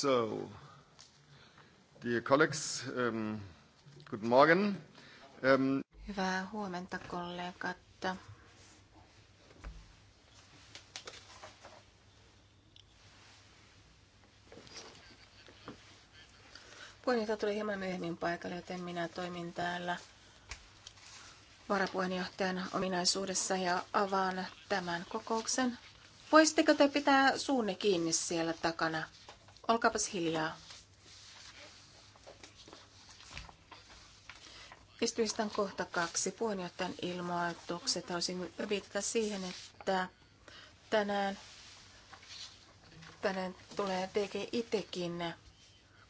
So, dear colleagues, um, good morning. Um, Hyvää huomenta kollegat. Puheenjohtaja tuli hieman myöhemmin paikalle, joten minä toimin täällä varapuheenjohtajan ominaisuudessa ja avaan tämän kokouksen. Voisitteko te pitää suunne kiinni siellä takana? Olkaapas hiljaa. Istuistan kohta kaksi puheenjohtajan ilmoitukset. Haluaisin viitata siihen, että tänään, tänään tulee DG Itekin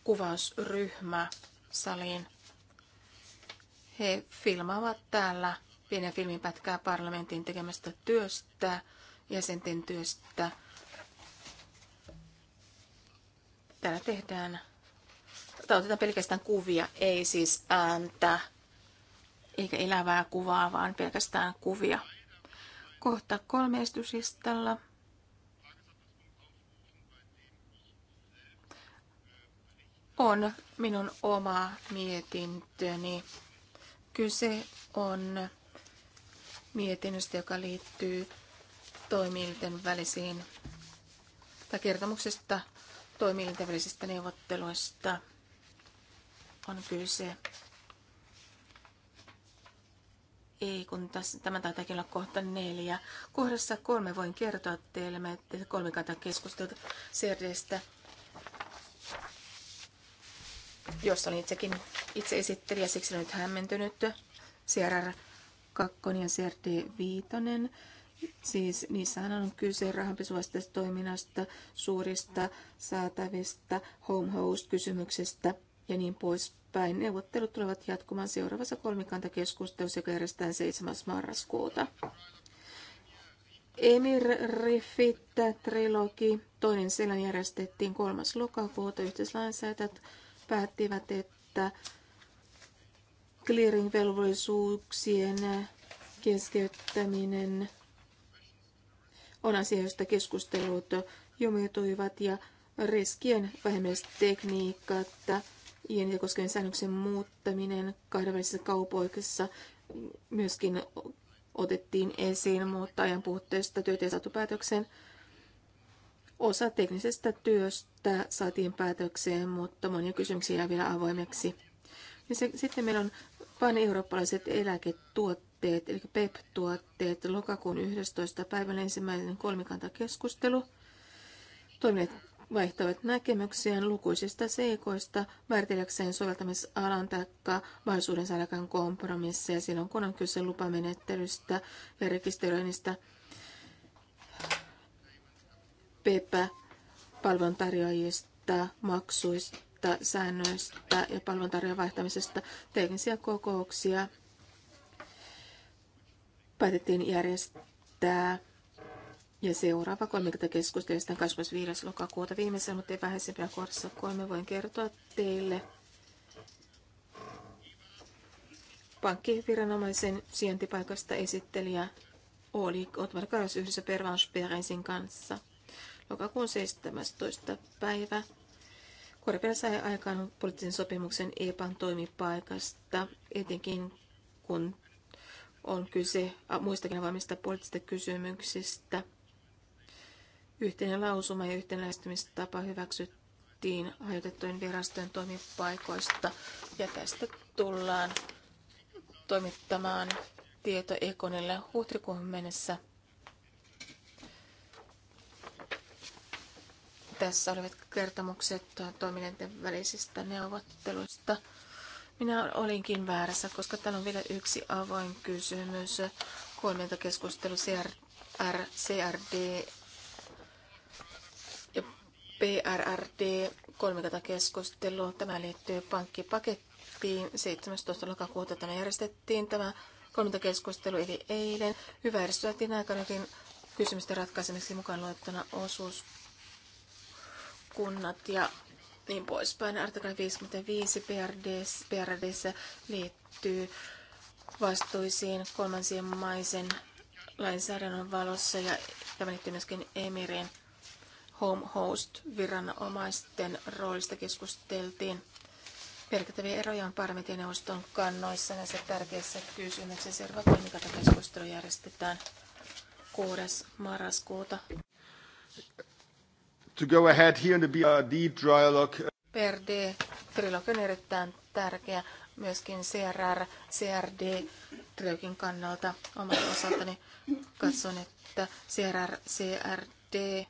kuvausryhmä saliin. He filmaavat täällä pienen filmin pätkää parlamentin tekemästä työstä, jäsenten työstä – Täällä tehdään, tai otetaan pelkästään kuvia, ei siis ääntä, eikä elävää kuvaa, vaan pelkästään kuvia. Kohta kolme esityslistalla. on minun oma mietintöni. Kyse on mietinnöstä, joka liittyy toimijoiden välisiin tai kertomuksesta, toimielinten välisistä neuvotteluista on kyse. Ei, kun tässä, tämä taitaakin olla kohta neljä. Kohdassa kolme voin kertoa teille, me kolmikanta keskustelut Serdestä, jossa olin itsekin itse esittelijä, siksi olen nyt hämmentynyt. CRR 2 ja CRD 5 Siis niissähän on kyse rahanpesuvastaisesta toiminnasta, suurista saatavista, home host-kysymyksestä ja niin poispäin. Neuvottelut tulevat jatkumaan seuraavassa kolmikantakeskustelussa, joka järjestetään 7. marraskuuta. Emir Riffit trilogi, toinen selän järjestettiin 3. lokakuuta. Yhteislainsäätät päättivät, että clearing-velvollisuuksien keskeyttäminen on asia, josta keskustelut jumiutuivat ja riskien vähemmistekniikat, iän ja koskevien säännöksen muuttaminen kahdenvälisissä kaupoissa myöskin otettiin esiin, mutta ajan puutteesta työt saatu Osa teknisestä työstä saatiin päätökseen, mutta monia kysymyksiä jää vielä avoimeksi. Sitten meillä on pan-eurooppalaiset eläketuotteet tuotteet, eli PEP-tuotteet, lokakuun 11. päivän ensimmäinen kolmikantakeskustelu. Toimijat vaihtavat näkemyksiään lukuisista seikoista määritelläkseen soveltamisalan taikka vaisuuden saadakaan kompromisseja silloin, kun on kyse lupamenettelystä ja rekisteröinnistä. pep palveluntarjoajista, maksuista, säännöistä ja palveluntarjoajan vaihtamisesta teknisiä kokouksia päätettiin järjestää ja seuraava 30 keskustelusta 25. lokakuuta viimeisellä, mutta ei vähäisempiä kohdassa kolme voin kertoa teille pankkiviranomaisen sijaintipaikasta esittelijä oli Otmar Karas yhdessä Pervans kanssa. Lokakuun 17. päivä Korpela sai aikaan poliittisen sopimuksen EPAn toimipaikasta, etenkin kun on kyse muistakin avoimista poliittisista kysymyksistä. Yhteinen lausuma ja yhteinen lähestymistapa hyväksyttiin hajotettujen virastojen toimipaikoista ja tästä tullaan toimittamaan tieto Ekonille huhtikuun mennessä. Tässä olivat kertomukset toiminnan välisistä neuvotteluista. Minä olinkin väärässä, koska täällä on vielä yksi avoin kysymys. keskustelu CR, R, CRD ja PRRD keskustelu Tämä liittyy pankkipakettiin. 17. lokakuuta tämä järjestettiin tämä keskustelu eli eilen. Hyvä järjestettiin aikanakin kysymysten ratkaisemiseksi mukaan luettuna osuuskunnat ja niin poispäin. Artikla 55 PRDS, PRDS liittyy vastuisiin kolmansien maisen lainsäädännön valossa ja tämä liittyy myöskin Emirin home host viranomaisten roolista keskusteltiin. Merkittäviä eroja on parlamentin neuvoston kannoissa näissä tärkeissä kysymyksissä. Seuraava kolmikata keskustelu järjestetään 6. marraskuuta to go ahead here in the BRD dialogue. BRD trilogi on erittäin tärkeä myöskin CRR, CRD trilogin kannalta omalta osaltani katson, että CRR, CRD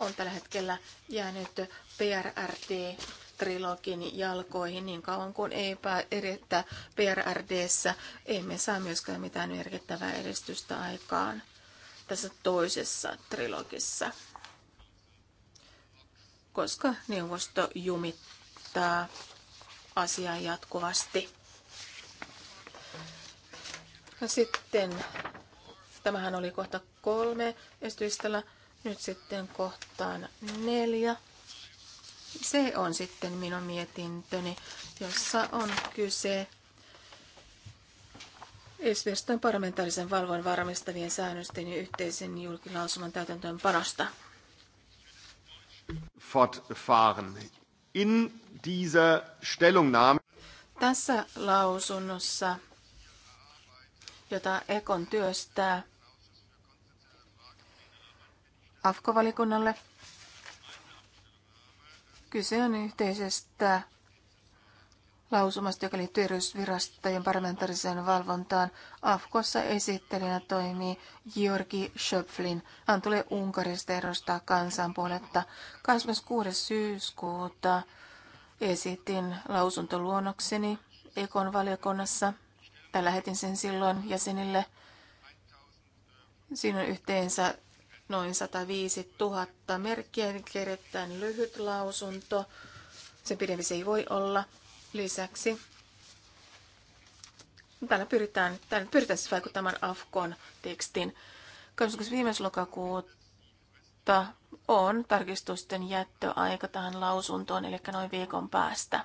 on tällä hetkellä jäänyt PRRD trilogin jalkoihin niin kauan kuin ei edetä PRRDssä. Emme saa myöskään mitään merkittävää edistystä aikaan tässä toisessa trilogissa koska neuvosto jumittaa asiaa jatkuvasti. Ja no sitten, tämähän oli kohta kolme esityställä, nyt sitten kohtaan neljä. Se on sitten minun mietintöni, jossa on kyse Esvestan parlamentaarisen valvon varmistavien säännösten ja yhteisen julkilausuman täytäntöönpanosta fortfahren. In dieser Stellungnahme tässä lausunnossa, jota Ekon työstää AFKO-valikunnalle, kyse on yhteisestä lausumasta, joka liittyy erityisvirastojen parlamentaariseen valvontaan. Afkossa esittelijänä toimii Georgi Schöpflin. Hän tulee Unkarista edustaa kansanpuoletta. 26. syyskuuta esitin lausuntoluonnokseni Ekon valiokunnassa. Tai lähetin sen silloin jäsenille. Siinä on yhteensä noin 105 000 merkkiä, erittäin lyhyt lausunto. Se pidempi se ei voi olla. Lisäksi Täällä pyritään, täällä pyritään siis vaikuttamaan Afkon tekstin. 25. lokakuuta on tarkistusten jättöaika tähän lausuntoon, eli noin viikon päästä.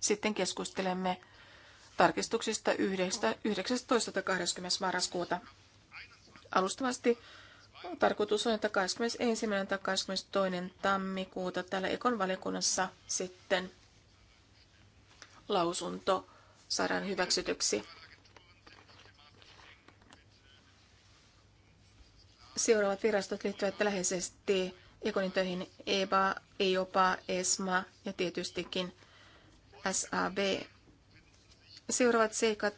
Sitten keskustelemme tarkistuksista 19. 19. 20. marraskuuta. Alustavasti tarkoitus on, että 21. tai 22. tammikuuta täällä Ekon valiokunnassa sitten lausunto saadaan hyväksytyksi. Seuraavat virastot liittyvät läheisesti Ekonin töihin EBA, EOPA, ESMA ja tietystikin SAB. Seuraavat seikat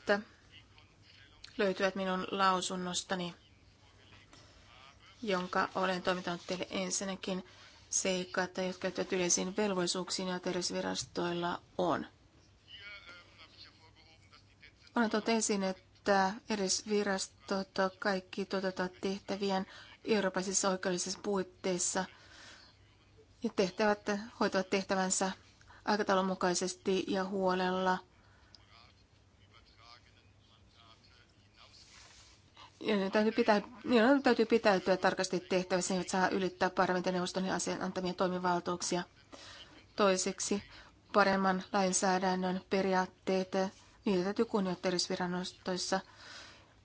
löytyvät minun lausunnostani jonka olen toimittanut teille ensinnäkin seikat, jotka käyttävät yleisiin velvollisuuksiin, ja terveysvirastoilla on. Olen totesin, että että erisvirastot kaikki toteuttavat tehtävien Euroopassa oikeudellisissa puitteissa ja tehtävät hoitavat tehtävänsä aikataulun mukaisesti ja huolella – ja ne täytyy pitää, niillä täytyy pitäytyä tarkasti tehtävissä, että saa ylittää parlamentin ja asian antamia toimivaltuuksia. Toiseksi paremman lainsäädännön periaatteet, niitä täytyy kunnioittaa eri viranostoissa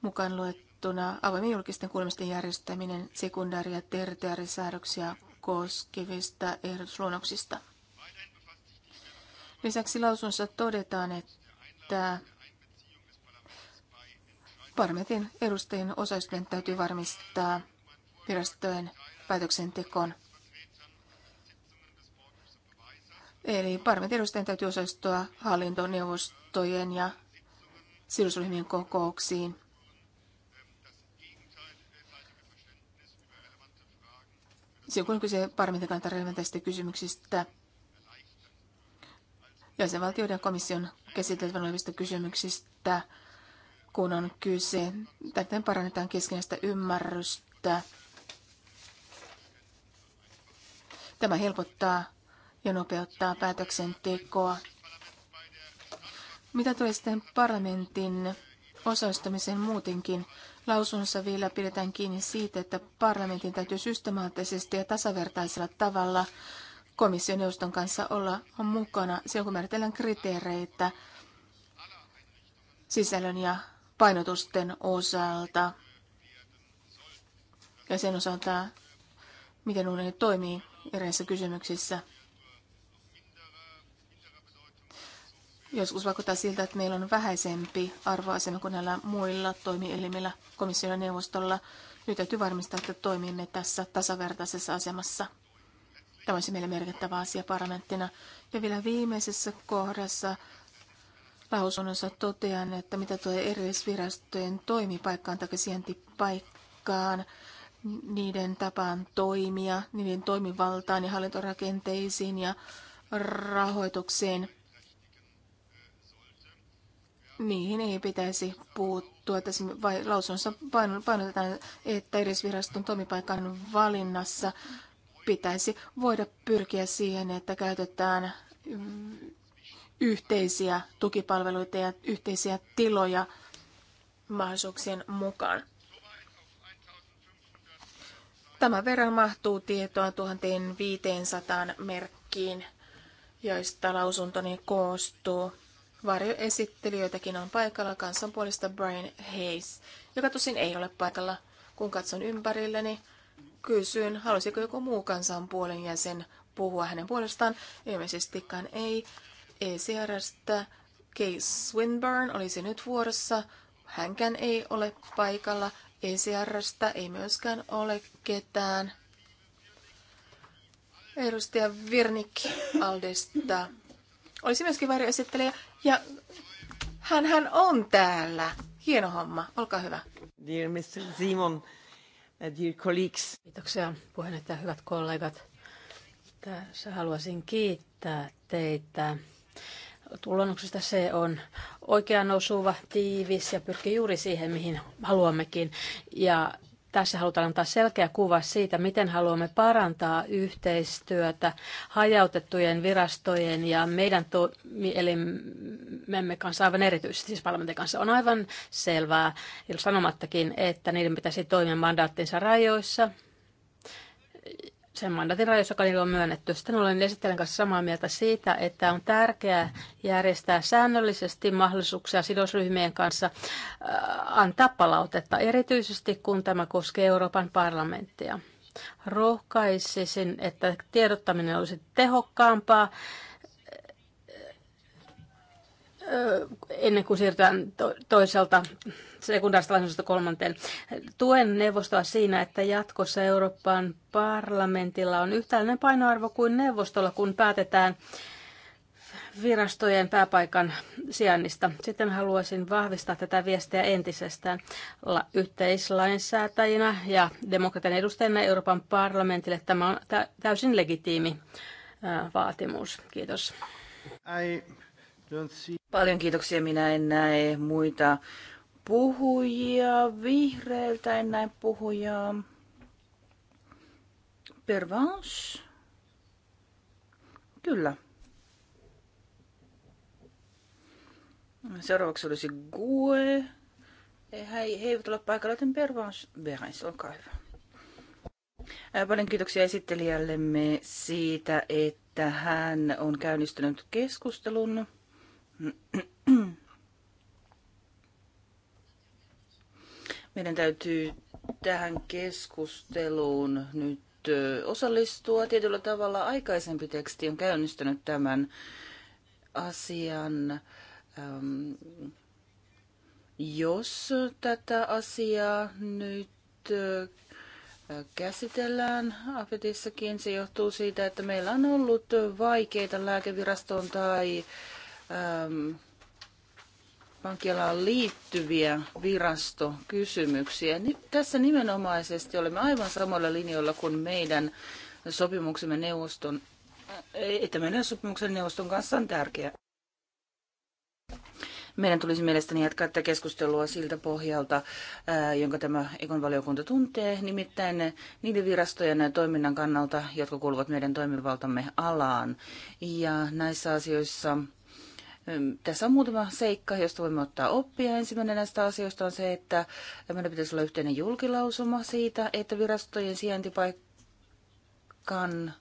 mukaan luettuna avoimen julkisten kuulemisten järjestäminen sekundaari- ja tertiaarisäädöksiä koskevista ehdotusluonnoksista. Lisäksi lausunnossa todetaan, että Parlamentin edustajien osallistuminen täytyy varmistaa virastojen päätöksentekoon. Eli parlamentin edustajien täytyy osallistua hallintoneuvostojen ja sidosryhmien kokouksiin. Silloin kun kyse parlamentin kannalta relevanteista kysymyksistä, jäsenvaltioiden komission käsiteltävän olevista kysymyksistä, kun on kyse, täten parannetaan keskinäistä ymmärrystä. Tämä helpottaa ja nopeuttaa päätöksentekoa. Mitä tulee sitten parlamentin osallistumiseen muutenkin, lausunnossa vielä pidetään kiinni siitä, että parlamentin täytyy systemaattisesti ja tasavertaisella tavalla komission neuvoston kanssa olla mukana silloin, kun määritellään kriteereitä sisällön ja painotusten osalta ja sen osalta, miten unioni toimii eräissä kysymyksissä. Joskus vaikuttaa siltä, että meillä on vähäisempi arvoasema kuin näillä muilla toimielimillä komission ja neuvostolla. Nyt täytyy varmistaa, että toimimme tässä tasavertaisessa asemassa. Tämä olisi meille merkittävä asia parlamenttina. Ja vielä viimeisessä kohdassa lausunnossa totean, että mitä tulee erillisvirastojen toimipaikkaan tai sijaintipaikkaan, niiden tapaan toimia, niiden toimivaltaan ja hallintorakenteisiin ja rahoitukseen. Niihin ei pitäisi puuttua. Tässä lausunnossa painotetaan, että erillisviraston toimipaikan valinnassa pitäisi voida pyrkiä siihen, että käytetään yhteisiä tukipalveluita ja yhteisiä tiloja mahdollisuuksien mukaan. Tämän verran mahtuu tietoa 1500 merkkiin, joista lausuntoni koostuu. Varjoesittelijöitäkin on paikalla kansan puolesta Brian Hayes, joka tosin ei ole paikalla. Kun katson ympärilleni, kysyn, halusiko joku muu kansanpuolen jäsen puhua hänen puolestaan. Ilmeisestikään ei, ECRstä Case Swinburne olisi nyt vuorossa. Hänkään ei ole paikalla. ECRstä ei myöskään ole ketään. Edustaja Virnik Aldesta olisi myöskin varjoesittelijä. Ja hän, hän on täällä. Hieno homma. Olkaa hyvä. Dear Mr. Simon, uh, dear colleagues. Kiitoksia puheenjohtaja, hyvät kollegat. Tässä haluaisin kiittää teitä Luonnoksesta se on oikean osuva, tiivis ja pyrkii juuri siihen, mihin haluammekin. Ja tässä halutaan antaa selkeä kuva siitä, miten haluamme parantaa yhteistyötä hajautettujen virastojen ja meidän elimemme kanssa aivan erityisesti, siis parlamentin kanssa. On aivan selvää, sanomattakin, että niiden pitäisi toimia mandaattinsa rajoissa, sen mandaatin rajoissa, joka niille on myönnetty. Sitten olen esittelen kanssa samaa mieltä siitä, että on tärkeää järjestää säännöllisesti mahdollisuuksia sidosryhmien kanssa äh, antaa palautetta, erityisesti kun tämä koskee Euroopan parlamenttia. Rohkaisisin, että tiedottaminen olisi tehokkaampaa ennen kuin siirrytään toiselta sekundaarista lainsäädännöstä kolmanteen. Tuen neuvostoa siinä, että jatkossa Euroopan parlamentilla on yhtäläinen painoarvo kuin neuvostolla, kun päätetään virastojen pääpaikan sijainnista. Sitten haluaisin vahvistaa tätä viestiä entisestään yhteislainsäätäjinä ja demokratian edustajina Euroopan parlamentille. Tämä on täysin legitiimi vaatimus. Kiitos. I Paljon kiitoksia. Minä en näe muita puhujia. Vihreiltä en näe puhujaa. Pervans? Kyllä. Seuraavaksi olisi Gue. He, he eivät ole paikalla, joten Pervans Berens, olkaa hyvä. Paljon kiitoksia esittelijällemme siitä, että hän on käynnistänyt keskustelun. Meidän täytyy tähän keskusteluun nyt osallistua. Tietyllä tavalla aikaisempi teksti on käynnistänyt tämän asian. Ähm, jos tätä asiaa nyt käsitellään Afetissakin, se johtuu siitä, että meillä on ollut vaikeita lääkeviraston tai äh, pankkialaan ähm, liittyviä virastokysymyksiä. Tässä nimenomaisesti olemme aivan samalla linjoilla kuin meidän sopimuksemme neuvoston, äh, että meidän sopimuksen neuvoston kanssa on tärkeä. Meidän tulisi mielestäni jatkaa tätä keskustelua siltä pohjalta, äh, jonka tämä Ekon valiokunta tuntee, nimittäin niiden virastojen toiminnan kannalta, jotka kuuluvat meidän toimivaltamme alaan. Ja näissä asioissa tässä on muutama seikka, josta voimme ottaa oppia. Ensimmäinen näistä asioista on se, että meillä pitäisi olla yhteinen julkilausuma siitä, että virastojen sijaintipaikan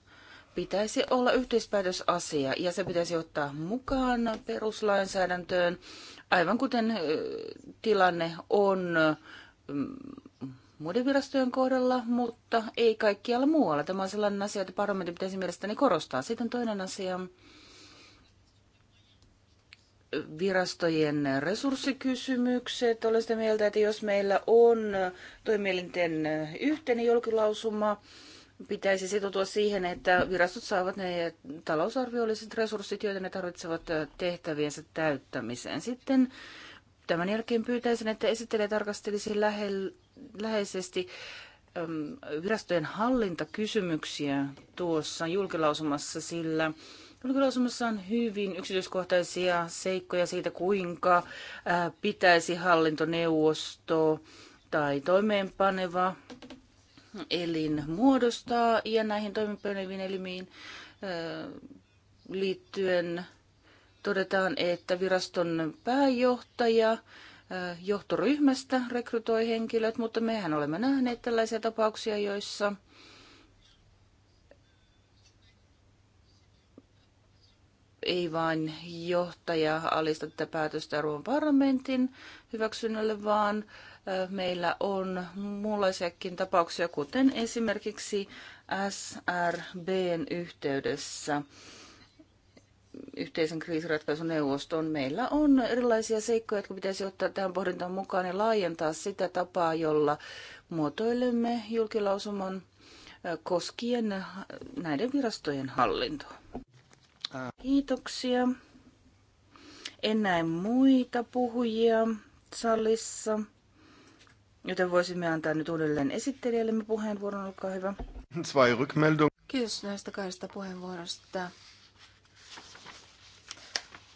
pitäisi olla yhteispäätösasia ja se pitäisi ottaa mukaan peruslainsäädäntöön, aivan kuten tilanne on mm, muiden virastojen kohdalla, mutta ei kaikkialla muualla. Tämä on sellainen asia, että parlamentti pitäisi mielestäni korostaa. Sitten toinen asia, virastojen resurssikysymykset. Olen sitä mieltä, että jos meillä on toimielinten yhteinen julkilausuma, pitäisi sitoutua siihen, että virastot saavat ne talousarviolliset resurssit, joita ne tarvitsevat tehtäviensä täyttämiseen. Sitten tämän jälkeen pyytäisin, että esittelee tarkastelisi lähe, läheisesti virastojen hallintakysymyksiä tuossa julkilausumassa, sillä Julkilausumassa on hyvin yksityiskohtaisia seikkoja siitä, kuinka pitäisi hallintoneuvosto tai toimeenpaneva elin muodostaa ja näihin toimeenpaneviin elimiin liittyen todetaan, että viraston pääjohtaja johtoryhmästä rekrytoi henkilöt, mutta mehän olemme nähneet tällaisia tapauksia, joissa ei vain johtaja alista tätä päätöstä Euroopan parlamentin hyväksynnälle, vaan meillä on muunlaisiakin tapauksia, kuten esimerkiksi SRBn yhteydessä yhteisen kriisiratkaisuneuvoston. Meillä on erilaisia seikkoja, jotka pitäisi ottaa tähän pohdintaan mukaan ja laajentaa sitä tapaa, jolla muotoilemme julkilausuman koskien näiden virastojen hallintoa. Kiitoksia. En näe muita puhujia salissa, joten voisimme antaa nyt uudelleen esittelijällemme puheenvuoron. Olkaa hyvä. Kiitos näistä kahdesta puheenvuorosta.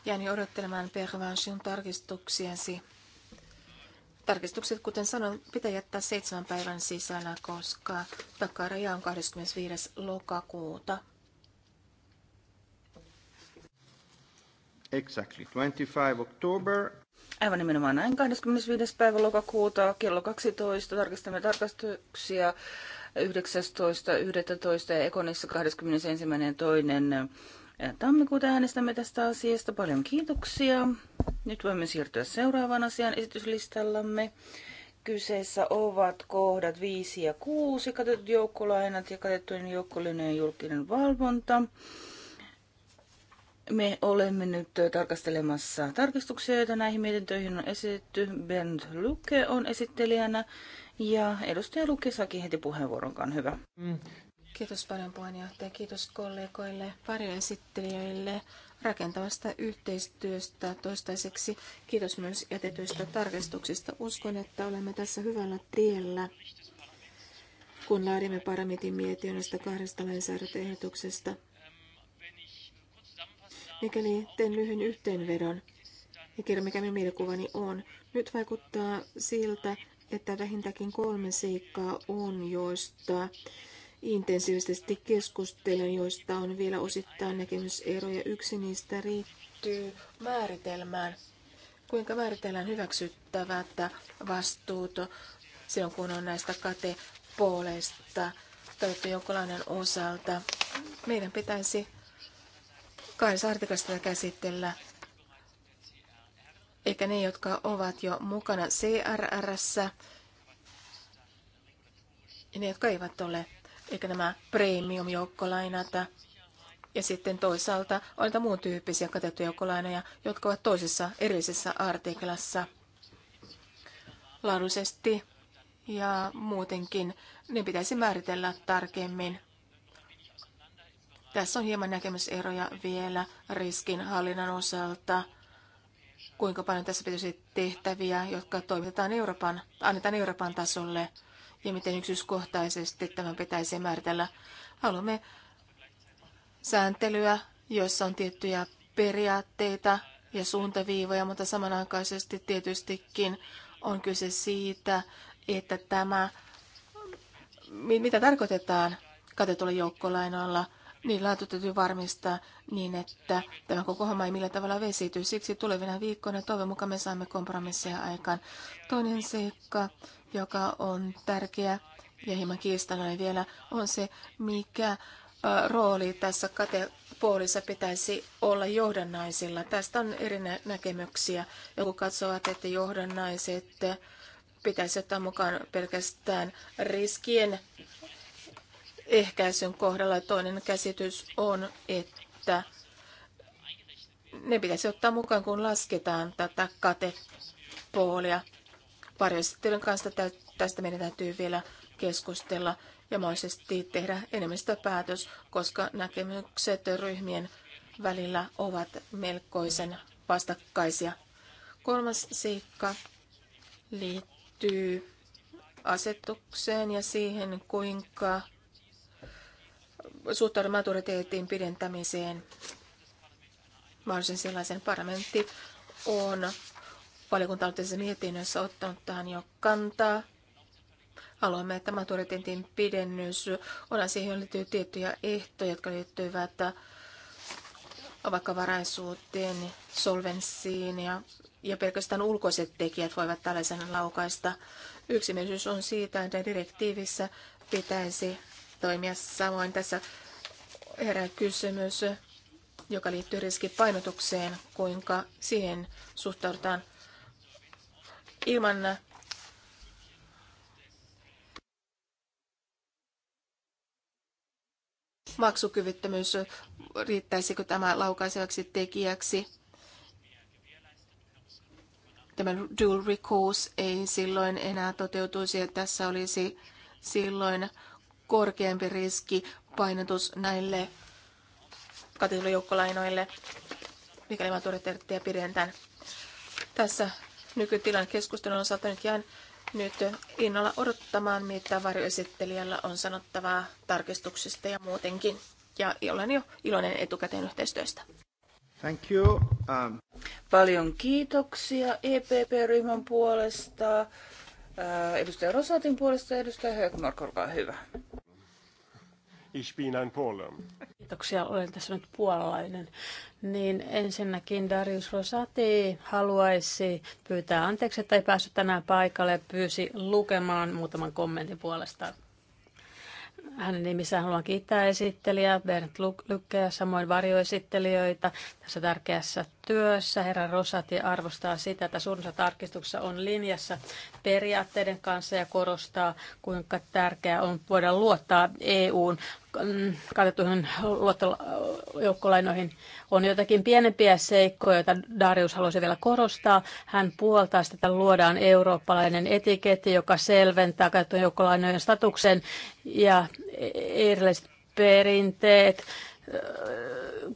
Jäin odottelemaan Pervanshin tarkistuksiasi. Tarkistukset, kuten sanoin, pitää jättää seitsemän päivän sisällä, koska takaraja on 25. lokakuuta. Exactly. 25 October. Aivan nimenomaan näin. 25. päivä lokakuuta kello 12 tarkistamme tarkastuksia 19.11. ja Ekonissa 21.2. tammikuuta äänestämme tästä asiasta. Paljon kiitoksia. Nyt voimme siirtyä seuraavaan asian esityslistallamme. Kyseessä ovat kohdat 5 ja 6, katetut joukkolainat ja katettujen joukkolinjojen julkinen valvonta. Me olemme nyt tarkastelemassa tarkistuksia, joita näihin mietintöihin on esitetty. Bernd Luke on esittelijänä ja edustaja Luke saakin heti puheenvuoron, hyvä. Kiitos paljon puheenjohtaja, kiitos kollegoille, pari esittelijöille rakentavasta yhteistyöstä toistaiseksi. Kiitos myös jätetyistä tarkistuksista. Uskon, että olemme tässä hyvällä tiellä, kun laadimme paramitin mietinnöstä kahdesta lainsäädäntöehdotuksesta. Mikäli teen lyhyen yhteenvedon ja kerron, mikä minun mielikuvani on, nyt vaikuttaa siltä, että vähintäänkin kolme seikkaa on, joista intensiivisesti keskustelen, joista on vielä osittain näkemyseroja. Yksi niistä riittyy määritelmään. Kuinka määritellään hyväksyttävää vastuuta? silloin, kun on näistä katepuoleista tai jonkinlainen osalta. Meidän pitäisi Kahdessa artiklassa käsitellä eikä ne, jotka ovat jo mukana CRRssä, ja ne, jotka eivät ole, eikä nämä premium-joukkolainata. Ja sitten toisaalta on niitä muun tyyppisiä katettuja joukkolainoja, jotka ovat toisessa erillisessä artiklassa. Laadullisesti ja muutenkin ne pitäisi määritellä tarkemmin. Tässä on hieman näkemyseroja vielä riskinhallinnan osalta, kuinka paljon tässä pitäisi tehtäviä, jotka toimitetaan Euroopan, annetaan Euroopan tasolle ja miten yksityiskohtaisesti tämän pitäisi määritellä. Haluamme sääntelyä, jossa on tiettyjä periaatteita ja suuntaviivoja, mutta samanaikaisesti tietystikin on kyse siitä, että tämä, mitä tarkoitetaan katetulla joukkolainoilla – niin laatu täytyy varmistaa niin, että tämä koko homma ei millään tavalla vesity. Siksi tulevina viikkoina toivon mukaan me saamme kompromisseja aikaan. Toinen seikka, joka on tärkeä ja hieman kiistanainen vielä, on se, mikä rooli tässä katepuolissa pitäisi olla johdannaisilla. Tästä on eri näkemyksiä. Joku katsovat, että johdannaiset pitäisi ottaa mukaan pelkästään riskien ehkäisyn kohdalla. Toinen käsitys on, että ne pitäisi ottaa mukaan, kun lasketaan tätä katepoolia. Varjoesittelyn kanssa tästä meidän täytyy vielä keskustella ja mahdollisesti tehdä enemmistöpäätös, koska näkemykset ryhmien välillä ovat melkoisen vastakkaisia. Kolmas seikka liittyy asetukseen ja siihen, kuinka suhtaudun maturiteetin pidentämiseen, mahdollisen sellaisen parlamentti on valiokunta mietinnössä ottanut tähän jo kantaa. Haluamme, että maturiteetin pidennys on asia, liittyy tiettyjä ehtoja, jotka liittyvät vakavaraisuuteen, solvenssiin ja, ja pelkästään ulkoiset tekijät voivat tällaisen laukaista. Yksimielisyys on siitä, että direktiivissä pitäisi toimia. Samoin tässä herää kysymys, joka liittyy riskipainotukseen, kuinka siihen suhtaudutaan ilman maksukyvyttömyys, riittäisikö tämä laukaisevaksi tekijäksi. Tämä dual recourse ei silloin enää toteutuisi ja tässä olisi silloin korkeampi riski painotus näille katilujoukkolainoille, mikäli maturiteettia pidentään. Tässä nykytilan keskustelun osalta nyt jään nyt innolla odottamaan, mitä varjoesittelijällä on sanottavaa tarkistuksista ja muutenkin. Ja olen jo iloinen etukäteen yhteistyöstä. Thank you. Um... Paljon kiitoksia EPP-ryhmän puolesta, äh, edustaja Rosatin puolesta ja edustaja Högmark, olkaa hyvä. Ich bin ein Polen. Kiitoksia, olen tässä nyt puolalainen. Niin ensinnäkin Darius Rosati haluaisi pyytää anteeksi, että ei päässyt tänään paikalle. Pyysi lukemaan muutaman kommentin puolesta. Hänen nimissään haluan kiittää esittelijää Bernd Lykkeä, samoin varjoesittelijöitä tässä tärkeässä työssä. Herra Rosati arvostaa sitä, että suurissa tarkistuksessa on linjassa periaatteiden kanssa ja korostaa, kuinka tärkeää on voida luottaa EUn katettuihin luottojoukkolainoihin On jotakin pienempiä seikkoja, joita Darius halusi vielä korostaa. Hän puoltaa sitä, että luodaan eurooppalainen etiketti, joka selventää katettujen joukkolainojen statuksen ja erilaiset perinteet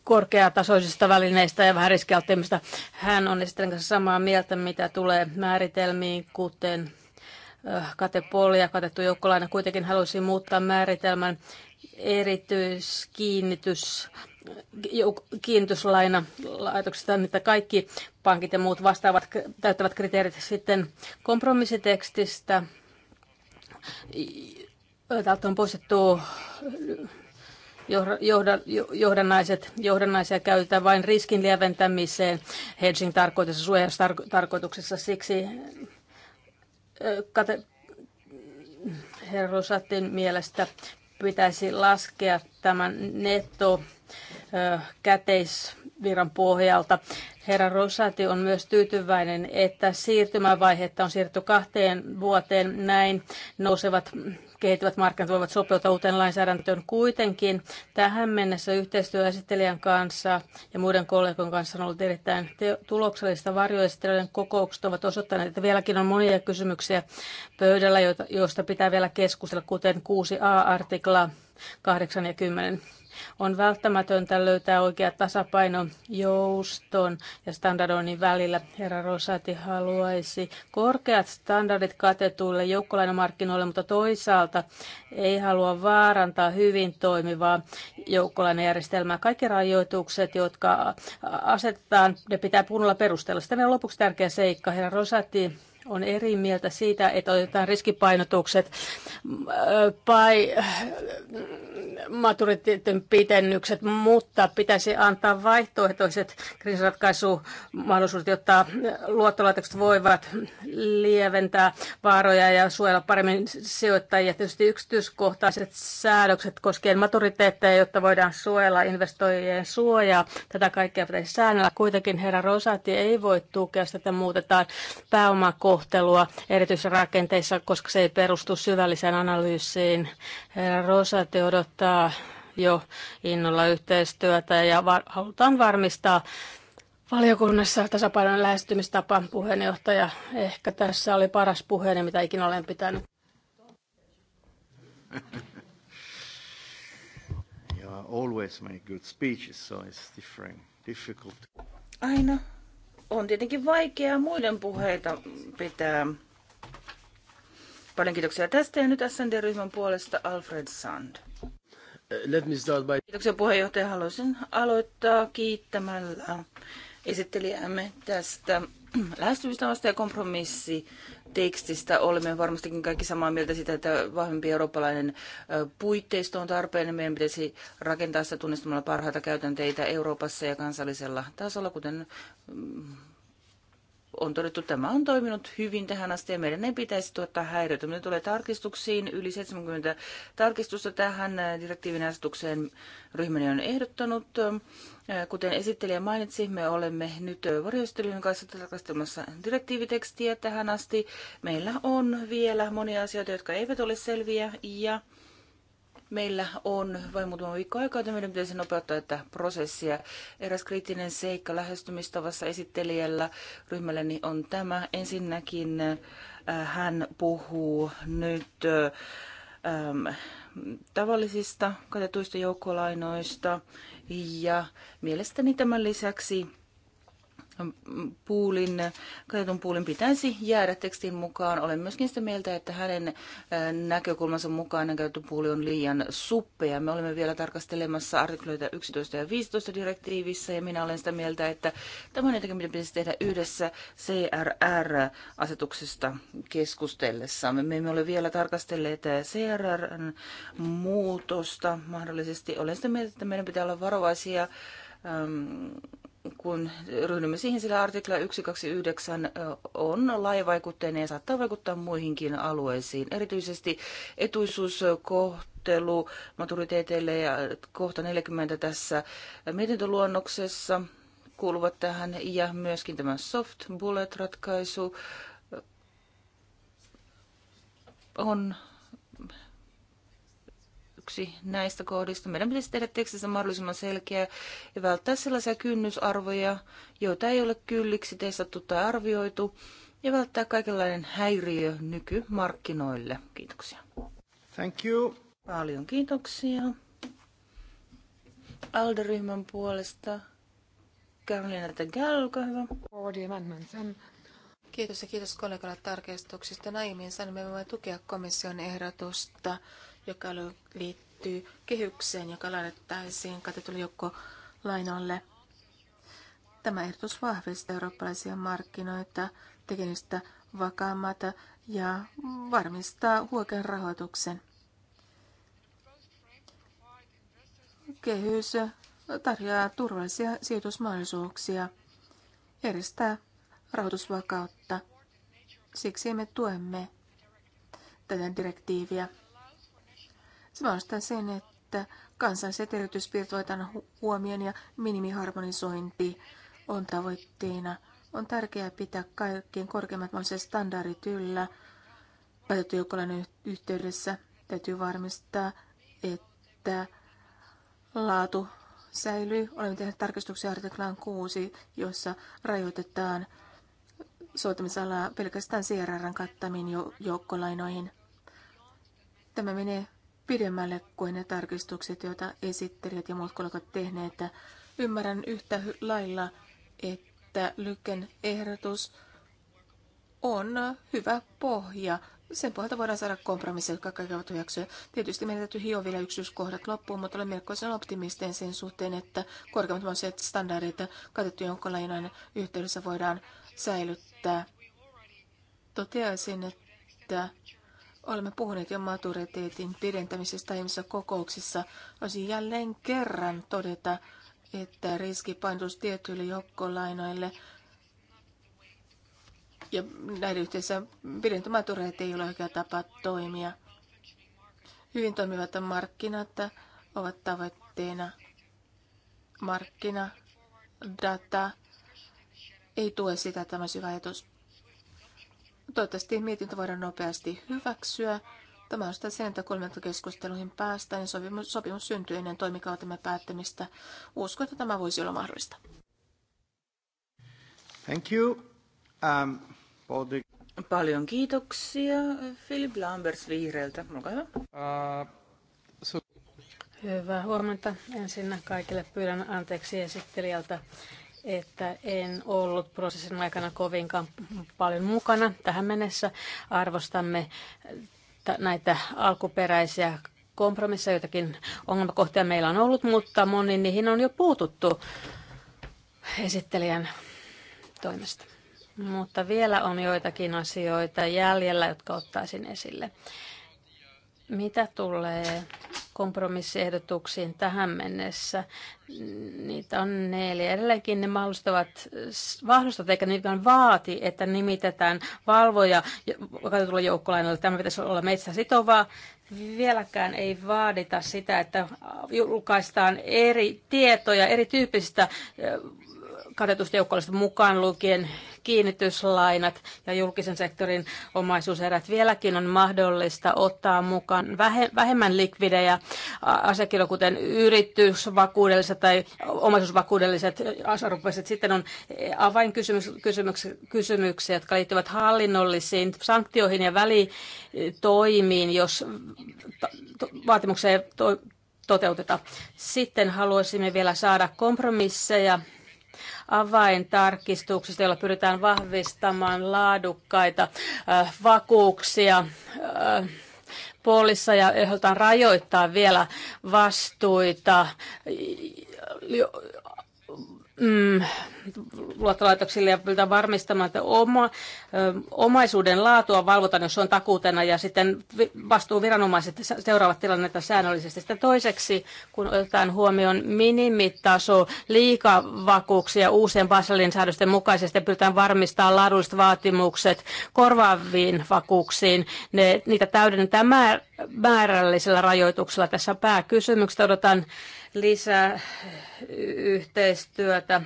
korkeatasoisista välineistä ja vähän riskialttiimmista. Hän on sitten kanssa samaa mieltä, mitä tulee määritelmiin, kuten Polli ja katettu joukkolaina. Kuitenkin halusi muuttaa määritelmän erityiskiinnitys kiinnityslaina laitoksesta, että kaikki pankit ja muut vastaavat täyttävät kriteerit sitten kompromissitekstistä. Täältä on poistettu johdannaiset, johdannaisia käytetään vain riskin lieventämiseen hedging-tarkoituksessa, suojaustarkoituksessa. Siksi kate, herra Rosatin mielestä pitäisi laskea tämän netto käteisviran pohjalta. Herra Rosati on myös tyytyväinen, että siirtymävaihetta on siirretty kahteen vuoteen. Näin nousevat kehittyvät markkinat voivat sopeutua uuteen lainsäädäntöön. Kuitenkin tähän mennessä yhteistyö esittelijän kanssa ja muiden kollegojen kanssa on ollut erittäin tuloksellista. Varjoesittelijöiden kokoukset ovat osoittaneet, että vieläkin on monia kysymyksiä pöydällä, joista pitää vielä keskustella, kuten 6a-artikla 8 ja 10. On välttämätöntä löytää oikea tasapaino jouston ja standardoinnin välillä. Herra Rosati haluaisi korkeat standardit katetuille joukkolainamarkkinoille, mutta toisaalta ei halua vaarantaa hyvin toimivaa joukkolainajärjestelmää. Kaikki rajoitukset, jotka asetetaan, ne pitää kunnolla perustella. Sitten vielä lopuksi tärkeä seikka. Herra Rosati on eri mieltä siitä, että otetaan riskipainotukset tai maturiteetin pitennykset, mutta pitäisi antaa vaihtoehtoiset kriisiratkaisumahdollisuudet, jotta luottolaitokset voivat lieventää vaaroja ja suojella paremmin sijoittajia. Tietysti yksityiskohtaiset säädökset koskien maturiteetteja, jotta voidaan suojella investoijien suojaa. Tätä kaikkea pitäisi säännellä. Kuitenkin herra Rosati ei voi tukea sitä, että muutetaan pääomakohtaa kohtelua erityisrakenteissa, koska se ei perustu syvälliseen analyysiin. Herra Rosati odottaa jo innolla yhteistyötä ja var- halutaan varmistaa valiokunnassa tasapainon lähestymistapa puheenjohtaja. Ehkä tässä oli paras puheeni, mitä ikinä olen pitänyt. always make good speeches, so it's different, difficult. Aina on tietenkin vaikeaa muiden puheita pitää. Paljon kiitoksia tästä ja nyt SND-ryhmän puolesta Alfred Sand. Let me start by... Kiitoksia puheenjohtaja. Haluaisin aloittaa kiittämällä esittelijämme tästä lähestymistavasta ja kompromissi tekstistä olemme varmastikin kaikki samaa mieltä siitä, että vahvempi eurooppalainen puitteisto on tarpeen. Meidän pitäisi rakentaa sitä tunnistamalla parhaita käytänteitä Euroopassa ja kansallisella tasolla, kuten mm, on todettu, että tämä on toiminut hyvin tähän asti ja meidän ei pitäisi tuottaa häiriötä. Mitä tulee tarkistuksiin, yli 70 tarkistusta tähän direktiivin asetukseen ryhmäni on ehdottanut. Kuten esittelijä mainitsi, me olemme nyt varjostelijan kanssa tarkastelmassa direktiivitekstiä tähän asti. Meillä on vielä monia asioita, jotka eivät ole selviä ja Meillä on vain muutama viikko aikaa, että meidän pitäisi nopeuttaa tätä prosessia. Eräs kriittinen seikka lähestymistavassa esittelijällä ryhmälläni on tämä. Ensinnäkin äh, hän puhuu nyt äh, tavallisista katetuista joukkolainoista ja mielestäni tämän lisäksi puulin, kaivatun puulin pitäisi jäädä tekstin mukaan. Olen myöskin sitä mieltä, että hänen äh, näkökulmansa mukaan käytetty puuli on liian suppea. Me olemme vielä tarkastelemassa artikloita 11 ja 15 direktiivissä ja minä olen sitä mieltä, että tämä on jotenkin, mitä pitäisi tehdä yhdessä CRR-asetuksesta keskustellessa. Me emme ole vielä tarkastelleet äh, CRR-muutosta mahdollisesti. Olen sitä mieltä, että meidän pitää olla varovaisia ähm, kun ryhdymme siihen, sillä artikla 129 on laajavaikutteinen ja saattaa vaikuttaa muihinkin alueisiin. Erityisesti etuisuuskohtelu maturiteeteille ja kohta 40 tässä mietintöluonnoksessa kuuluvat tähän ja myöskin tämä soft bullet-ratkaisu on yksi näistä kohdista. Meidän pitäisi tehdä tekstissä mahdollisimman selkeä ja välttää sellaisia kynnysarvoja, joita ei ole kylliksi testattu tai arvioitu, ja välttää kaikenlainen häiriö nykymarkkinoille. Kiitoksia. Thank you. Paljon kiitoksia. Alderyhmän puolesta Karolina Tegel, olkaa hyvä. Um, kiitos ja kiitos kollegalle tarkistuksista. Aiemmin sanoimme voimme tukea komission ehdotusta joka liittyy kehykseen, joka laitettaisiin katetulle joukkolainalle. Tämä ehdotus vahvistaa eurooppalaisia markkinoita, tekemistä vakaammat ja varmistaa huokean rahoituksen. Kehys tarjoaa turvallisia sijoitusmahdollisuuksia, järjestää rahoitusvakautta. Siksi me tuemme tätä direktiiviä se vastaa sen, että kansalliset erityispiirteet voidaan huomioon ja minimiharmonisointi on tavoitteena. On tärkeää pitää kaikkien korkeimmat mahdolliset standardit yllä. Päätettyjoukkolainen yhteydessä täytyy varmistaa, että laatu säilyy. Olemme tehneet tarkistuksia artiklaan 6, jossa rajoitetaan soittamisalaa pelkästään CRRn kattamiin joukkolainoihin. Tämä menee pidemmälle kuin ne tarkistukset, joita esittelijät ja muut kollegat tehneet. Ymmärrän yhtä lailla, että Lykken ehdotus on hyvä pohja. Sen pohjalta voidaan saada kompromissi, jotka kaikki ovat hyväksyä. Tietysti meidän täytyy hioa vielä yksityiskohdat loppuun, mutta olen melkoisen optimistinen sen suhteen, että korkeimmat mahdolliset standardit jonkun lainan yhteydessä voidaan säilyttää. Toteaisin, että Olemme puhuneet jo maturiteetin pidentämisestä aiemmissa kokouksissa. Voisin jälleen kerran todeta, että riskipainotus tietyille joukkolainoille ja näiden yhteensä pidentö matureet ei ole oikea tapa toimia. Hyvin toimivat markkinat ovat tavoitteena. Markkina, data ei tue sitä tämä syvä ajatus. Toivottavasti mietintö voidaan nopeasti hyväksyä. Tämä on sitä sen, että kolmintokeskusteluihin päästään ja sopimus, sopimus syntyy ennen toimikautemme päättämistä. Uskon, että tämä voisi olla mahdollista. Thank you. Um, the... Paljon kiitoksia. Philip Lambers vihreiltä. Olkaa hyvä. Uh, so... Hyvää huomenta ensin kaikille. Pyydän anteeksi esittelijältä että en ollut prosessin aikana kovinkaan paljon mukana tähän mennessä. Arvostamme näitä alkuperäisiä kompromisseja, joitakin ongelmakohtia meillä on ollut, mutta moni niihin on jo puututtu esittelijän toimesta. Mutta vielä on joitakin asioita jäljellä, jotka ottaisin esille. Mitä tulee kompromissiehdotuksiin tähän mennessä. Niitä on neljä. Edelleenkin ne mahdollistavat, vahvistavat eikä niitä vaati, että nimitetään valvoja katsotulla joukkolainoilla. Tämä pitäisi olla meistä sitovaa. Vieläkään ei vaadita sitä, että julkaistaan eri tietoja erityyppisistä katetusta joukkoista mukaan lukien kiinnityslainat ja julkisen sektorin omaisuuserät. Vieläkin on mahdollista ottaa mukaan vähemmän likvidejä asiakirjoja, kuten yritysvakuudelliset tai omaisuusvakuudelliset asarupeiset. Sitten on eh, avainkysymyksiä, jotka liittyvät hallinnollisiin sanktioihin ja välitoimiin, jos vaatimukseen toteuteta. Sitten haluaisimme vielä saada kompromisseja avaintarkistuksista, joilla pyritään vahvistamaan laadukkaita äh, vakuuksia äh, puolissa ja ehdotan rajoittaa vielä vastuita äh, mm, luottolaitoksille ja pyytää varmistamaan, että oma, ö, omaisuuden laatua valvotaan, jos se on takuutena, ja sitten vastuuviranomaiset seuraavat tilannetta säännöllisesti. Sitten toiseksi, kun otetaan huomioon minimitaso liikavakuuksia uusien Baselin säädösten mukaisesti, pyritään varmistaa laadulliset vaatimukset korvaaviin vakuuksiin. Ne, niitä täydennetään määr, määrällisellä rajoituksella. Tässä pääkysymyksestä odotan lisää yhteistyötä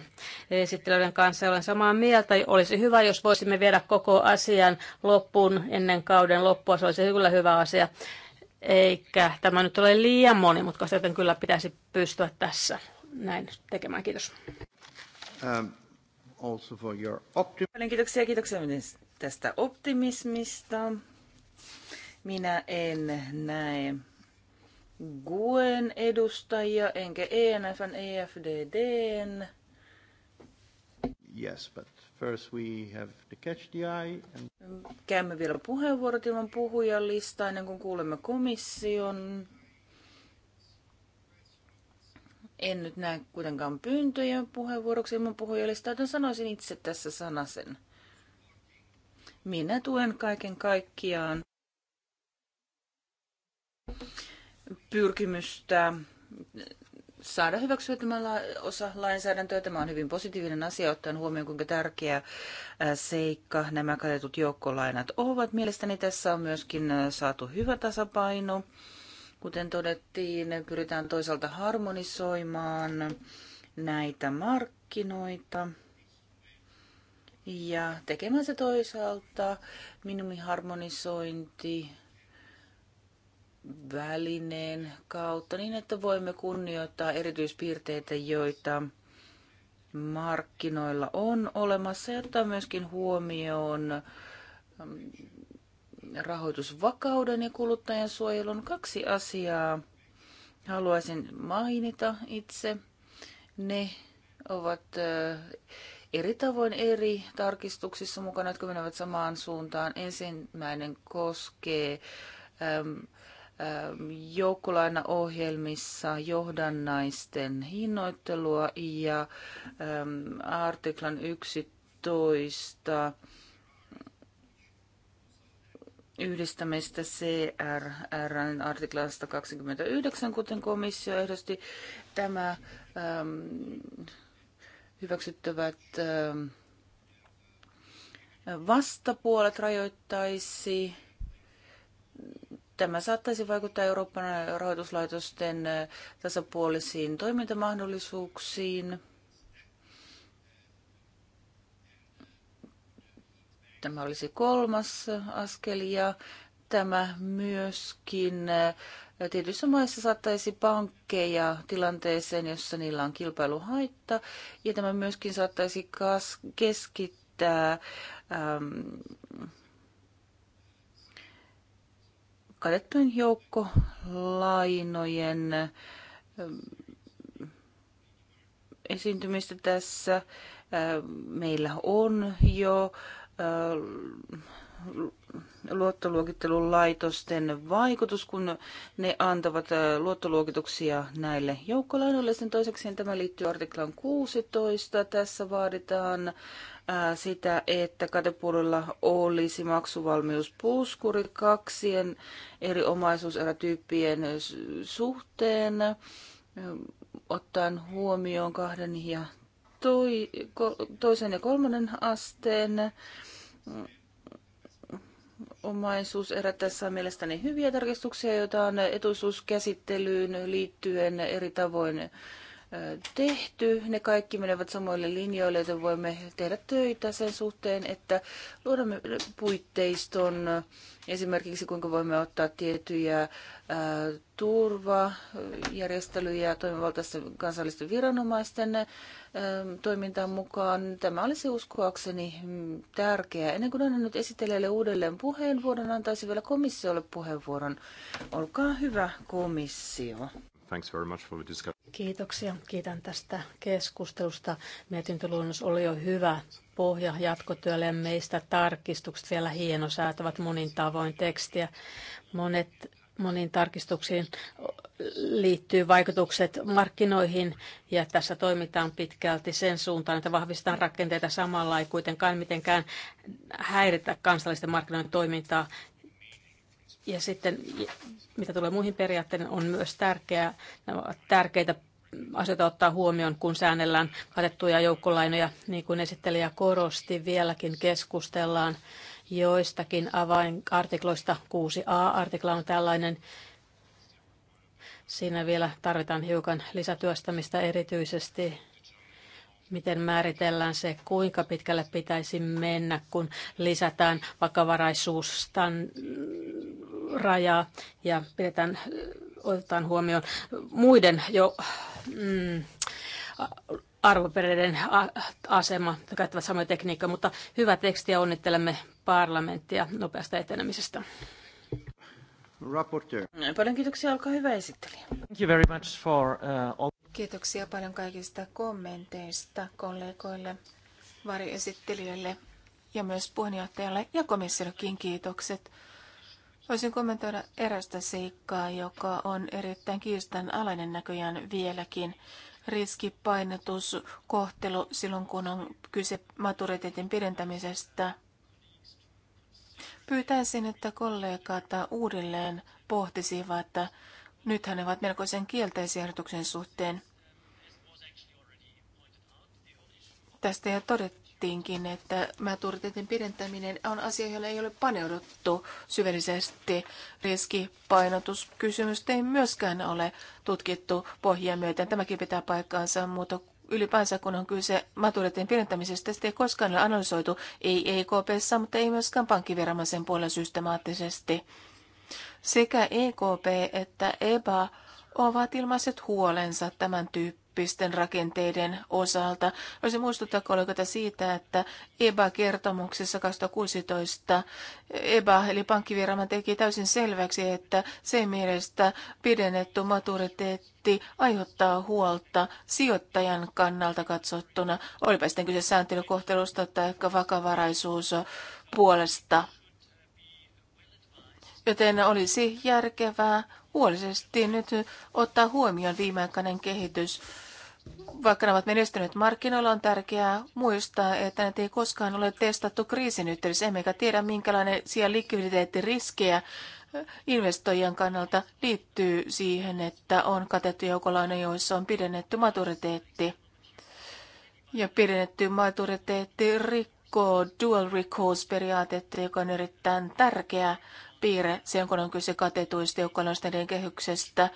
esittelyiden kanssa. Olen samaa mieltä. Olisi hyvä, jos voisimme viedä koko asian loppuun ennen kauden loppua. Se olisi kyllä hyvä asia. Eikä tämä nyt ole liian moni, mutta joten kyllä pitäisi pystyä tässä näin tekemään. Kiitos. Um, also for your optim- kiitoksia, kiitoksia tästä optimismista. Minä en näe Guen edustajia, enkä ENFn, EFDDn. Yes, but first we have the catch the eye. And... Käymme vielä puheenvuorot ilman puhujan listaa ennen kuin kuulemme komission. En nyt näe kuitenkaan pyyntöjä puheenvuoroksi ilman puhujalistaa, joten sanoisin itse tässä sanasen. Minä tuen kaiken kaikkiaan pyrkimystä saada hyväksyä tämä osa lainsäädäntöä. Tämä on hyvin positiivinen asia ottaen huomioon, kuinka tärkeä seikka nämä katetut joukkolainat ovat. Mielestäni tässä on myöskin saatu hyvä tasapaino. Kuten todettiin, pyritään toisaalta harmonisoimaan näitä markkinoita ja tekemään se toisaalta minimiharmonisointi välineen kautta niin, että voimme kunnioittaa erityispiirteitä, joita markkinoilla on olemassa ja ottaa myöskin huomioon mm, rahoitusvakauden ja kuluttajan suojelun kaksi asiaa. Haluaisin mainita itse. Ne ovat eri tavoin eri tarkistuksissa mukana, jotka menevät samaan suuntaan. Ensimmäinen koskee ähm, joukkolainaohjelmissa johdannaisten hinnoittelua ja artiklan 11 yhdistämistä CRRn artiklasta 29, kuten komissio ehdosti. Tämä hyväksyttävät vastapuolet rajoittaisi Tämä saattaisi vaikuttaa Euroopan rahoituslaitosten tasapuolisiin toimintamahdollisuuksiin. Tämä olisi kolmas askel ja tämä myöskin tietyissä maissa saattaisi pankkeja tilanteeseen, jossa niillä on kilpailuhaitta ja tämä myöskin saattaisi keskittää ähm, joukko lainojen ähm, esiintymistä tässä. Äh, meillä on jo äh, luottoluokittelun laitosten vaikutus, kun ne antavat äh, luottoluokituksia näille joukkolainoille. Sen toiseksi tämä liittyy artiklan 16. Tässä vaaditaan Äh, sitä, että katepuolella olisi maksuvalmiuspuskuri kaksien eri omaisuuserätyyppien suhteen, äh, ottaen huomioon kahden ja toi, toisen ja kolmannen asteen äh, omaisuuserät. Tässä on mielestäni hyviä tarkistuksia, joita on etuisuuskäsittelyyn liittyen eri tavoin tehty. Ne kaikki menevät samoille linjoille, joten voimme tehdä töitä sen suhteen, että luodamme puitteiston esimerkiksi, kuinka voimme ottaa tiettyjä turvajärjestelyjä toimivaltaisten kansallisten viranomaisten toimintaan mukaan. Tämä olisi uskoakseni tärkeää. Ennen kuin annan nyt esittelijälle uudelleen puheenvuoron, antaisin vielä komissiolle puheenvuoron. Olkaa hyvä komissio. Thanks very much for the Kiitoksia. Kiitän tästä keskustelusta. Mietintöluonnos oli jo hyvä pohja jatkotyölle ja meistä tarkistukset vielä hienosäätävät monin tavoin tekstiä. Monet moniin tarkistuksiin liittyy vaikutukset markkinoihin ja tässä toimitaan pitkälti sen suuntaan, että vahvistetaan rakenteita samalla ei kuitenkaan mitenkään häiritä kansallisten markkinoiden toimintaa ja sitten, mitä tulee muihin periaatteiden, on myös tärkeää, tärkeitä asioita ottaa huomioon, kun säännellään katettuja joukkolainoja. Niin kuin esittelijä korosti, vieläkin keskustellaan joistakin avainartikloista. 6a-artikla on tällainen. Siinä vielä tarvitaan hiukan lisätyöstämistä erityisesti miten määritellään se, kuinka pitkälle pitäisi mennä, kun lisätään vakavaraisuustan rajaa ja pidetään, otetaan huomioon muiden jo mm, arvopereiden asema, käyttävät samoja tekniikkaa, mutta hyvä teksti ja onnittelemme parlamenttia nopeasta etenemisestä. Rapporteur. Paljon kiitoksia, olkaa hyvä esittelijä. Thank you very much for, uh, all... Kiitoksia paljon kaikista kommenteista kollegoille, varjoesittelijöille ja myös puheenjohtajalle ja komissiollekin kiitokset. Voisin kommentoida erästä seikkaa, joka on erittäin kiistanalainen näköjään vieläkin. Riskipainetus, kohtelu silloin, kun on kyse maturiteetin pidentämisestä. Pyytäisin, että kollegat uudelleen pohtisivat, että nythän ne ovat melkoisen kielteisen ehdotuksen suhteen. Tästä ole todettu todettiinkin, että maturiteetin pidentäminen on asia, jolle ei ole paneuduttu syvällisesti. Riskipainotuskysymystä ei myöskään ole tutkittu pohjia myöten. Tämäkin pitää paikkaansa, mutta ylipäänsä kun on kyse maturiteetin pidentämisestä, sitä ei koskaan ole analysoitu, ei EKPssä, mutta ei myöskään pankkiviranomaisen puolella systemaattisesti. Sekä EKP että EBA ovat ilmaiset huolensa tämän tyyppisestä tyyppisten rakenteiden osalta. Voisi muistuttaa kollegoita siitä, että EBA-kertomuksessa 2016 EBA eli pankkiviraman teki täysin selväksi, että se mielestä pidennetty maturiteetti aiheuttaa huolta sijoittajan kannalta katsottuna, olipa sitten kyse sääntelykohtelusta tai vakavaraisuus puolesta. Joten olisi järkevää huolisesti nyt ottaa huomioon viimeaikainen kehitys. Vaikka ne ovat menestyneet markkinoilla, on tärkeää muistaa, että ne ei koskaan ole testattu kriisin yhteydessä, emmekä tiedä minkälainen siellä likviditeettiriskejä eh, investoijan kannalta liittyy siihen, että on katettu joukolainen, joissa on pidennetty maturiteetti. Ja pidennetty maturiteetti rikkoo rikkoo dual recourse-periaatetta, joka on erittäin tärkeä piirre silloin, kun on kyse katetuista joukkolansteiden kehyksestä.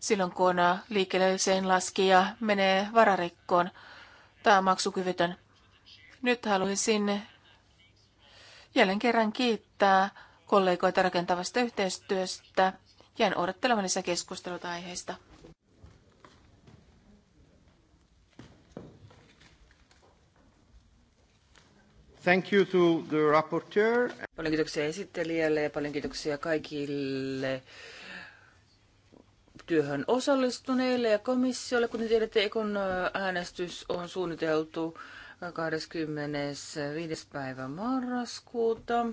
Silloin, kun liikkeelliseen laskija menee vararikkoon tai maksukyvytön. Nyt haluaisin jälleen kerran kiittää kollegoita rakentavasta yhteistyöstä. Jään odottelemaan lisää keskusteluta aiheesta. Thank you to the rapporteur. Paljon kiitoksia esittelijälle ja paljon kiitoksia kaikille työhön osallistuneille ja komissiolle. Kuten tiedätte, Ekon äänestys on suunniteltu 25. päivä marraskuuta.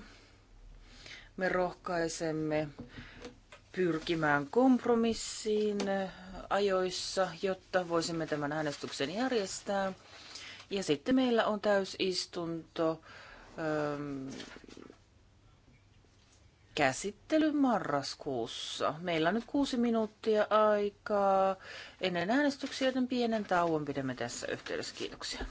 Me rohkaisemme pyrkimään kompromissiin ajoissa, jotta voisimme tämän äänestyksen järjestää. Ja sitten meillä on täysistunto ähm, käsittely marraskuussa. Meillä on nyt kuusi minuuttia aikaa ennen äänestyksiä, joten pienen tauon pidämme tässä yhteydessä. Kiitoksia.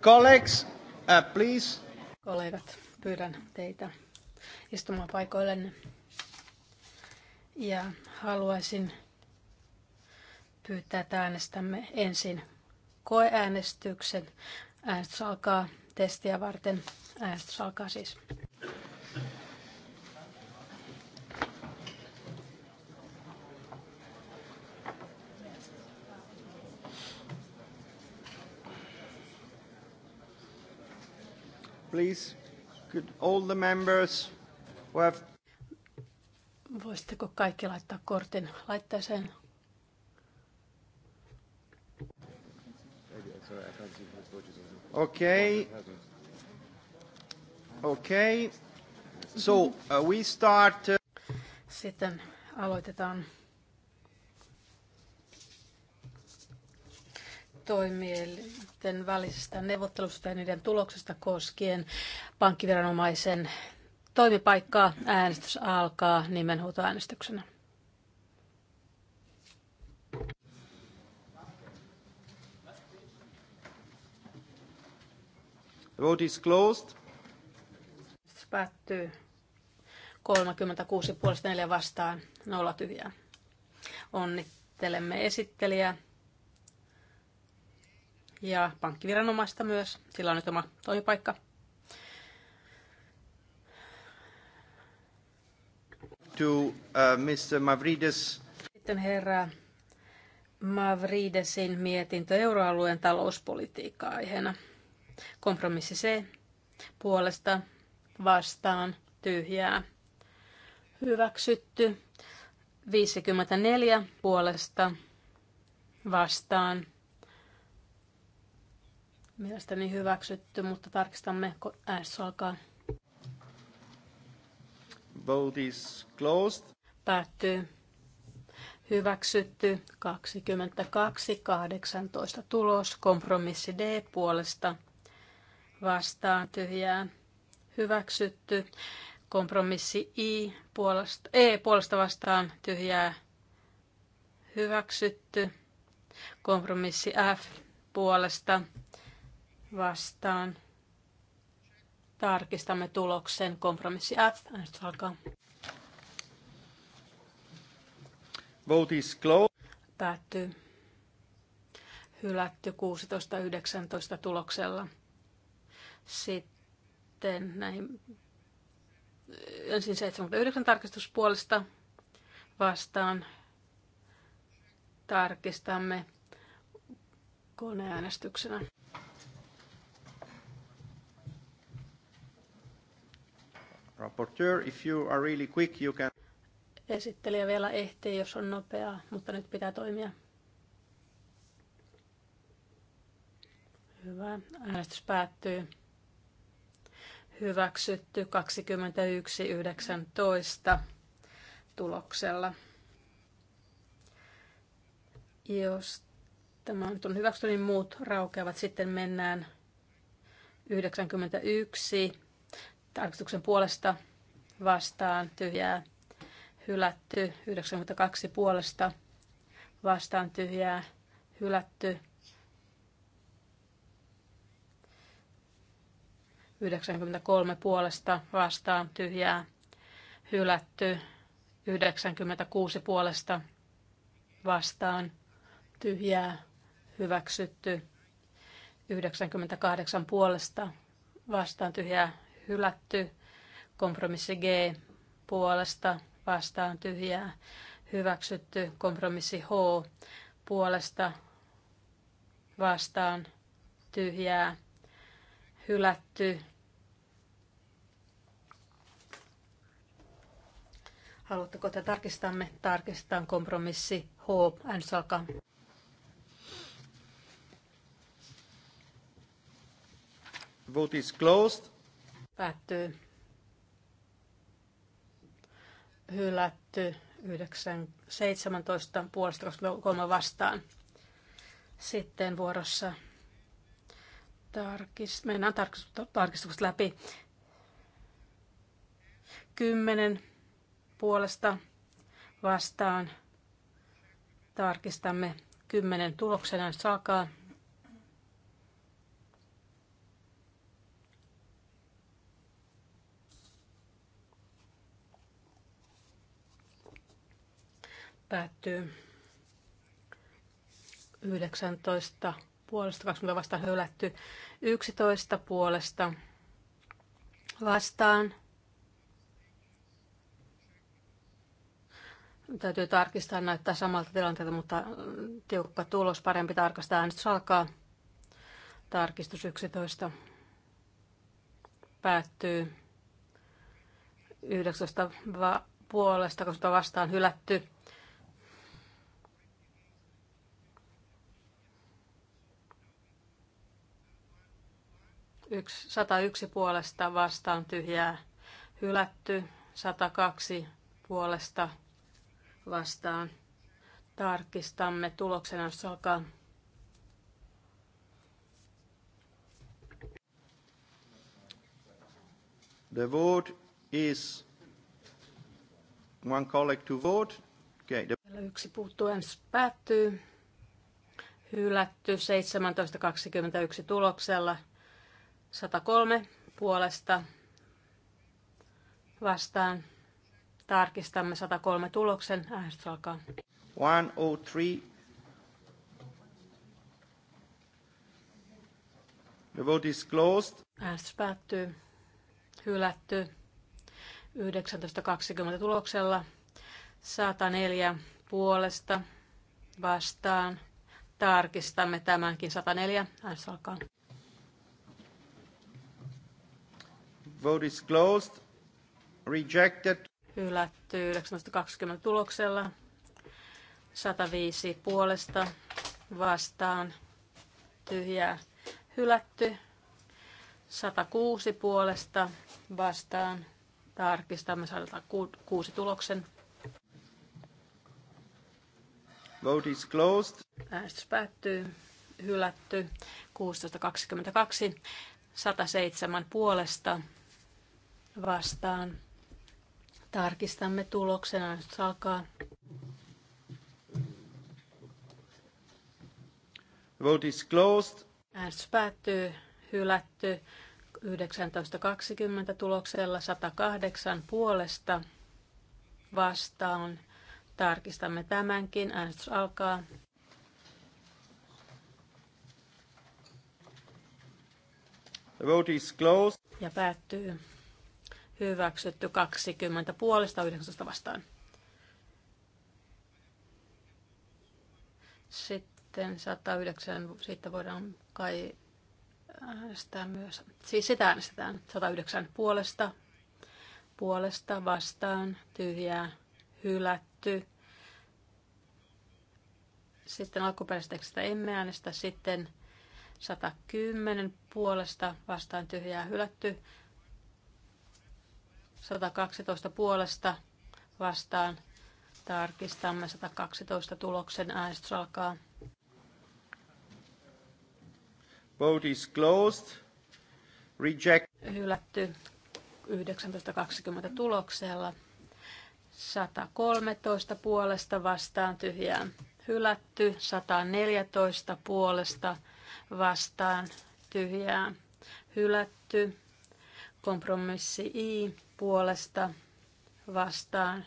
Colleagues, uh, please. Kollegat, pyydän teitä istumaan paikoillenne. Ja haluaisin pyytää, että äänestämme ensin koeäänestyksen. Äänestys alkaa testiä varten. Äänestys alkaa siis. all the members who have... Voisitteko kaikki laittaa kortin laitteeseen? Okay. Okay. So uh, we start. Uh... Sitten aloitetaan toimielin hallitusten välisestä neuvottelusta ja niiden tuloksesta koskien pankkiviranomaisen toimipaikkaa. Äänestys alkaa nimenhuutoäänestyksenä. Vote is closed. Äänestys päättyy 36 puolesta 4 vastaan, nolla tyhjää. Onnittelemme esittelijää ja pankkiviranomaista myös. Sillä on nyt oma toimipaikka. To, uh, Mr. Mavrides. Sitten herra Mavridesin mietintö euroalueen talouspolitiikkaa aiheena. Kompromissi C puolesta vastaan tyhjää. Hyväksytty. 54 puolesta vastaan Mielestäni hyväksytty, mutta tarkistamme, kun äänestys alkaa. Vote is closed. Päättyy. Hyväksytty 22.18 tulos. Kompromissi D puolesta vastaan tyhjää. Hyväksytty. Kompromissi I puolesta, E puolesta vastaan tyhjää. Hyväksytty. Kompromissi F puolesta vastaan. Tarkistamme tuloksen. Kompromissi F. Äänestys alkaa. Vote is closed. Päättyy. Hylätty 16.19 tuloksella. Sitten näin. ensin 79 tarkistuspuolesta vastaan tarkistamme koneäänestyksenä. Rapporteur, if you are really quick, you can... Esittelijä vielä ehtii, jos on nopeaa, mutta nyt pitää toimia. Hyvä. Äänestys päättyy. Hyväksytty 21.19 tuloksella. Jos tämä nyt on hyväksytty, niin muut raukeavat. Sitten mennään 91 tarkoituksen puolesta vastaan tyhjää hylätty. 92 puolesta vastaan tyhjää hylätty. 93 puolesta vastaan tyhjää hylätty. 96 puolesta vastaan tyhjää hyväksytty. 98 puolesta vastaan tyhjää hylätty. Kompromissi G puolesta vastaan tyhjää hyväksytty. Kompromissi H puolesta vastaan tyhjää hylätty. Haluatteko, että tarkistamme? Tarkistetaan kompromissi H. Äänestys alkaa. Vote is closed. Päättyy. Hylätty 9, vastaan. Sitten vuorossa tarkis, mennään tarkistukset läpi. 10 puolesta vastaan. Tarkistamme 10 tuloksena saakaa. Päättyy 19 puolesta, 20 vasta hylätty, 11 puolesta vastaan. Täytyy tarkistaa, näyttää samalta tilanteelta, mutta äh, tiukka tulos, parempi tarkastaa. Äänestys alkaa. Tarkistus 11 päättyy 19 puolesta, koska vastaan hylätty. 101 puolesta vastaan tyhjää hylätty, 102 puolesta vastaan. Tarkistamme tuloksena, jos alkaa. The vote is one colleague to vote. Okay. The... Yksi puuttuu äänestys päättyy. Hylätty 17.21 tuloksella. 103 puolesta vastaan. Tarkistamme 103 tuloksen. Äänestys alkaa. 103. The vote is closed. Äänestys päättyy. Hylätty. 19.20 tuloksella. 104 puolesta vastaan. Tarkistamme tämänkin 104. Äänestys alkaa. Vote is closed. Rejected. Hylätty 19.20 tuloksella. 105 puolesta vastaan. Tyhjää hylätty. 106 puolesta vastaan. Tarkistamme 106 tuloksen. Vote is closed. Äänestys päättyy. Hylätty 16.22. 107 puolesta vastaan. Tarkistamme tuloksen. Äänestys alkaa. The vote is closed. Äänestys päättyy. Hylätty. 19.20 tuloksella 108 puolesta vastaan. Tarkistamme tämänkin. Äänestys alkaa. The vote is closed. Ja päättyy hyväksytty 20 puolesta 19 vastaan. Sitten 109, siitä voidaan kai äänestää myös. Siis sitä äänestetään 109 puolesta, puolesta vastaan, tyhjää, hylätty. Sitten alkuperäisestä emme äänestä, sitten 110 puolesta vastaan tyhjää hylätty, 112 puolesta vastaan. Tarkistamme 112 tuloksen. Äänestys alkaa. Vote is closed. Reject. Hylätty 19.20 tuloksella. 113 puolesta vastaan tyhjää. Hylätty 114 puolesta vastaan tyhjää. Hylätty. Kompromissi I puolesta vastaan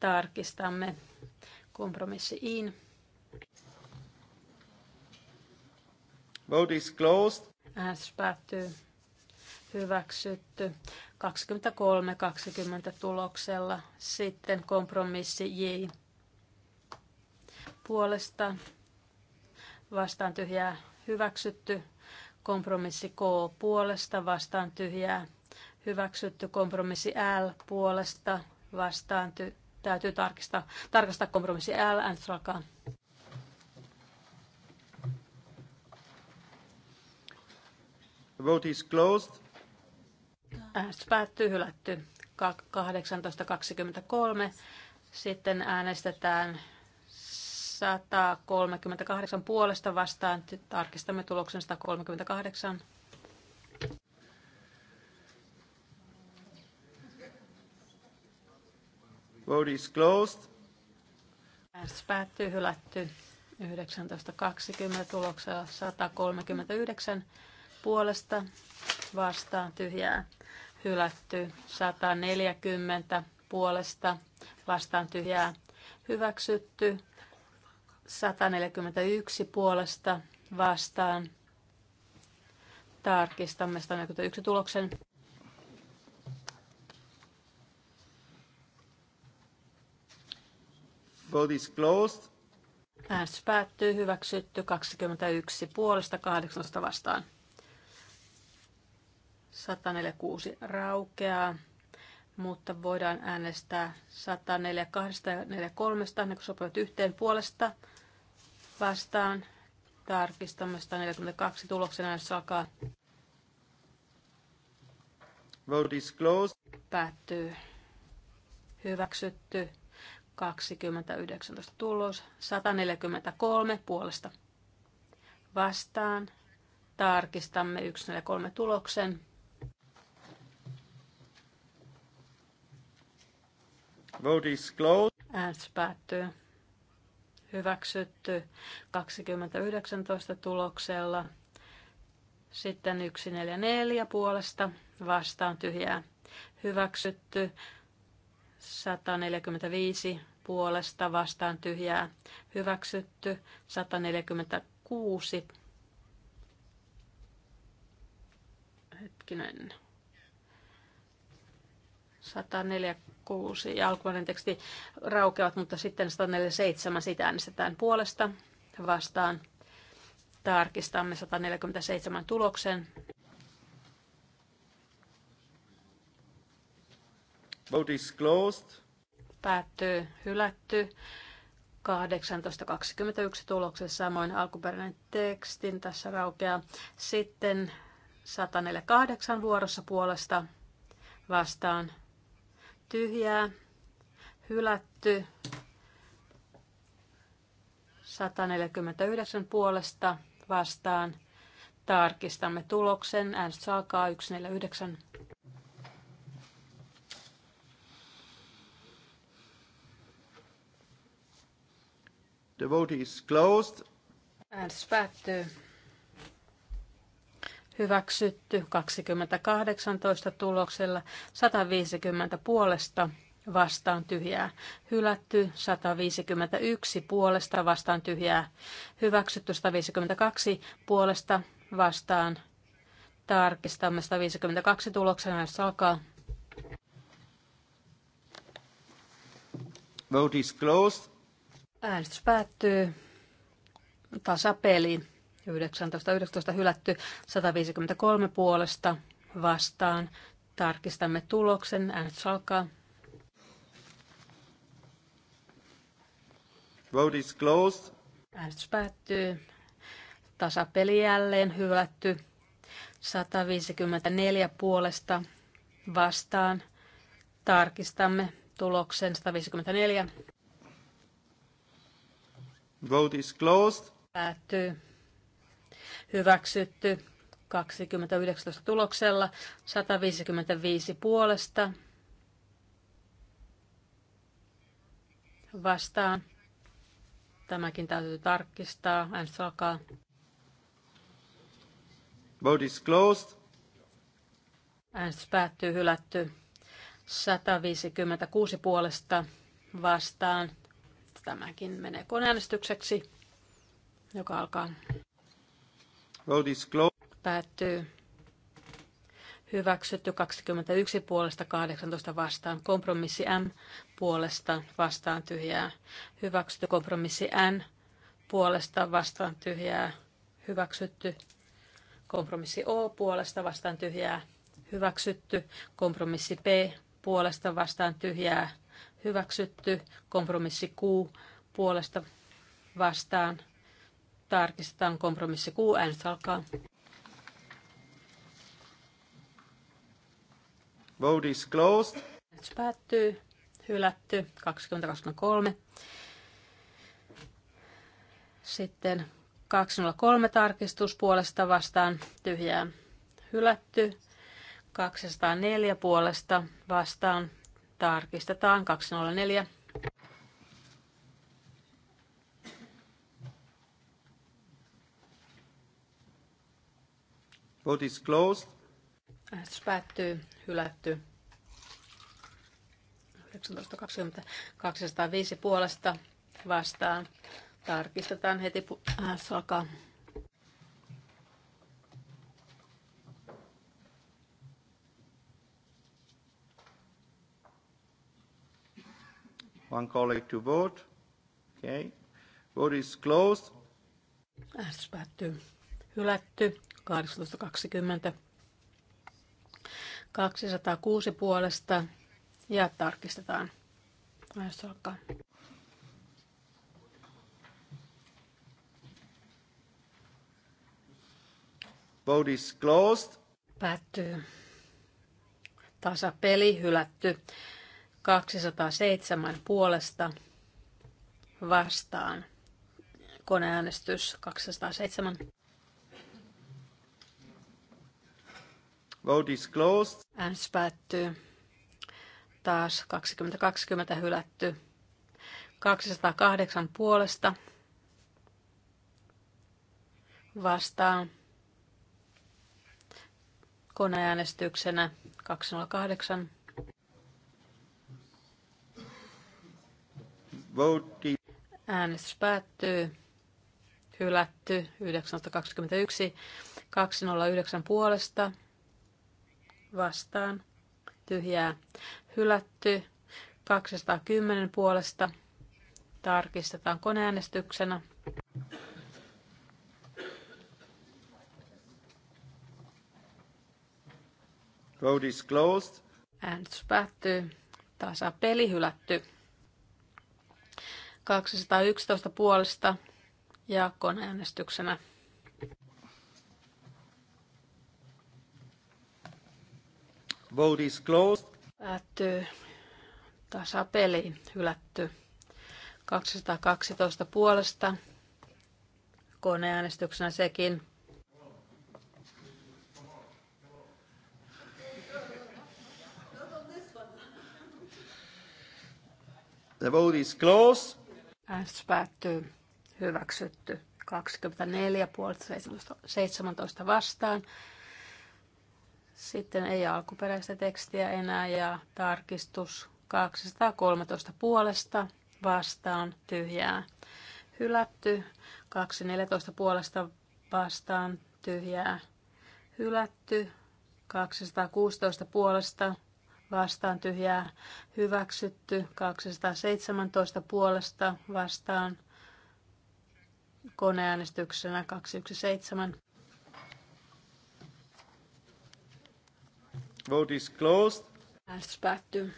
tarkistamme kompromissi in. Vote is closed. Äänestys päättyy. Hyväksytty. 23-20 tuloksella. Sitten kompromissi J. Puolesta vastaan tyhjää hyväksytty. Kompromissi K puolesta vastaan tyhjää hyväksytty kompromissi L puolesta vastaan ty- täytyy tarkistaa, tarkastaa kompromissi L, äänestys The vote is closed. Äänestys päättyy, hylätty 18.23. Sitten äänestetään 138 puolesta vastaan. Tarkistamme tuloksen 138. Vote is closed. Äänestys päättyy, hylätty. 19.20 tuloksella 139 puolesta vastaan tyhjää hylätty 140 puolesta vastaan tyhjää hyväksytty 141 puolesta vastaan tarkistamme 141 tuloksen. Vote is closed. Äänestys päättyy. Hyväksytty 21 puolesta 18 vastaan. 146 raukeaa, mutta voidaan äänestää 142 ja 143, ne sopivat yhteen puolesta vastaan. Tarkistamme 142 tuloksen äänestys alkaa. Vote is closed. Päättyy. Hyväksytty 2019 tulos, 143 puolesta vastaan. Tarkistamme 143 tuloksen. Vote is closed. Äänestys päättyy. Hyväksytty 2019 tuloksella. Sitten 144 puolesta vastaan tyhjää. Hyväksytty 145 puolesta vastaan tyhjää hyväksytty 146. Hetkinen. 146 ja alkuperäinen teksti raukeavat, mutta sitten 147 sitä äänestetään puolesta vastaan. Tarkistamme 147 tuloksen. Vote is closed päättyy hylätty. 18.21 tuloksessa samoin alkuperäinen tekstin tässä raukeaa. Sitten 148 vuorossa puolesta vastaan tyhjää, hylätty. 149 puolesta vastaan. Tarkistamme tuloksen. Äänestys alkaa 149. The vote is closed. Äänestys päättyy. Hyväksytty 2018 tuloksella 150 puolesta vastaan tyhjää. Hylätty 151 puolesta vastaan tyhjää. Hyväksytty 152 puolesta vastaan. Tarkistamme 152 tuloksena, jos alkaa. Vote is closed. Äänestys päättyy tasapeliin. 19-19 hylätty, 153 puolesta vastaan. Tarkistamme tuloksen. Äänestys alkaa. Vote is closed. Äänestys päättyy. Tasapeli jälleen hylätty. 154 puolesta vastaan. Tarkistamme tuloksen 154. Vote is closed. Päättyy. Hyväksytty. 2019 tuloksella 155 puolesta. Vastaan. Tämäkin täytyy tarkistaa. Äänestys alkaa. Vote is closed. Äänestys päättyy hylätty. 156 puolesta vastaan Tämäkin menee koneäänestykseksi, joka alkaa. Vote is Päättyy. Hyväksytty 21 puolesta 18 vastaan. Kompromissi M puolesta vastaan tyhjää. Hyväksytty kompromissi N puolesta vastaan tyhjää. Hyväksytty kompromissi O puolesta vastaan tyhjää. Hyväksytty kompromissi P puolesta vastaan tyhjää hyväksytty. Kompromissi Q puolesta vastaan. Tarkistetaan kompromissi Q. Äänestys alkaa. Vote is closed. Äänestys päättyy. Hylätty. 2023. Sitten 203 tarkistus puolesta vastaan tyhjää hylätty. 204 puolesta vastaan Tarkistetaan 204. Vote is closed. Äänestys päättyy. Hylätty. 19.20. 205 puolesta vastaan. Tarkistetaan heti. Äänestys alkaa. One colleague to vote. Okay. Vote is closed. Äänestys päättyy. Hylätty. 18.20. 206 puolesta ja tarkistetaan. Äänestys alkaa. Vote is closed. Päättyy. Tasapeli hylätty. 207 puolesta vastaan. Koneäänestys 207. Vote is closed. Äänestys päättyy. Taas 2020 hylätty. 208 puolesta vastaan koneäänestyksenä 208. Vote. Äänestys päättyy. Hylätty 1921. 209 puolesta. Vastaan. Tyhjää. Hylätty 210 puolesta. Tarkistetaan koneäänestyksenä. Vote is closed. Äänestys päättyy. Tasa peli hylätty. 211 puolesta ja koneäänestyksenä. Vote is closed. Päättyy tasapeli, hylätty. 212 puolesta koneäänestyksenä sekin. The vote is closed. Äänestys päättyy. Hyväksytty. 24 puolesta 17 vastaan. Sitten ei alkuperäistä tekstiä enää ja tarkistus 213 puolesta vastaan tyhjää. Hylätty 214 puolesta vastaan tyhjää. Hylätty 216 puolesta vastaan tyhjää hyväksytty, 217 puolesta vastaan koneäänestyksenä 217. Vote is closed. Äänestys päättyy.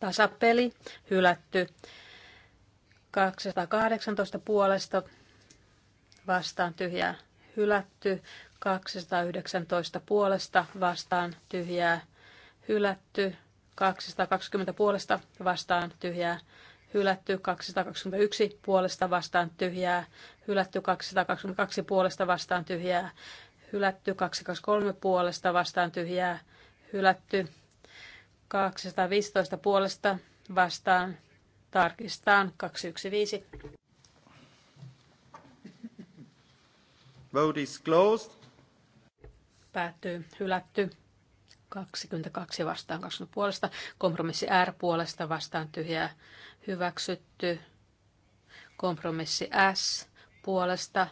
Tasapeli hylätty. 218 puolesta vastaan tyhjää hylätty. 219 puolesta vastaan tyhjää hylätty 220 puolesta vastaan tyhjää, hylätty 221 puolesta vastaan tyhjää, hylätty 222 puolesta vastaan tyhjää, hylätty 223 puolesta vastaan tyhjää, hylätty 215 puolesta vastaan tarkistaan 215. Vote is closed. Päättyy, hylätty. 22 vastaan 20 puolesta. Kompromissi R puolesta vastaan tyhjää hyväksytty. Kompromissi S puolesta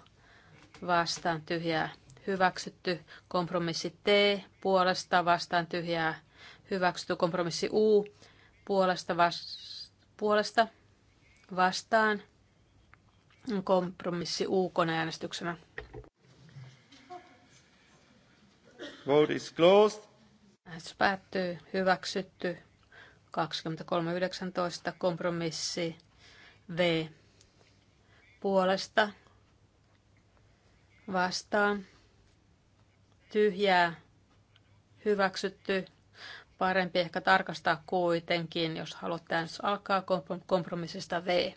vastaan tyhjää hyväksytty. Kompromissi T puolesta vastaan tyhjää hyväksytty. Kompromissi U puolesta, vas- puolesta vastaan kompromissi U koneäänestyksenä. Vote is closed. Äänestys päättyy. Hyväksytty. 23.19. Kompromissi V. Puolesta. Vastaan. Tyhjää. Hyväksytty. Parempi ehkä tarkastaa kuitenkin, jos haluatte äänestys alkaa kompromissista V.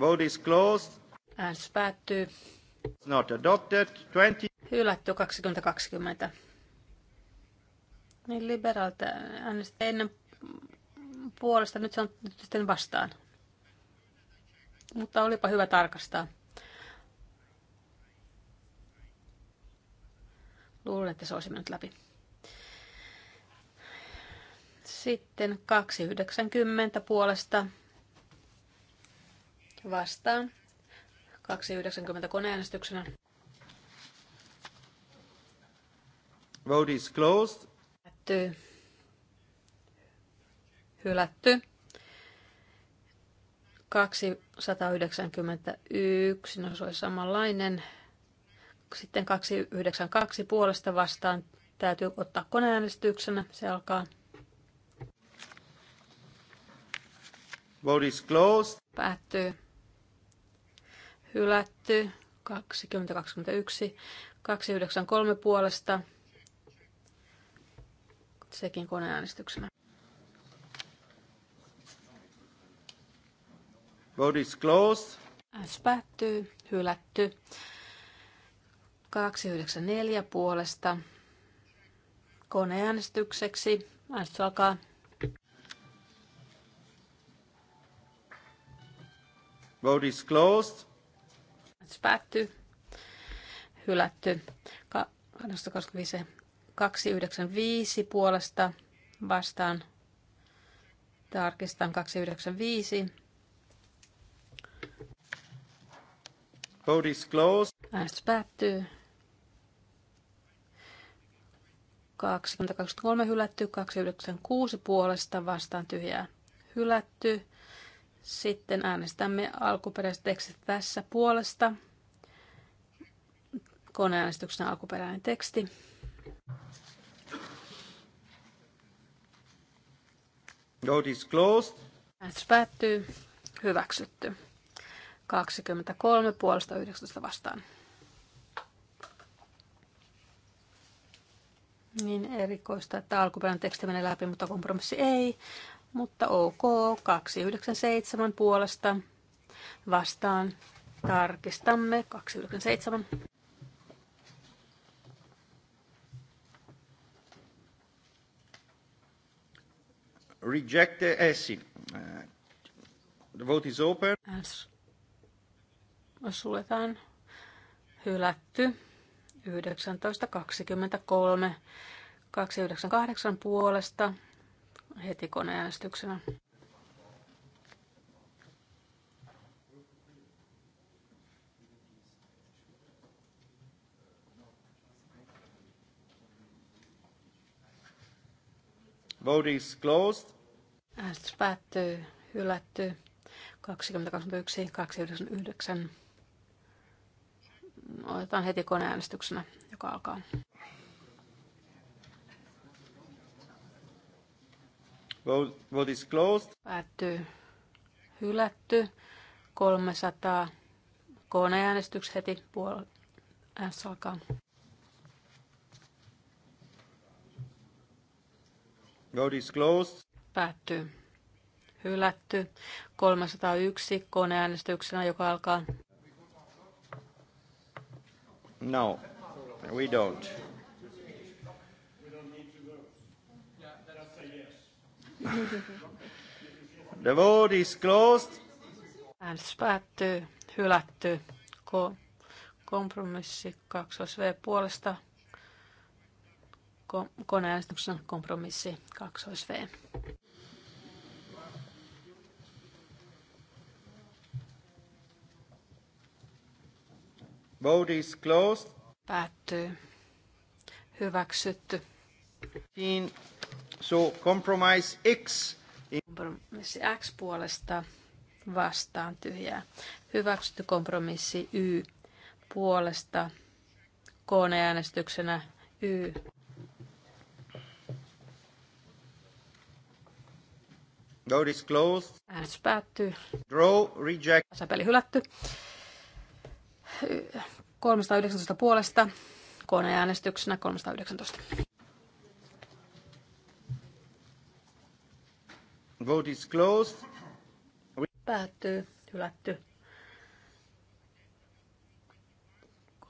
Vote is closed. Äänestys päättyy. not adopted. 20. Hylätty 2020. Niin liberaalta äänestä ennen puolesta, nyt se on nyt sitten vastaan. Mutta olipa hyvä tarkastaa. Luulen, että se olisi mennyt läpi. Sitten 290 puolesta vastaan. 290 koneäänestyksenä. Vote is closed hylätty. Hylätty. 291, no se oli samanlainen. Sitten 292 puolesta vastaan täytyy ottaa koneäänestyksenä. Se alkaa. Vote is closed. Päättyy. Hylätty. 2021. 293 puolesta sekin koneäänestyksenä. Vote is closed. Äänestys päättyy, hylätty. 294 puolesta koneäänestykseksi. Äänestys alkaa. Vote is closed. Äänestys päättyy. Hylätty. Ka- 225 295 puolesta vastaan. Tarkistan 295. Äänestys päättyy. 2023 hylätty, 296 puolesta vastaan tyhjää hylätty. Sitten äänestämme alkuperäiset tekstit tässä puolesta. Koneäänestyksen alkuperäinen teksti. Vote is closed. Äänestys päättyy. Hyväksytty. 23 puolesta 19 vastaan. Niin erikoista, että alkuperäinen teksti menee läpi, mutta kompromissi ei. Mutta ok, 297 puolesta vastaan. Tarkistamme 297. Rejected. Eh, eh sì. Eh, the vote is open. Suljetaan. Hylätty. 19.23. 298 puolesta heti koneäänestyksenä. Vote is closed. Äänestys päättyy. Hylätty. 2021 299. Otetaan heti koneäänestyksenä, joka alkaa. Vote, vote is closed. Päättyy. Hylätty. 300 koneäänestys heti puolella. Äänestys alkaa. Vote is Päättyy. Hylätty. 301 koneäänestyksenä, joka alkaa. No, we don't. The vote is closed. Äänestys päättyy. Hylätty. Ko- kompromissi 2V puolesta koneäänestyksen kompromissi 2V. Vote is closed. Päättyy. Hyväksytty. In, so compromise X. Kompromissi X puolesta vastaan tyhjää. Hyväksytty kompromissi Y puolesta koneäänestyksenä Y. Vote is closed. Äänestys päättyy. Draw, reject. Tasapeli hylätty. 319 puolesta koneäänestyksenä 319. Vote is closed. We... Päättyy, hylätty.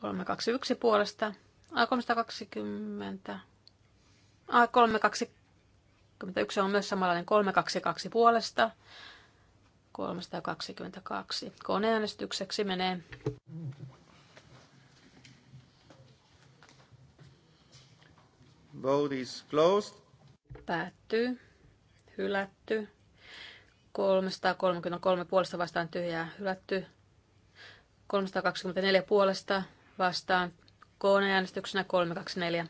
321 puolesta. A320. A320 21 on myös samanlainen 322 puolesta. 322 koneäänestykseksi menee. Vote is closed. Päättyy. Hylätty. 333 puolesta vastaan tyhjää hylätty. 324 puolesta vastaan koneäänestyksenä 324.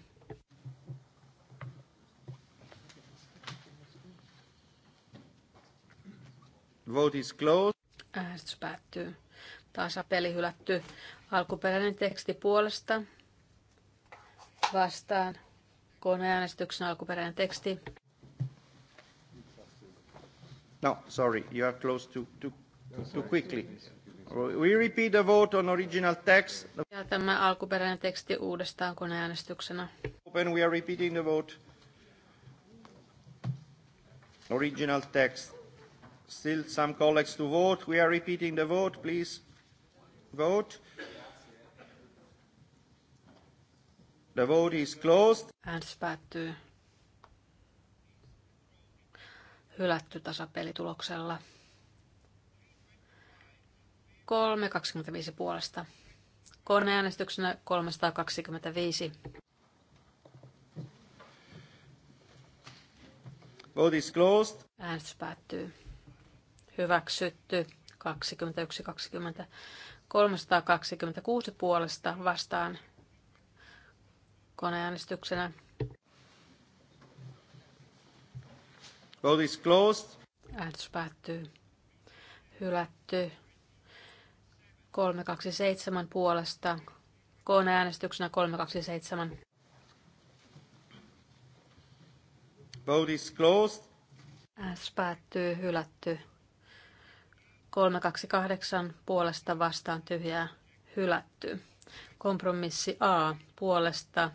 Vote is closed. Äänestys päättyy. Tasapeli hylätty. Alkuperäinen teksti puolesta. Vastaan. Koneäänestyksen alkuperäinen teksti. No, sorry, you are close too, too, too quickly. We repeat the vote on original text. Ja tämä alkuperäinen teksti uudestaan koneäänestyksenä. Open, we are repeating the vote. Original text. Still some colleagues to vote. We are repeating the vote. Please vote. The vote is closed. Äänestys päättyy. Hylätty tasapelituloksella. 3.25 puolesta. Koneäänestyksenä 325. Vote is closed. Äänestys päättyy hyväksytty 21-20. 326 puolesta vastaan koneäänestyksenä. Vote is closed. Äänestys päättyy. Hylätty. 327 puolesta. Koneäänestyksenä 327. Vote is closed. Äänestys päättyy. Hylätty. 328 puolesta vastaan tyhjää hylätty. Kompromissi A puolesta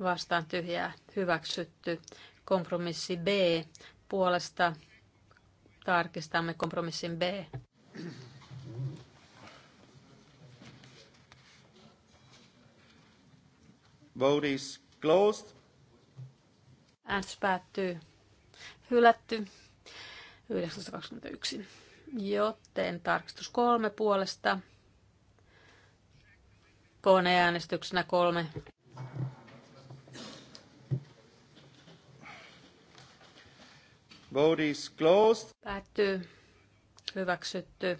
vastaan tyhjää hyväksytty. Kompromissi B puolesta tarkistamme kompromissin B. Vote is closed. Äänestys päättyy. Hylätty. 1921. Joten tarkistus kolme puolesta. Koneäänestyksenä kolme. Vote is closed. Päättyy. Hyväksytty.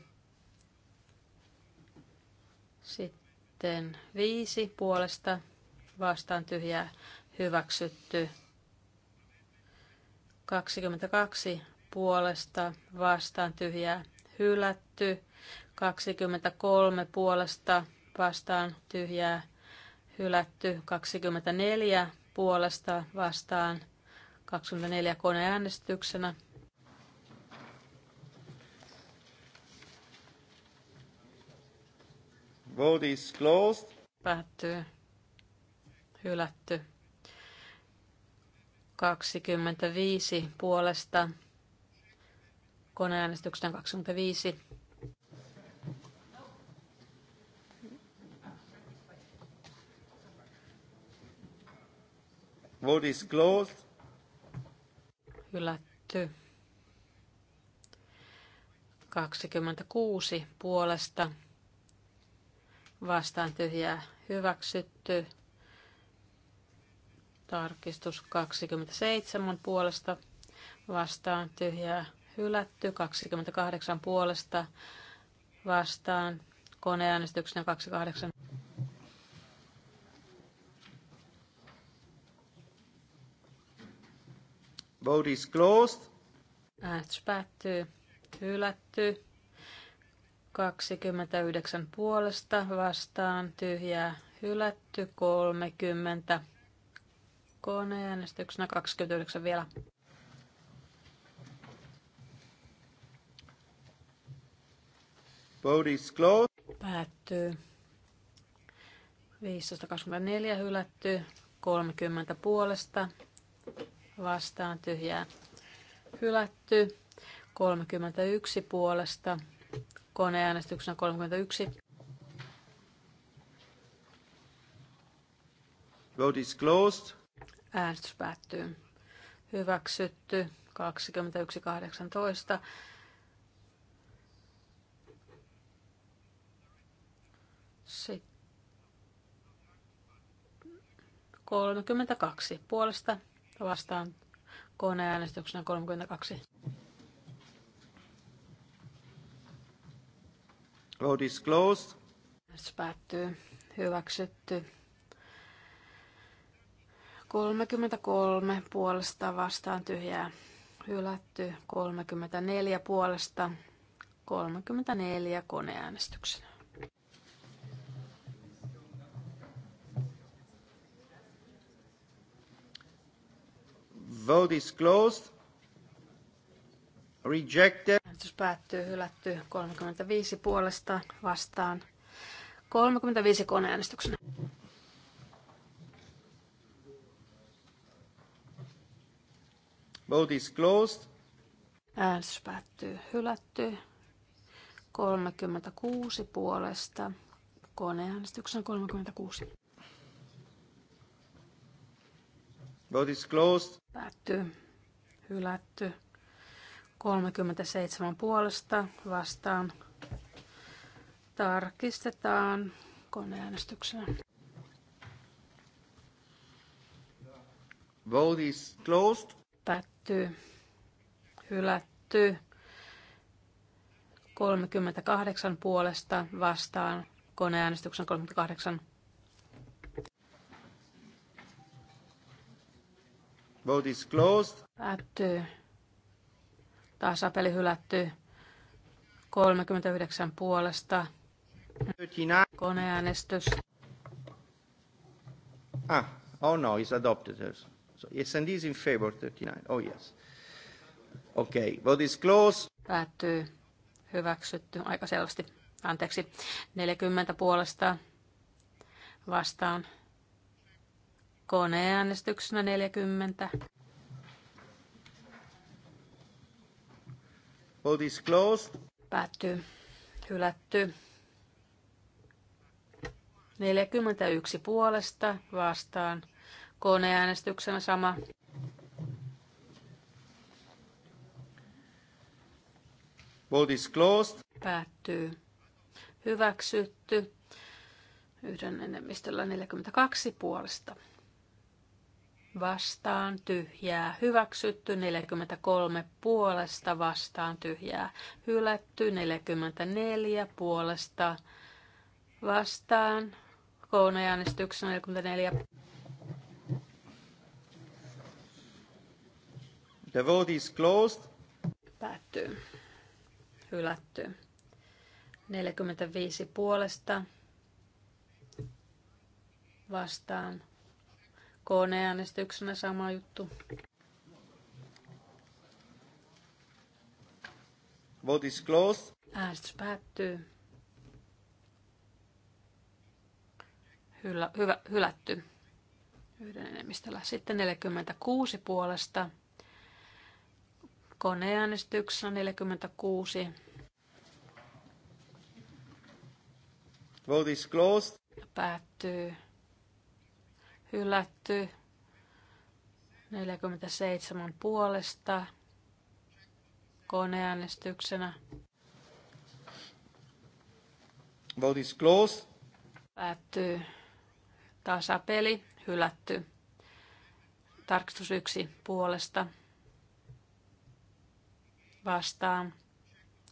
Sitten viisi puolesta vastaan tyhjää hyväksytty. 22 puolesta vastaan tyhjää hylätty. 23 puolesta vastaan tyhjää hylätty. 24 puolesta vastaan 24 koneäänestyksenä. Vote is closed. Päättyy. Hylätty. 25 puolesta koneäänestyksen 25. Vote is closed. Hylätty. 26 puolesta vastaan tyhjää hyväksytty. Tarkistus 27 puolesta vastaan tyhjää hylätty, 28 puolesta vastaan, koneäänestyksenä 28. Vote is closed. Äänestys päättyy. Hylätty. 29 puolesta vastaan tyhjää hylätty 30. Koneäänestyksenä 29 vielä. Vote is closed. Päättyy. 15.24 hylätty, 30 puolesta, vastaan tyhjää. Hylätty, 31 puolesta, koneäänestyksenä 31. Vote is closed. Äänestys päättyy. Hyväksytty 21.18. Sitten 32 puolesta vastaan koneäänestyksenä 32. Vote is closed. Äänestys päättyy. Hyväksytty. 33 puolesta vastaan tyhjää. Hylätty. 34 puolesta. 34 koneäänestyksenä. Vote is closed. Rejected. Äänestys päättyy, hylätty 35 puolesta vastaan. 35 koneäänestyksenä. Vote is closed. Äänestys päättyy, hylätty 36 puolesta. Koneäänestyksen 36. Vote is closed. Päättyy. Hylätty. 37 puolesta vastaan. Tarkistetaan koneäänestyksenä. Vote is closed. Päättyy. Hylätty. 38 puolesta vastaan. Koneäänestyksen 38 Vote is closed. Päättyy. apeli hylätty. 39 puolesta. Koneäänestys. Ah, oh no, it's adopted. So and is in favor 39. Oh yes. Okay, vote is closed. Päättyy. Hyväksytty aika selvästi. Anteeksi. 40 puolesta vastaan Koneäänestyksenä 40. Vote is closed. Päättyy. Hylätty. 41 puolesta vastaan. Koneäänestyksenä sama. Vote is closed. Päättyy. Hyväksytty. Yhden enemmistöllä 42 puolesta vastaan tyhjää hyväksytty, 43 puolesta vastaan tyhjää hylätty, 44 puolesta vastaan koneäänestyksen 44. The vote is closed. Päättyy. Hylätty. 45 puolesta vastaan koneäänestyksenä sama juttu. Vote is closed. Äänestys päättyy. Hyllä, hyvä, hylätty yhden enemmistöllä. Sitten 46 puolesta. Koneäänestyksessä 46. Vote is closed. Päättyy hylätty. 47 puolesta koneäänestyksenä. Vote is closed. Päättyy tasapeli, hylätty. Tarkistus yksi puolesta vastaan.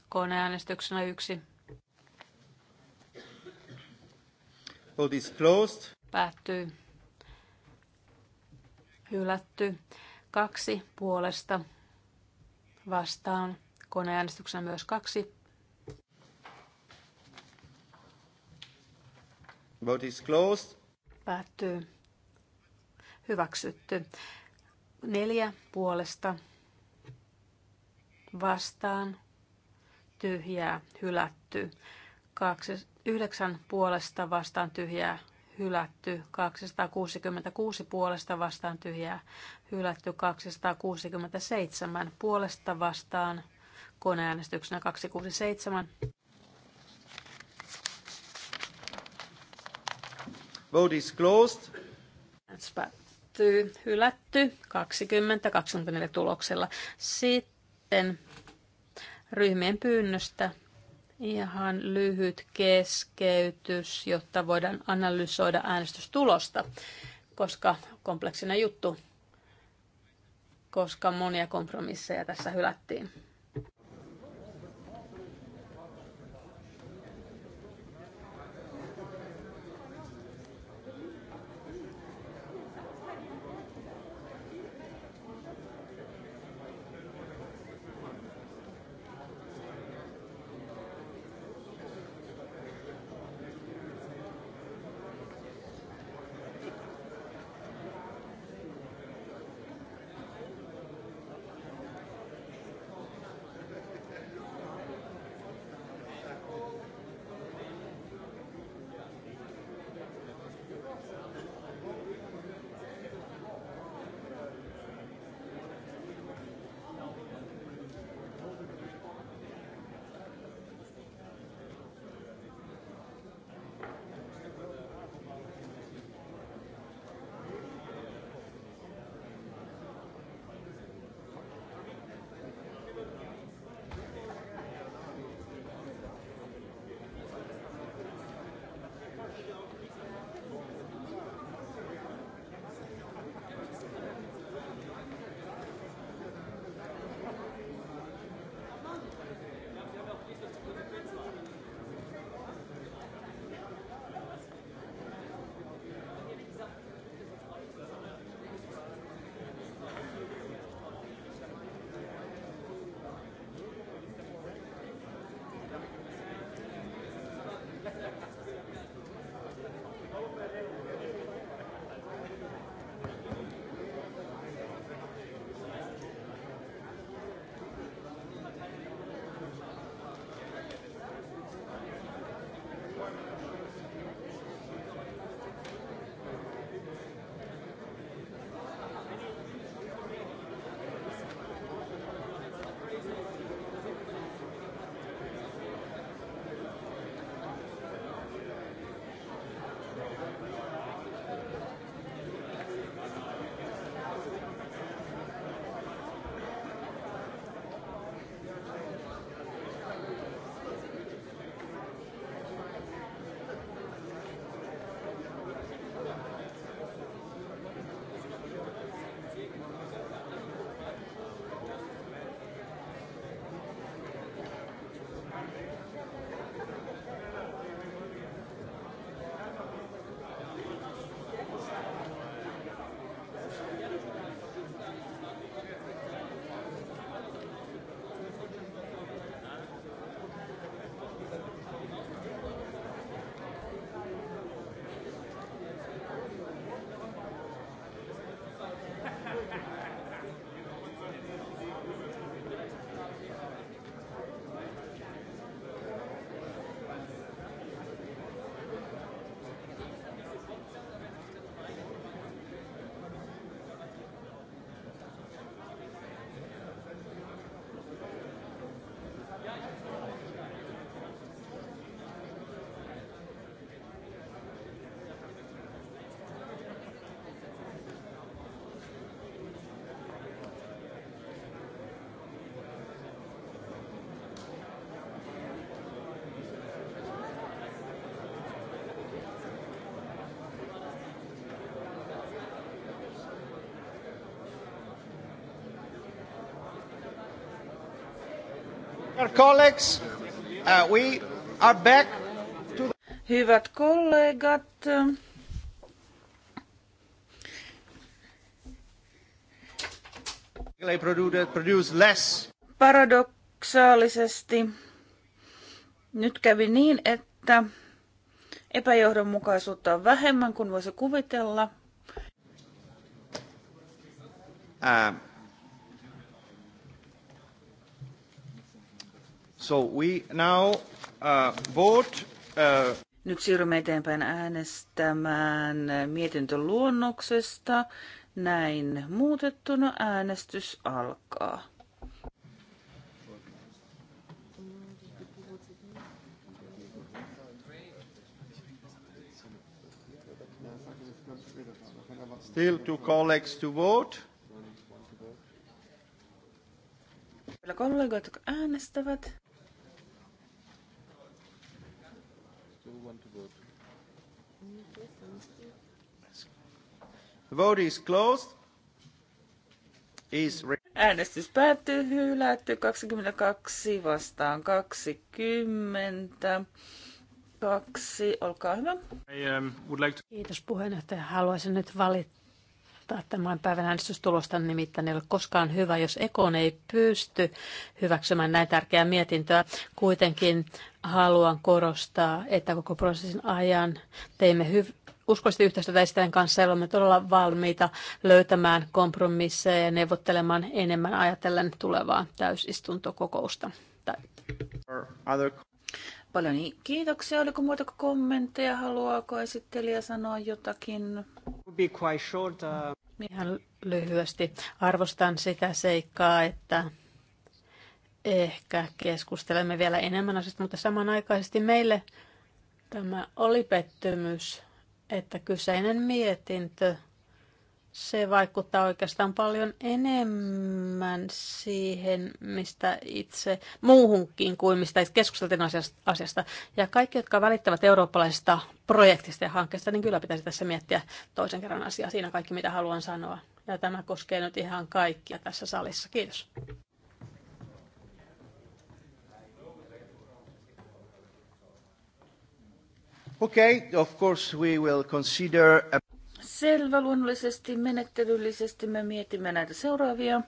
Koneäänestyksenä yksi. Vote is closed. Päättyy hylätty. Kaksi puolesta vastaan. Koneäänestyksen myös kaksi. Vote is closed. Päättyy. Hyväksytty. Neljä puolesta vastaan. Tyhjää hylätty. Kaksi, yhdeksän puolesta vastaan tyhjää hylätty 266 puolesta vastaan tyhjää, hylätty 267 puolesta vastaan koneäänestyksenä 267. Vote is closed. Päättyy, hylätty 20-24 tuloksella. Sitten ryhmien pyynnöstä Ihan lyhyt keskeytys, jotta voidaan analysoida äänestystulosta, koska kompleksinen juttu, koska monia kompromisseja tässä hylättiin. Uh, Hyvät kollegat, paradoksaalisesti nyt kävi niin, että epäjohdonmukaisuutta on vähemmän kuin voisi kuvitella. Uh Uh, uh, Nyt siirrymme eteenpäin äänestämään mietintöluonnoksesta. Näin muutettuna äänestys alkaa. Still to colleagues to vote. kollegat, kollegoita äänestävät. Vote is closed. Is Äänestys päättyy, hylätty 22 vastaan 20. Kaksi, olkaa hyvä. I, um, would like to... Kiitos puheenjohtaja. Haluaisin nyt valittaa tämän päivän äänestystulosta, nimittäin ei ole koskaan hyvä, jos Ekon ei pysty hyväksymään näin tärkeää mietintöä. Kuitenkin haluan korostaa, että koko prosessin ajan teimme hyvää uskoisesti yhteistyötä kanssa ja olemme todella valmiita löytämään kompromisseja ja neuvottelemaan enemmän ajatellen tulevaa täysistuntokokousta. Paljon niin. kiitoksia. Oliko muita kommentteja? Haluaako esittelijä sanoa jotakin? Uh, Ihan lyhyesti. Arvostan sitä seikkaa, että ehkä keskustelemme vielä enemmän asioista, mutta samanaikaisesti meille tämä oli pettymys että kyseinen mietintö, se vaikuttaa oikeastaan paljon enemmän siihen, mistä itse muuhunkin kuin mistä itse keskusteltiin asiasta. Ja kaikki, jotka välittävät eurooppalaisista projektista ja hankkeista, niin kyllä pitäisi tässä miettiä toisen kerran asiaa. Siinä kaikki, mitä haluan sanoa. Ja tämä koskee nyt ihan kaikkia tässä salissa. Kiitos. Okay, of course we will consider... A... Selvä, luonnollisesti, menettelyllisesti me mietimme näitä seuraavia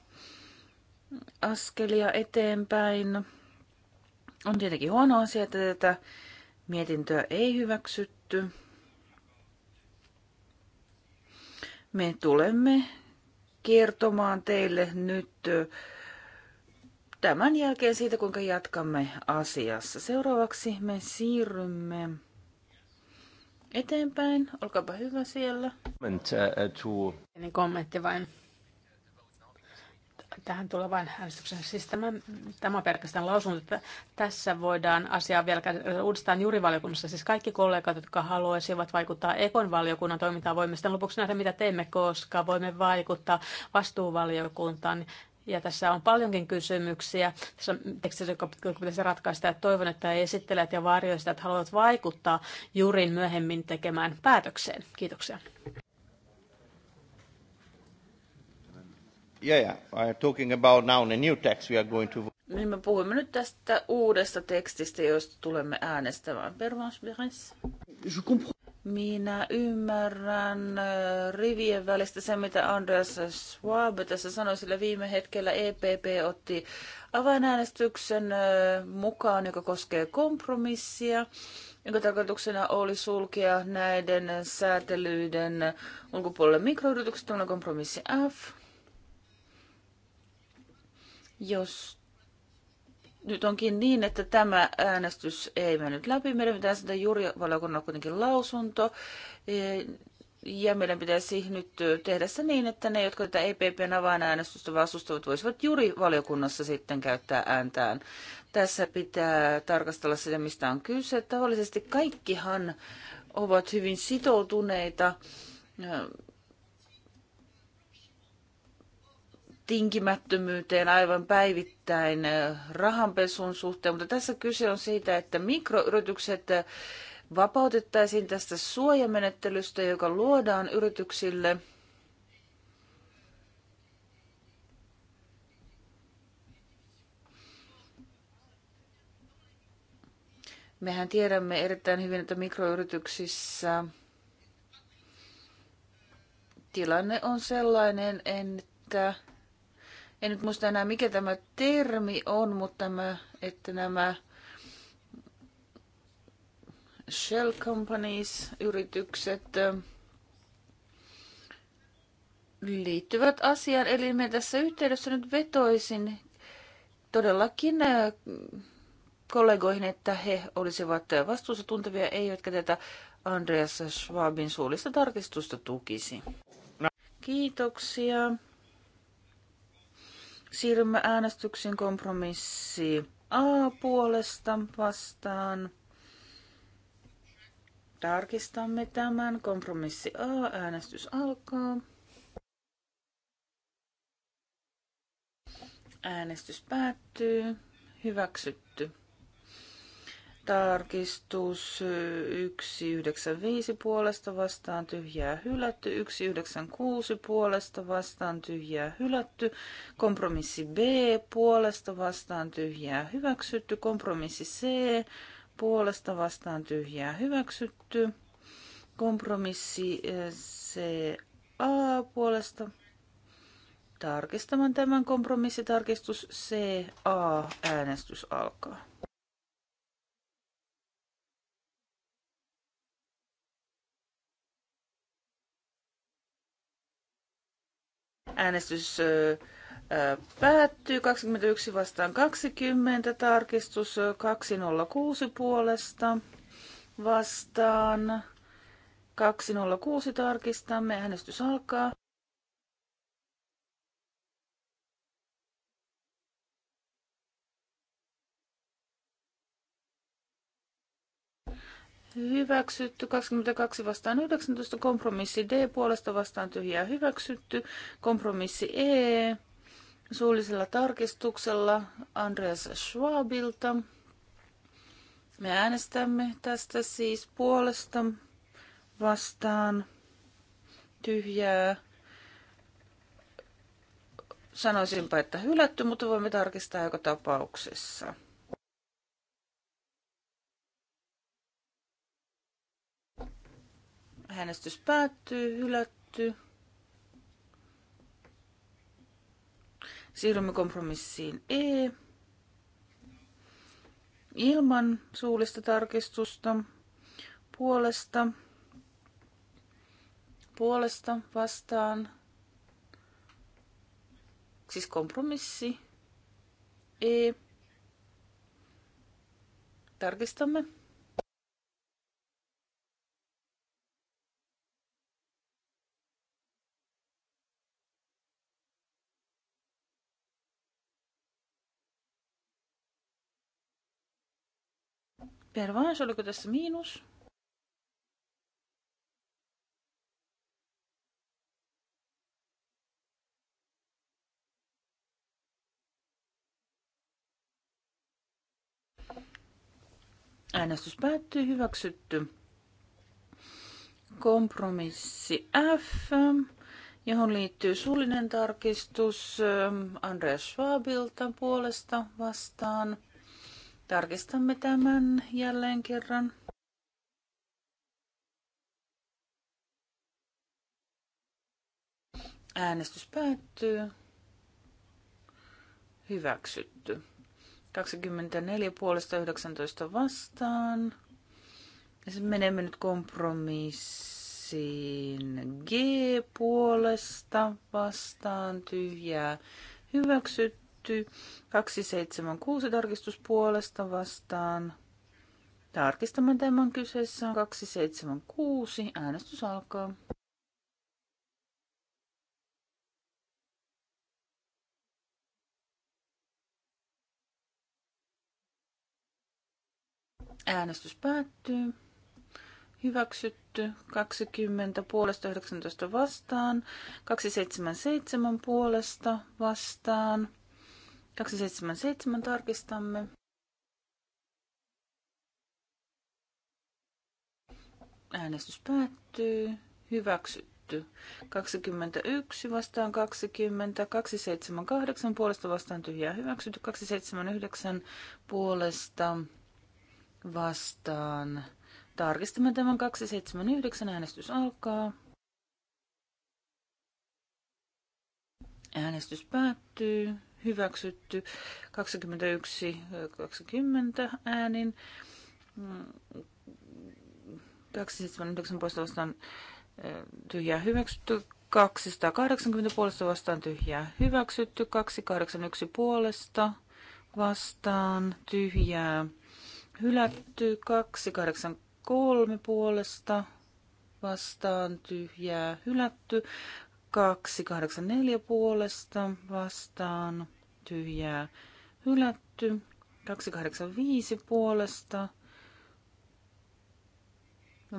askelia eteenpäin. On tietenkin huono asia, että tätä mietintöä ei hyväksytty. Me tulemme kertomaan teille nyt tämän jälkeen siitä, kuinka jatkamme asiassa. Seuraavaksi me siirrymme eteenpäin. Olkaapa hyvä siellä. Niin kommentti vain. Tähän tulee vain äänestyksen. Siis tämä, tämä pelkästään lausunto, että tässä voidaan asiaa vielä uudestaan juurivaliokunnassa. Siis kaikki kollegat, jotka haluaisivat vaikuttaa Ekon valiokunnan toimintaan, voimme sitten lopuksi nähdä, mitä teemme, koska voimme vaikuttaa vastuuvaliokuntaan. Ja tässä on paljonkin kysymyksiä tässä tekstissä, joka pitäisi ratkaista. että toivon, että esittelijät ja varjoistajat haluavat vaikuttaa jurin myöhemmin tekemään päätökseen. Kiitoksia. Yeah, yeah. I'm talking about now the new text we are going to... Niin me puhumme nyt tästä uudesta tekstistä, josta tulemme äänestämään. Je comprends. Minä ymmärrän äh, rivien välistä se, mitä Andreas Schwab tässä sanoi, sillä viime hetkellä EPP otti avainäänestyksen äh, mukaan, joka koskee kompromissia, jonka tarkoituksena oli sulkea näiden säätelyiden ulkopuolelle mikroyritykset, tuollainen kompromissi F. Jos nyt onkin niin, että tämä äänestys ei mennyt läpi. Meidän pitäisi sitä valiokunnan kuitenkin lausunto. Eh, ja meidän pitäisi nyt tehdä se niin, että ne, jotka tätä EPPn avainäänestystä vastustavat, voisivat juuri valiokunnassa sitten käyttää ääntään. Tässä pitää tarkastella sitä, mistä on kyse. Tavallisesti kaikkihan ovat hyvin sitoutuneita eh, tinkimättömyyteen aivan päivittäin eh, rahanpesun suhteen, mutta tässä kyse on siitä, että mikroyritykset eh, vapautettaisiin tästä suojamenettelystä, joka luodaan yrityksille. Mehän tiedämme erittäin hyvin, että mikroyrityksissä tilanne on sellainen, että en nyt muista enää mikä tämä termi on, mutta tämä, että nämä shell companies, yritykset, liittyvät asiaan. Eli me tässä yhteydessä nyt vetoisin todellakin kollegoihin, että he olisivat vastuussa tuntevia, ei jotka tätä Andreas Schwabin suullista tarkistusta tukisi. No. Kiitoksia. Siirrymme äänestyksen kompromissi A puolesta vastaan. Tarkistamme tämän. Kompromissi A. Äänestys alkaa. Äänestys päättyy. Hyväksytty. Tarkistus 195 puolesta vastaan tyhjää hylätty, 196 puolesta vastaan tyhjää hylätty, kompromissi B puolesta vastaan tyhjää hyväksytty, kompromissi C puolesta vastaan tyhjää hyväksytty, kompromissi eh, C A puolesta tarkistamaan tämän kompromissitarkistus C A äänestys alkaa. Äänestys päättyy 21 vastaan 20, tarkistus 206 puolesta vastaan. 206 tarkistamme, äänestys alkaa. hyväksytty, 22 vastaan 19, kompromissi D puolesta vastaan tyhjää hyväksytty, kompromissi E suullisella tarkistuksella Andreas Schwabilta. Me äänestämme tästä siis puolesta vastaan tyhjää. Sanoisinpa, että hylätty, mutta voimme tarkistaa joka tapauksessa. Äänestys päättyy, hylätty. Siirrymme kompromissiin E. Ilman suullista tarkistusta puolesta, puolesta vastaan, siis kompromissi E. Tarkistamme. Pervans, oliko tässä miinus? Äänestys päättyy, hyväksytty. Kompromissi F, johon liittyy suullinen tarkistus ähm, Andreas Schwabilta puolesta vastaan. Tarkistamme tämän jälleen kerran. Äänestys päättyy. Hyväksytty. 24 puolesta 19 vastaan. Ja sitten menemme nyt kompromissiin G puolesta vastaan tyhjää hyväksytty hylätty. 276 tarkistuspuolesta vastaan. Tarkistamme tämän kyseessä on 276. Äänestys alkaa. Äänestys päättyy. Hyväksytty 20 puolesta 19 vastaan, 277 puolesta vastaan. 277 tarkistamme. Äänestys päättyy. Hyväksytty. 21 vastaan 20, 278 puolesta vastaan tyhjää hyväksytty, 279 puolesta vastaan. Tarkistamme tämän 279, äänestys alkaa. Äänestys päättyy hyväksytty 21-20 äänin. 279 puolesta vastaan tyhjää hyväksytty, 280 puolesta vastaan tyhjää hyväksytty, 281 puolesta vastaan tyhjää hylätty, 283 puolesta vastaan tyhjää hylätty, 284 puolesta vastaan tyhjää hylätty. 285 puolesta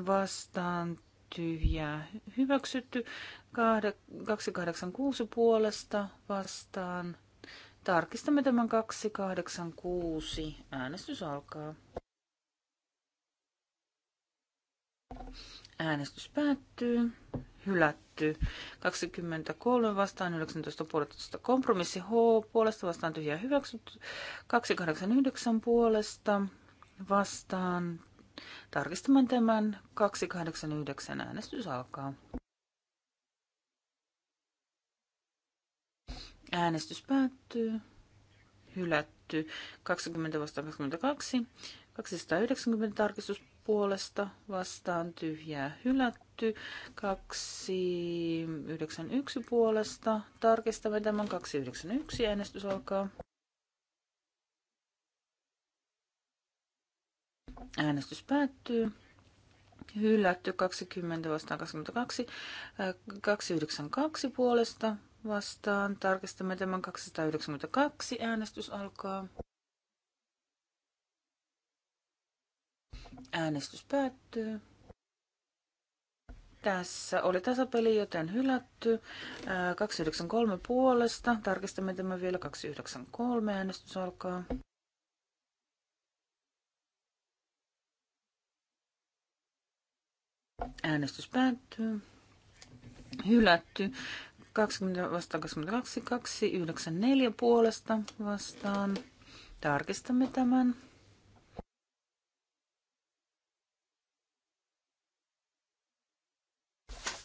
vastaan tyhjää hyväksytty. 286 puolesta vastaan. Tarkistamme tämän 286. Äänestys alkaa. Äänestys päättyy hylätty. 23 vastaan 19 puolesta kompromissi H puolesta vastaan tyhjää hyväksytty. 289 puolesta vastaan tarkistamaan tämän 289 äänestys alkaa. Äänestys päättyy. Hylätty 20 vastaan 22. 290 tarkistus puolesta vastaan tyhjää hylätty. 291 puolesta. Tarkistamme tämän 291. Äänestys alkaa. Äänestys päättyy. Hylätty 20 vastaan 22. 292 äh, puolesta vastaan. Tarkistamme tämän 292. Äänestys alkaa. Äänestys päättyy. Tässä oli tasapeli, joten hylätty. 293 puolesta. Tarkistamme tämä vielä. 293 äänestys alkaa. Äänestys päättyy. Hylätty. 20 vastaan 22, 294 puolesta vastaan. Tarkistamme tämän.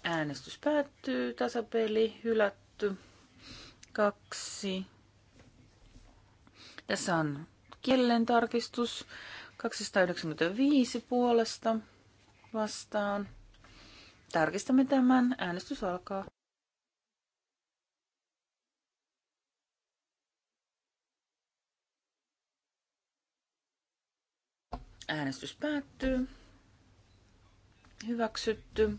Äänestys päättyy. Tasapeli hylätty. Kaksi. Tässä on kielen tarkistus. 295 puolesta vastaan. Tarkistamme tämän. Äänestys alkaa. Äänestys päättyy. Hyväksytty.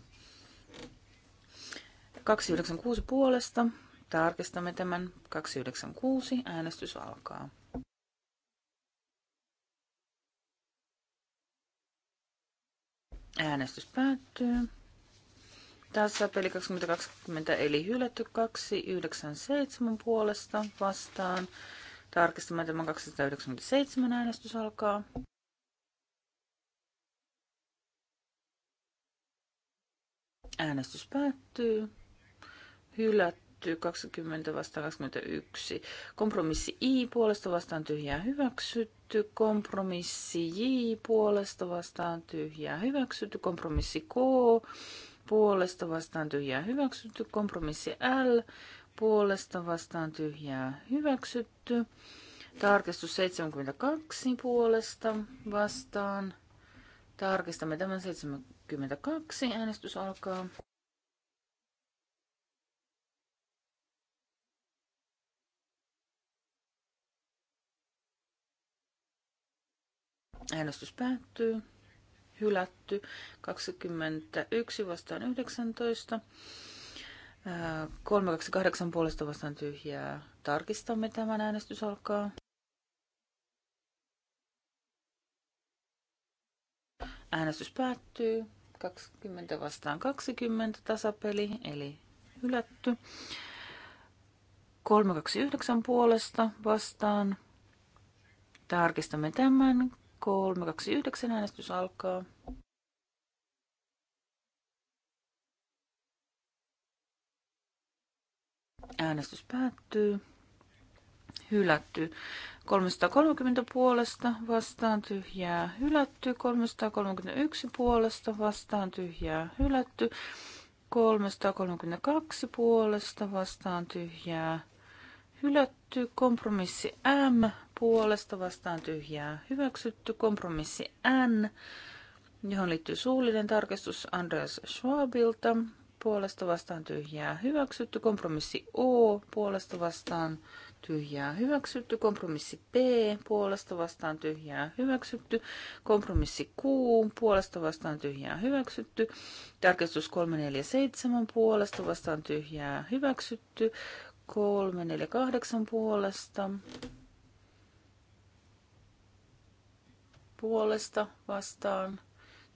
296 puolesta. Tarkistamme tämän. 296. Äänestys alkaa. Äänestys päättyy. Tässä peli 2020 eli hylätty 297 puolesta vastaan. Tarkistamme tämän 297 äänestys alkaa. Äänestys päättyy hylätty 20 vastaan 21. Kompromissi I puolesta vastaan tyhjää hyväksytty. Kompromissi J puolesta vastaan tyhjää hyväksytty. Kompromissi K puolesta vastaan tyhjää hyväksytty. Kompromissi L puolesta vastaan tyhjää hyväksytty. Tarkistus 72 puolesta vastaan. Tarkistamme tämän 72. Äänestys alkaa. Äänestys päättyy. Hylätty. 21 vastaan 19. 328 äh, puolesta vastaan tyhjää. Tarkistamme tämän. Äänestys alkaa. Äänestys päättyy. 20 vastaan 20 tasapeli, eli hylätty. 329 puolesta vastaan. Tarkistamme tämän. 329 äänestys alkaa. Äänestys päättyy. Hylätty. 330 puolesta vastaan tyhjää hylätty. 331 puolesta vastaan tyhjää hylätty. 332 puolesta vastaan tyhjää hylätty. Kompromissi M puolesta vastaan tyhjää hyväksytty. Kompromissi N, johon liittyy suullinen tarkistus Andreas Schwabilta. Puolesta vastaan tyhjää hyväksytty. Kompromissi O, puolesta vastaan tyhjää hyväksytty. Kompromissi P, puolesta vastaan tyhjää hyväksytty. Kompromissi Q, puolesta vastaan tyhjää hyväksytty. Tarkistus 347, puolesta vastaan tyhjää hyväksytty. 348 puolesta puolesta vastaan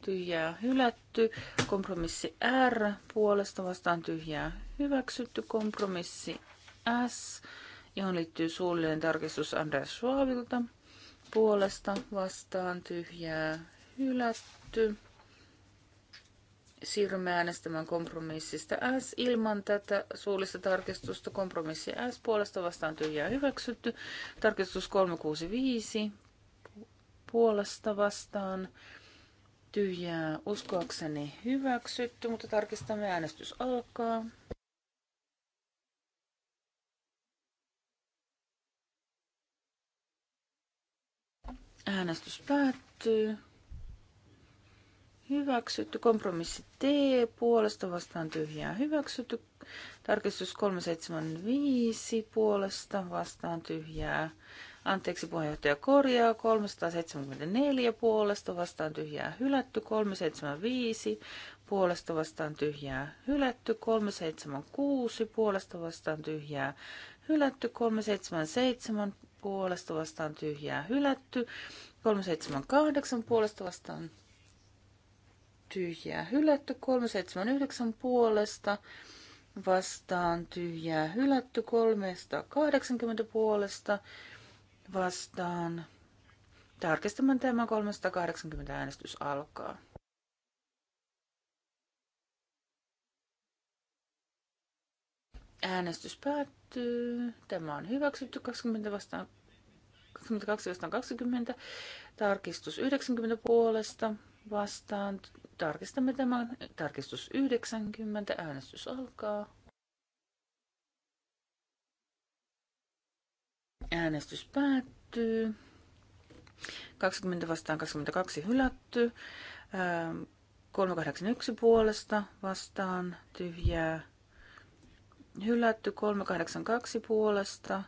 tyhjää hylätty. Kompromissi R puolesta vastaan tyhjää hyväksytty. Kompromissi S, johon liittyy suullinen tarkistus Andreas Schwabilta. Puolesta vastaan tyhjää hylätty. Siirrymme äänestämään kompromissista S ilman tätä suullista tarkistusta. Kompromissi S puolesta vastaan tyhjää hyväksytty. Tarkistus 365 puolesta vastaan tyhjää uskoakseni hyväksytty, mutta tarkistamme äänestys alkaa. Äänestys päättyy. Hyväksytty. Kompromissi T. Puolesta vastaan tyhjää. Hyväksytty. Tarkistus 375. Puolesta vastaan tyhjää. Anteeksi, puheenjohtaja korjaa. 374 puolesta vastaan tyhjää hylätty. 375 puolesta vastaan tyhjää hylätty. 376 puolesta vastaan tyhjää hylätty. 377 puolesta vastaan tyhjää hylätty. 378 puolesta vastaan tyhjää hylätty. 379 puolesta vastaan tyhjää hylätty. 380 puolesta vastaan. Tarkistamaan tämä 380 äänestys alkaa. Äänestys päättyy. Tämä on hyväksytty 20 vastaan 22 vastaan 20. Tarkistus 90 puolesta vastaan. Tarkistamme tämän. Tarkistus 90. Äänestys alkaa. Äänestys päättyy. 20 vastaan 22 hylätty. 381 ähm, puolesta vastaan tyhjää. Hylätty 382 puolesta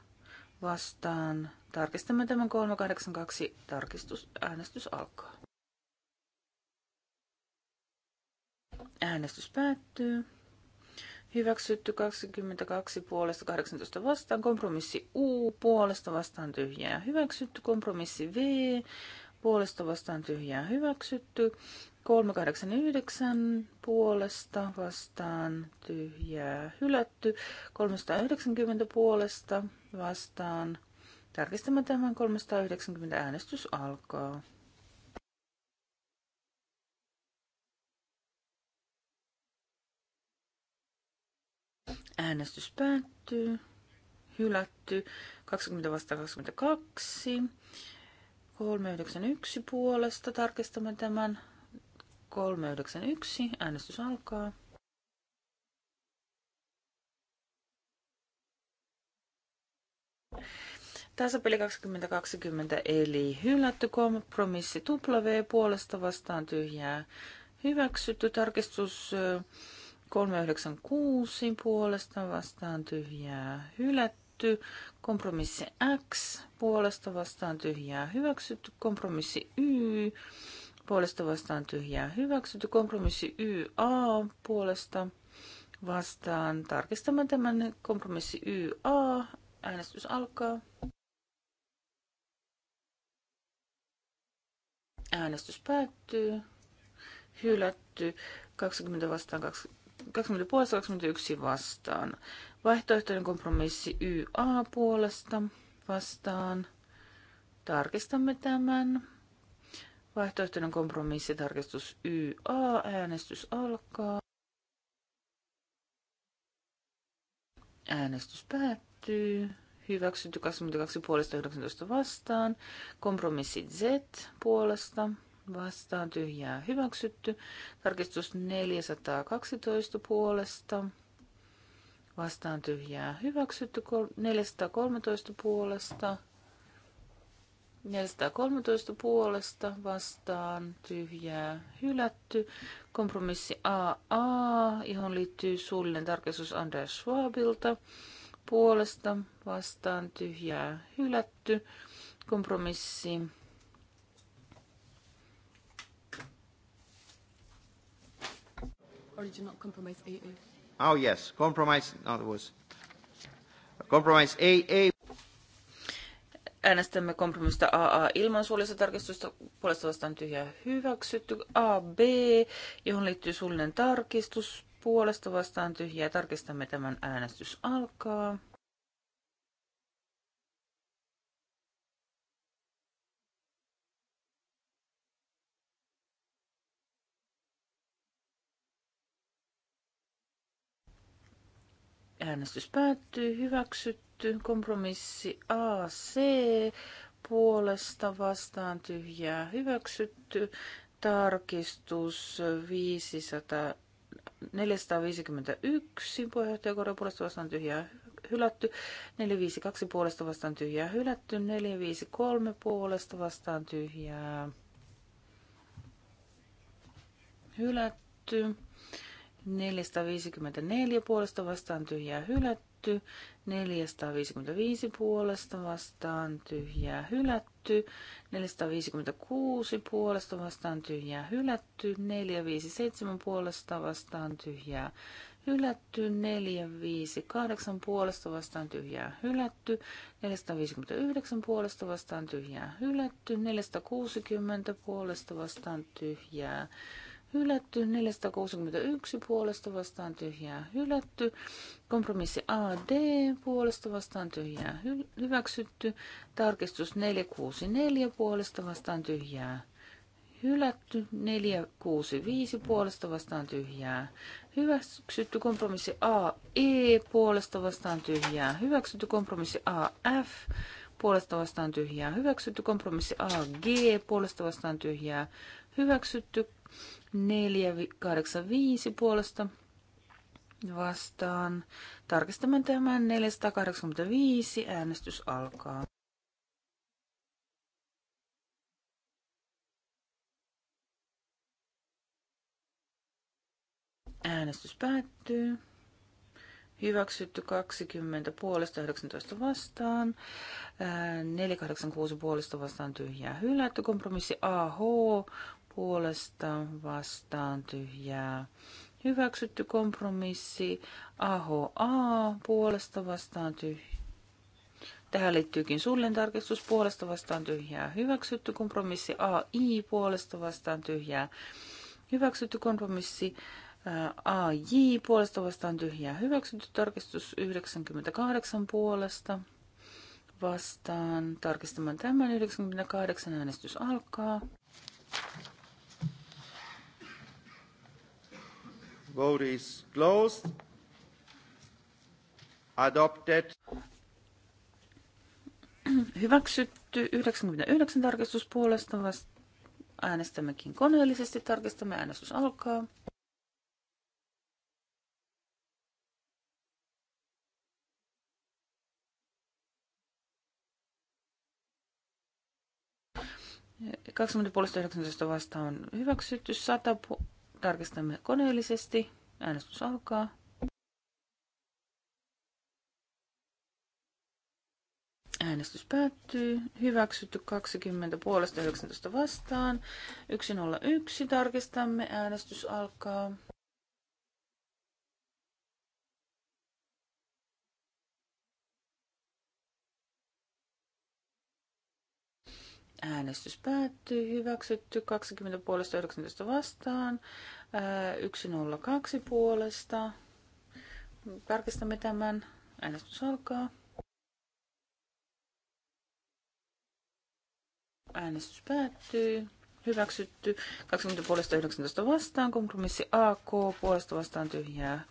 vastaan. Tarkistamme tämän 382 tarkistus. Äänestys alkaa. Äänestys päättyy. Hyväksytty 22 puolesta 18 vastaan. Kompromissi U puolesta vastaan tyhjää. Hyväksytty kompromissi V puolesta vastaan tyhjää. Hyväksytty 389 puolesta vastaan tyhjää. Hylätty 390 puolesta vastaan. Tarkistamme tämän 390 äänestys alkaa. Äänestys päättyy. Hylätty. 20 vasta 22. 391 puolesta tarkistamme tämän. 391. Äänestys alkaa. Tässä peli 2020 eli hylätty kompromissi W puolesta vastaan tyhjää hyväksytty. Tarkistus 396 puolesta vastaan tyhjää hylätty. Kompromissi X puolesta vastaan tyhjää hyväksytty. Kompromissi Y puolesta vastaan tyhjää hyväksytty. Kompromissi YA puolesta vastaan. Tarkistamme tämän kompromissi YA. Äänestys alkaa. Äänestys päättyy. Hylätty. 20 vastaan 20 20 puolesta, 21 vastaan. Vaihtoehtoinen kompromissi YA puolesta vastaan. Tarkistamme tämän. Vaihtoehtoinen kompromissi tarkistus YA. Äänestys alkaa. Äänestys päättyy. Hyväksytty 22 puolesta 19 vastaan. Kompromissi Z puolesta vastaan tyhjää hyväksytty. Tarkistus 412 puolesta vastaan tyhjää hyväksytty. 413 puolesta 413 puolesta vastaan tyhjää hylätty. Kompromissi AA, johon liittyy suullinen tarkistus Anders Schwabilta. Puolesta vastaan tyhjää hylätty. Kompromissi original compromise AA. Oh yes, compromise, no, other words. compromise AA. Äänestämme kompromista AA ilman suullista tarkistusta puolesta vastaan tyhjää hyväksytty. AB, johon liittyy suullinen tarkistus puolesta vastaan tyhjää. Tarkistamme tämän äänestys alkaa. Äänestys päättyy. Hyväksytty. Kompromissi AC. Puolesta vastaan tyhjää. Hyväksytty. Tarkistus 451. Puheenjohtajakorja puolesta vastaan tyhjää. Hylätty. 452 puolesta vastaan tyhjää. Hylätty. 453 puolesta vastaan tyhjää. Hylätty. 454 puolesta vastaan tyhjää hylätty. 455 puolesta vastaan tyhjää hylätty. 456 puolesta vastaan tyhjää hylätty. 457 puolesta vastaan tyhjää hylätty. 458 puolesta vastaan tyhjää hylätty. 459 puolesta vastaan tyhjää hylätty. 460 puolesta vastaan tyhjää hylätty hylätty, 461 puolesta vastaan tyhjää hylätty, kompromissi AD puolesta vastaan tyhjää hy- hyväksytty, tarkistus 464 puolesta vastaan tyhjää hylätty, 465 puolesta vastaan tyhjää hyväksytty, kompromissi AE puolesta vastaan tyhjää hyväksytty, kompromissi AF puolesta vastaan tyhjää hyväksytty, kompromissi AG puolesta vastaan tyhjää hyväksytty, 485 puolesta vastaan. Tarkistamme tämän 485. Äänestys alkaa. Äänestys päättyy. Hyväksytty 20 puolesta 19 vastaan. 486 puolesta vastaan tyhjää hylätty. Kompromissi AH puolesta vastaan tyhjää. Hyväksytty kompromissi AHA puolesta vastaan tyhjää. Tähän liittyykin sullen tarkistus puolesta vastaan tyhjää. Hyväksytty kompromissi AI puolesta vastaan tyhjää. Hyväksytty kompromissi AJ puolesta vastaan tyhjää. Hyväksytty tarkistus 98 puolesta vastaan. Tarkistamaan tämän 98 äänestys alkaa. Vote is closed. Adopted. Hyväksytty 99 tarkistuspuolesta vasta. Äänestämmekin koneellisesti. Tarkistamme äänestys alkaa. Kaksi puolesta 19 vastaan on hyväksytty. 100 pu- tarkistamme koneellisesti. Äänestys alkaa. Äänestys päättyy. Hyväksytty 20 puolesta 19 vastaan. 101. Tarkistamme. Äänestys alkaa. Äänestys päättyy. Hyväksytty 20 puolesta 19 vastaan. 102 puolesta. Tarkistamme tämän. Äänestys alkaa. Äänestys päättyy. Hyväksytty. 20 puolesta 19 vastaan. Kompromissi AK. Puolesta vastaan tyhjää.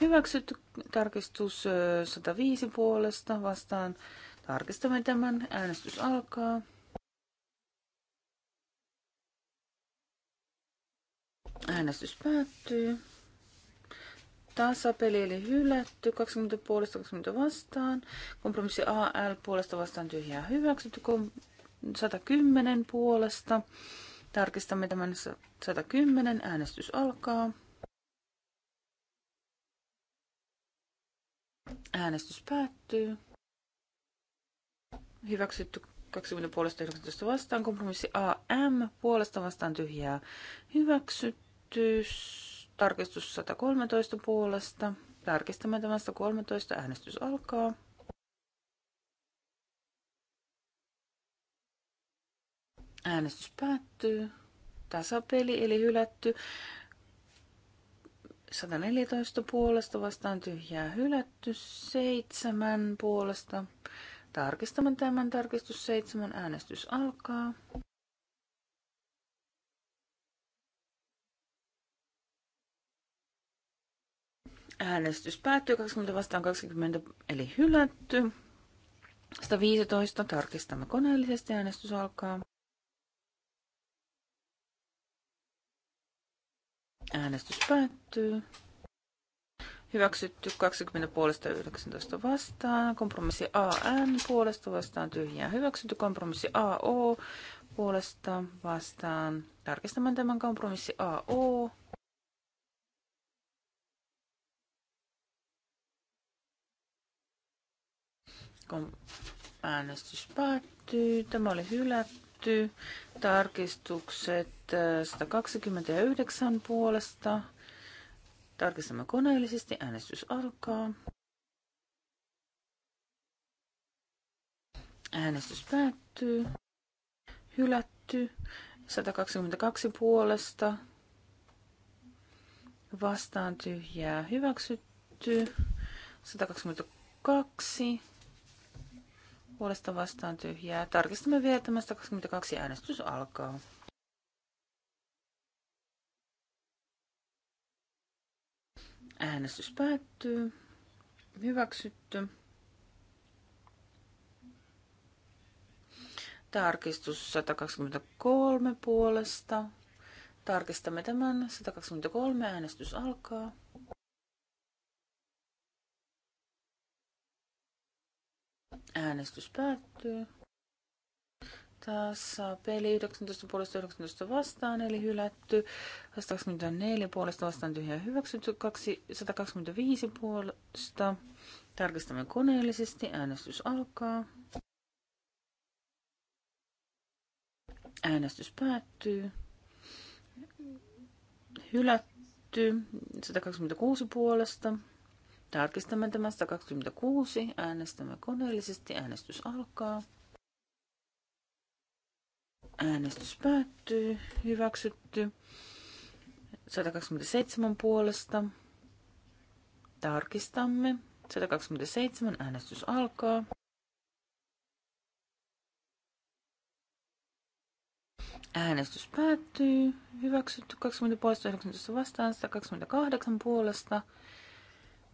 Hyväksytty. Tarkistus 105 puolesta vastaan. Tarkistamme tämän. Äänestys alkaa. Äänestys päättyy. Tasapeli eli hylätty. 20 puolesta 20 vastaan. Kompromissi AL puolesta vastaan tyhjää hyväksytty. 110 puolesta. Tarkistamme tämän 110. Äänestys alkaa. Äänestys päättyy. Hyväksytty 20 puolesta 19 vastaan. Kompromissi AM puolesta vastaan tyhjää hyväksytty tarkistus 113 puolesta. Tarkistamme tämän 113. Äänestys alkaa. Äänestys päättyy. Tasapeli eli hylätty. 114 puolesta vastaan tyhjää hylätty. 7 puolesta. Tarkistamme tämän tarkistus 7. Äänestys alkaa. Äänestys päättyy 20 vastaan 20, eli hylätty. 115 tarkistamme koneellisesti. Äänestys alkaa. Äänestys päättyy. Hyväksytty 20 puolesta 19 vastaan. Kompromissi AN puolesta vastaan tyhjää. Hyväksytty kompromissi AO puolesta vastaan. Tarkistamme tämän kompromissi AO. kun äänestys päättyy. Tämä oli hylätty. Tarkistukset 129 äh, puolesta. Tarkistamme koneellisesti. Äänestys alkaa. Äänestys päättyy. Hylätty. 122 puolesta. Vastaan tyhjää hyväksytty. 122 puolesta vastaan tyhjää. Tarkistamme vielä tämä 122 äänestys alkaa. Äänestys päättyy. Hyväksytty. Tarkistus 123 puolesta. Tarkistamme tämän. 123 äänestys alkaa. Äänestys päättyy. Tässä peli 19 puolesta 19 vastaan, eli hylätty. 124 puolesta vastaan tyhjä hyväksytty. 125 puolesta. Tarkistamme koneellisesti. Äänestys alkaa. Äänestys päättyy. Hylätty. 126 puolesta Tarkistamme tämän 126. Äänestämme koneellisesti. Äänestys alkaa. Äänestys päättyy. Hyväksytty. 127 puolesta. Tarkistamme. 127. Äänestys alkaa. Äänestys päättyy. Hyväksytty 20 puolesta, 19 vastaan, 128 puolesta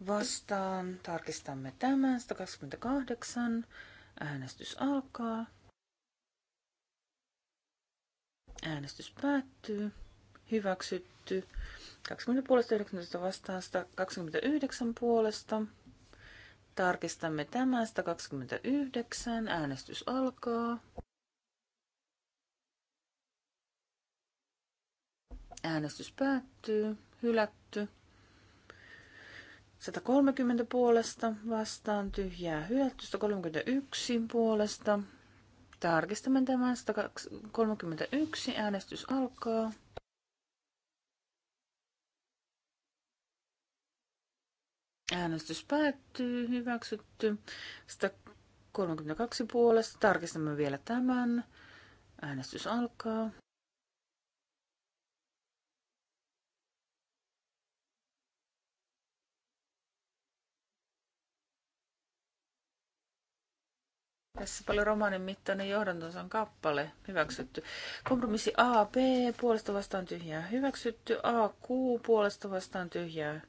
vastaan. Tarkistamme tämän. 128. Äänestys alkaa. Äänestys päättyy. Hyväksytty. 20 puolesta 19 vastaan 129 puolesta. Tarkistamme tämän. 129. Äänestys alkaa. Äänestys päättyy. Hylätty. 130 puolesta vastaan tyhjää hylätty, 131 puolesta. Tarkistamme tämän 131, äänestys alkaa. Äänestys päättyy, hyväksytty. 132 puolesta, tarkistamme vielä tämän. Äänestys alkaa. Tässä paljon romanin mittainen johdantonsa on kappale. Hyväksytty. Kompromissi AB puolesta vastaan tyhjää. Hyväksytty. AQ puolesta vastaan tyhjää.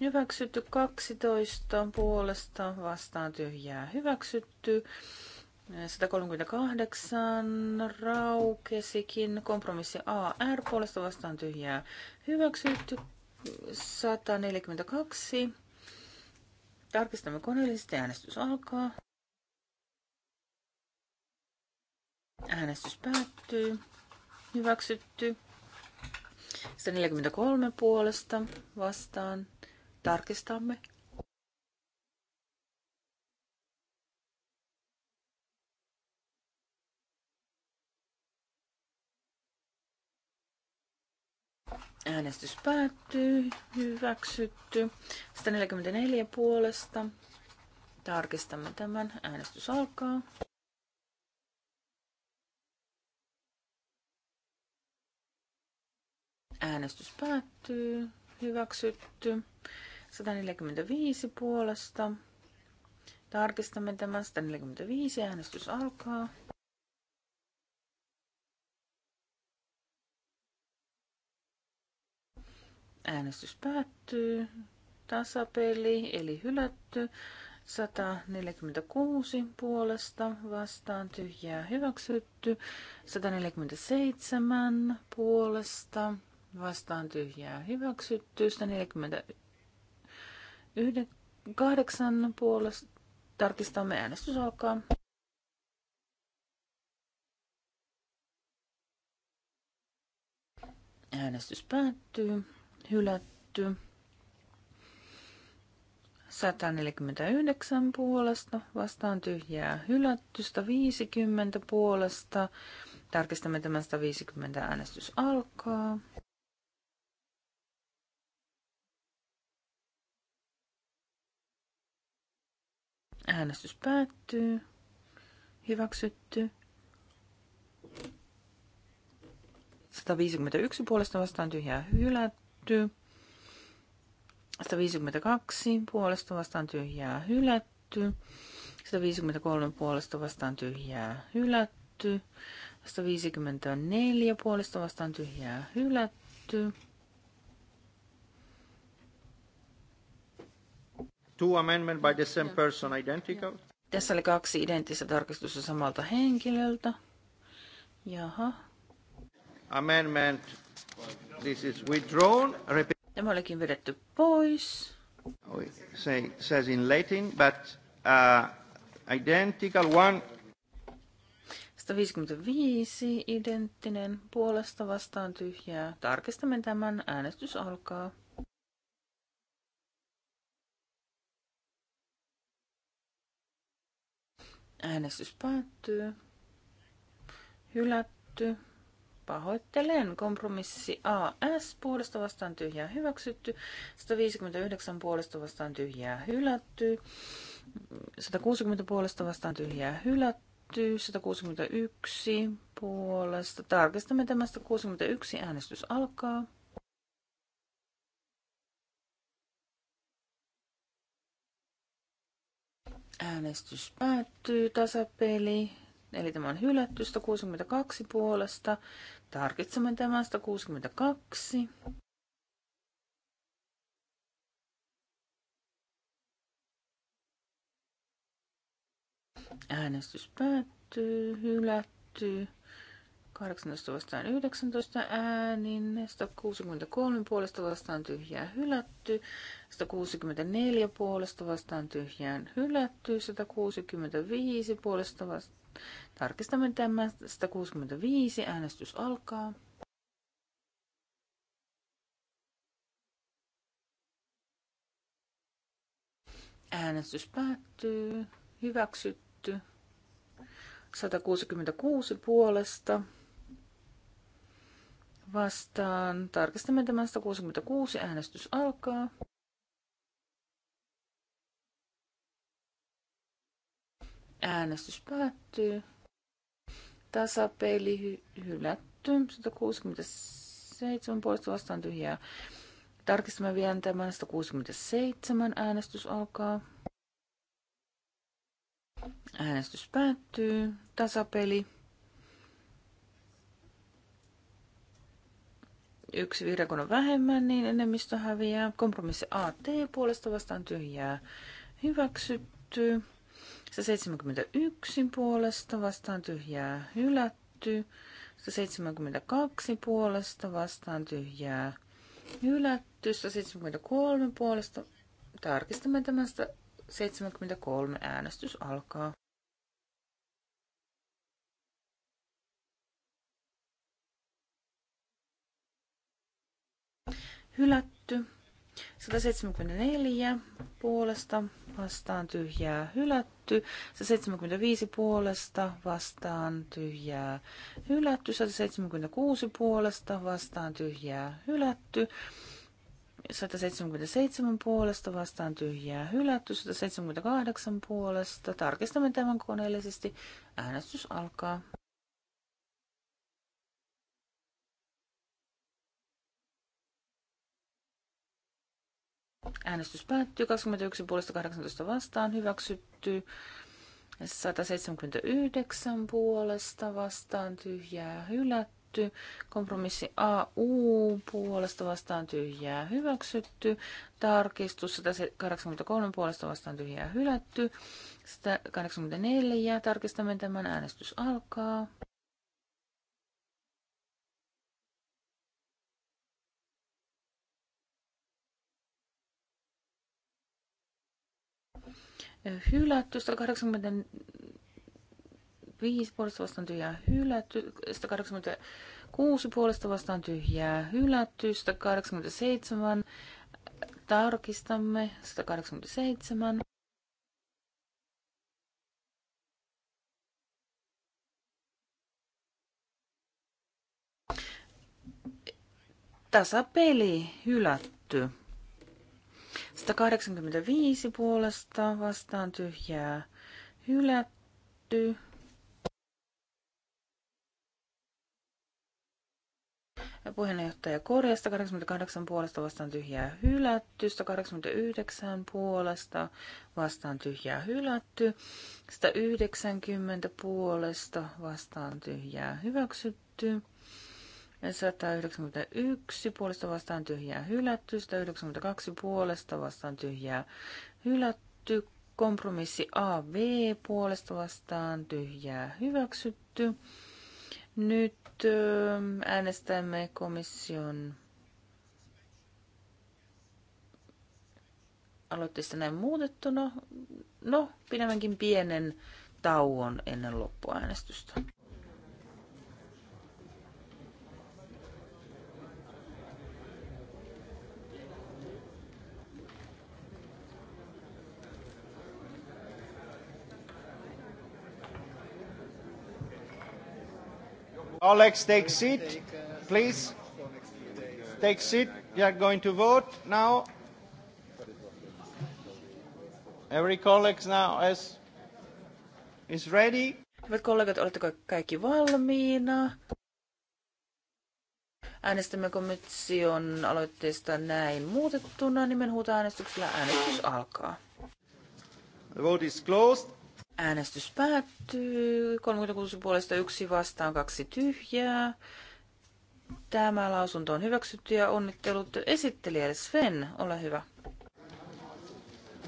Hyväksytty 12 puolesta vastaan tyhjää. Hyväksytty 138 raukesikin. Kompromissi AR puolesta vastaan tyhjää. Hyväksytty 142. Tarkistamme koneellisesti. Äänestys alkaa. Äänestys päättyy. Hyväksytty. 143 puolesta vastaan. Tarkistamme. Äänestys päättyy. Hyväksytty. 144 puolesta. Tarkistamme tämän. Äänestys alkaa. Äänestys päättyy. Hyväksytty. 145 puolesta. Tarkistamme tämän. 145 äänestys alkaa. Äänestys päättyy. Tasapeli eli hylätty. 146 puolesta vastaan tyhjää hyväksytty. 147 puolesta vastaan tyhjää hyväksytty. 148 puolesta tarkistamme äänestys alkaa. Äänestys päättyy. Hylätty. 149 puolesta, vastaan tyhjää hylätty, 150 puolesta. Tarkistamme tämän 150 äänestys alkaa. Äänestys päättyy. Hyväksytty. 151 puolesta vastaan tyhjää hylätty. 152 puolesta vastaan tyhjää hylätty. 153 puolesta vastaan tyhjää hylätty. 154 puolesta vastaan tyhjää hylätty. Two amendment by the same person identical. Tässä oli kaksi identtistä tarkistusta samalta henkilöltä. Jaha. Amendment. This is withdrawn. Tämä olikin vedetty pois. We oh, say, says in Latin, but uh, identical one 155, identtinen, puolesta vastaan tyhjää. Tarkistamme tämän, äänestys alkaa. Äänestys päättyy. Hylätty. Pahoittelen. Kompromissi AS puolesta vastaan tyhjää hyväksytty. 159 puolesta vastaan tyhjää hylätty. 160 puolesta vastaan tyhjää hylätty. 161 puolesta. Tarkistamme tämä 161. Äänestys alkaa. Äänestys päättyy, tasapeli, eli tämä on hylätty, 162 puolesta. Tarkitsemme tämän 162. Äänestys päättyy, hylätty. 18 vastaan 19 äänin, 163 puolesta vastaan tyhjää hylätty, 164 puolesta vastaan tyhjään hylätty, 165 puolesta vastaan. Tarkistamme tämän 165, äänestys alkaa. Äänestys päättyy. Hyväksytty. 166 puolesta vastaan. Tarkistamme tämän 166. Äänestys alkaa. Äänestys päättyy. Tasapeli hy- hylätty. 167 poistu vastaan tyhjää. Tarkistamme vielä tämän 167. Äänestys alkaa. Äänestys päättyy. Tasapeli. yksi vihreä on vähemmän, niin enemmistö häviää. Kompromissi AT puolesta vastaan tyhjää hyväksytty. 171 puolesta vastaan tyhjää hylätty. 172 puolesta vastaan tyhjää hylätty. 173 puolesta tarkistamme tämän 173 äänestys alkaa. hylätty. 174 puolesta vastaan tyhjää hylätty. 175 puolesta vastaan tyhjää hylätty. 176 puolesta vastaan tyhjää hylätty. 177 puolesta vastaan tyhjää hylätty. 178 puolesta. Tarkistamme tämän koneellisesti. Äänestys alkaa. Äänestys päättyy 21 puolesta 18 vastaan. Hyväksytty 179 puolesta vastaan tyhjää hylätty. Kompromissi AU puolesta vastaan tyhjää hyväksytty. Tarkistus 183 puolesta vastaan tyhjää hylätty. 184. Tarkistamme tämän. Äänestys alkaa. hylätty, 185 puolesta vastaan tyhjää hylätty, 186 puolesta vastaan tyhjää hylätty, 187 tarkistamme, 187. tasapeli hylätty. 185 puolesta vastaan tyhjää hylätty. ja Puheenjohtaja Korja 188 puolesta vastaan tyhjää hylätty, 189 puolesta vastaan tyhjää hylätty, 190 puolesta vastaan tyhjää hyväksytty. 191 puolesta vastaan tyhjää hylätty, 192 puolesta vastaan tyhjää hylätty, kompromissi AV puolesta vastaan tyhjää hyväksytty. Nyt ähm, äänestämme komission aloitteesta näin muutettuna. No, pidemmänkin pienen tauon ennen loppuäänestystä. Alex, take seat, please. Take seat. We are going to vote now. Every colleague now is, is ready. Hyvät kollegat, oletteko kaikki valmiina? Äänestämme komission aloitteesta näin muutettuna. äänestyksellä äänestys alkaa. The vote is closed. Äänestys päättyy. 36 puolesta yksi vastaan, kaksi tyhjää. Tämä lausunto on hyväksytty ja onnittelut esittelijälle Sven, ole hyvä.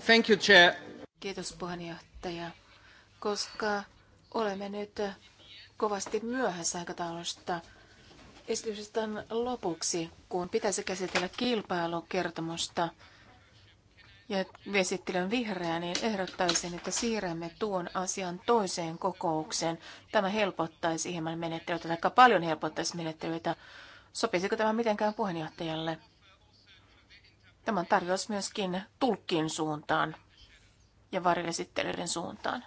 Thank you, Chair. Kiitos puheenjohtaja. Koska olemme nyt kovasti myöhässä aikataulusta, esityksestä lopuksi, kun pitäisi käsitellä kilpailukertomusta, ja vesittelyn vihreä, niin ehdottaisin, että siirrämme tuon asian toiseen kokoukseen. Tämä helpottaisi hieman menettelyitä, tai paljon helpottaisi menettelyitä. Sopisiko tämä mitenkään puheenjohtajalle? Tämä on tarjous myöskin tulkkin suuntaan ja varjelesittelyiden suuntaan.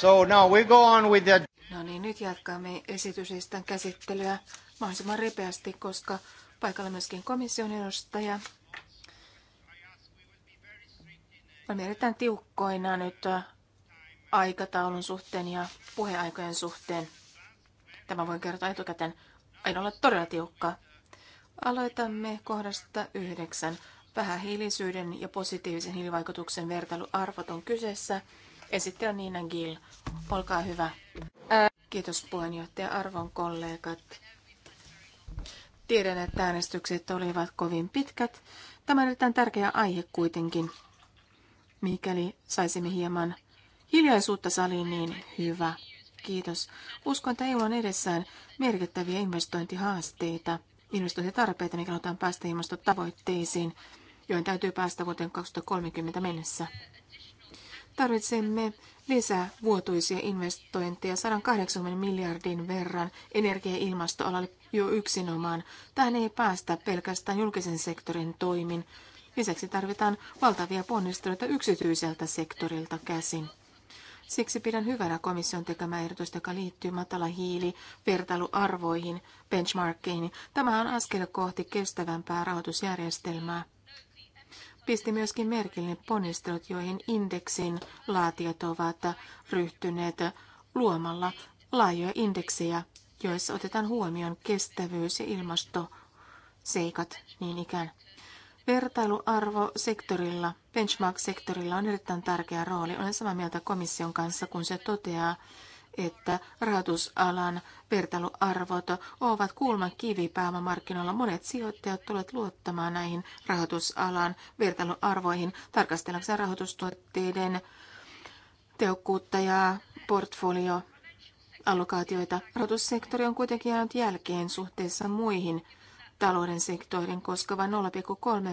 So now we go on with the... No niin, nyt jatkamme esityslistan käsittelyä mahdollisimman ripeästi, koska paikalla myöskin komission edustaja. Me erittäin tiukkoina nyt äh, aikataulun suhteen ja puheaikojen suhteen. Tämä voin kertoa etukäteen. ei ole todella tiukka. Aloitamme kohdasta yhdeksän. Vähähiilisyyden ja positiivisen hiilivaikutuksen vertailuarvot on kyseessä. Esittely Niina Gill. Olkaa hyvä. Kiitos puheenjohtaja arvon kollegat. Tiedän, että äänestykset olivat kovin pitkät. Tämä on erittäin tärkeä aihe kuitenkin. Mikäli saisimme hieman hiljaisuutta saliin, niin hyvä. Kiitos. Uskon, että EU on edessään merkittäviä investointihaasteita, investointitarpeita, mikä halutaan päästä ilmastotavoitteisiin, joihin täytyy päästä vuoteen 2030 mennessä. Tarvitsemme lisää vuotuisia investointeja 180 miljardin verran energia- ja ilmastoalalle jo yksinomaan. Tähän ei päästä pelkästään julkisen sektorin toimin. Lisäksi tarvitaan valtavia ponnisteluita yksityiseltä sektorilta käsin. Siksi pidän hyvänä komission tekemää ehdotusta, joka liittyy matala hiili vertailuarvoihin, benchmarkkeihin. Tämä on askel kohti kestävämpää rahoitusjärjestelmää pisti myöskin merkille ponnistelut, joihin indeksin laatijat ovat ryhtyneet luomalla laajoja indeksejä, joissa otetaan huomioon kestävyys- ja ilmastoseikat niin ikään. Vertailuarvo sektorilla, benchmark-sektorilla on erittäin tärkeä rooli. Olen samaa mieltä komission kanssa, kun se toteaa, että rahoitusalan vertailuarvot ovat kulman kivipääomamarkkinoilla. Monet sijoittajat tulevat luottamaan näihin rahoitusalan vertailuarvoihin tarkastellakseen rahoitustuotteiden tehokkuutta ja portfolio allokaatioita. Rahoitussektori on kuitenkin jäänyt jälkeen suhteessa muihin talouden sektorin koskeva 0,3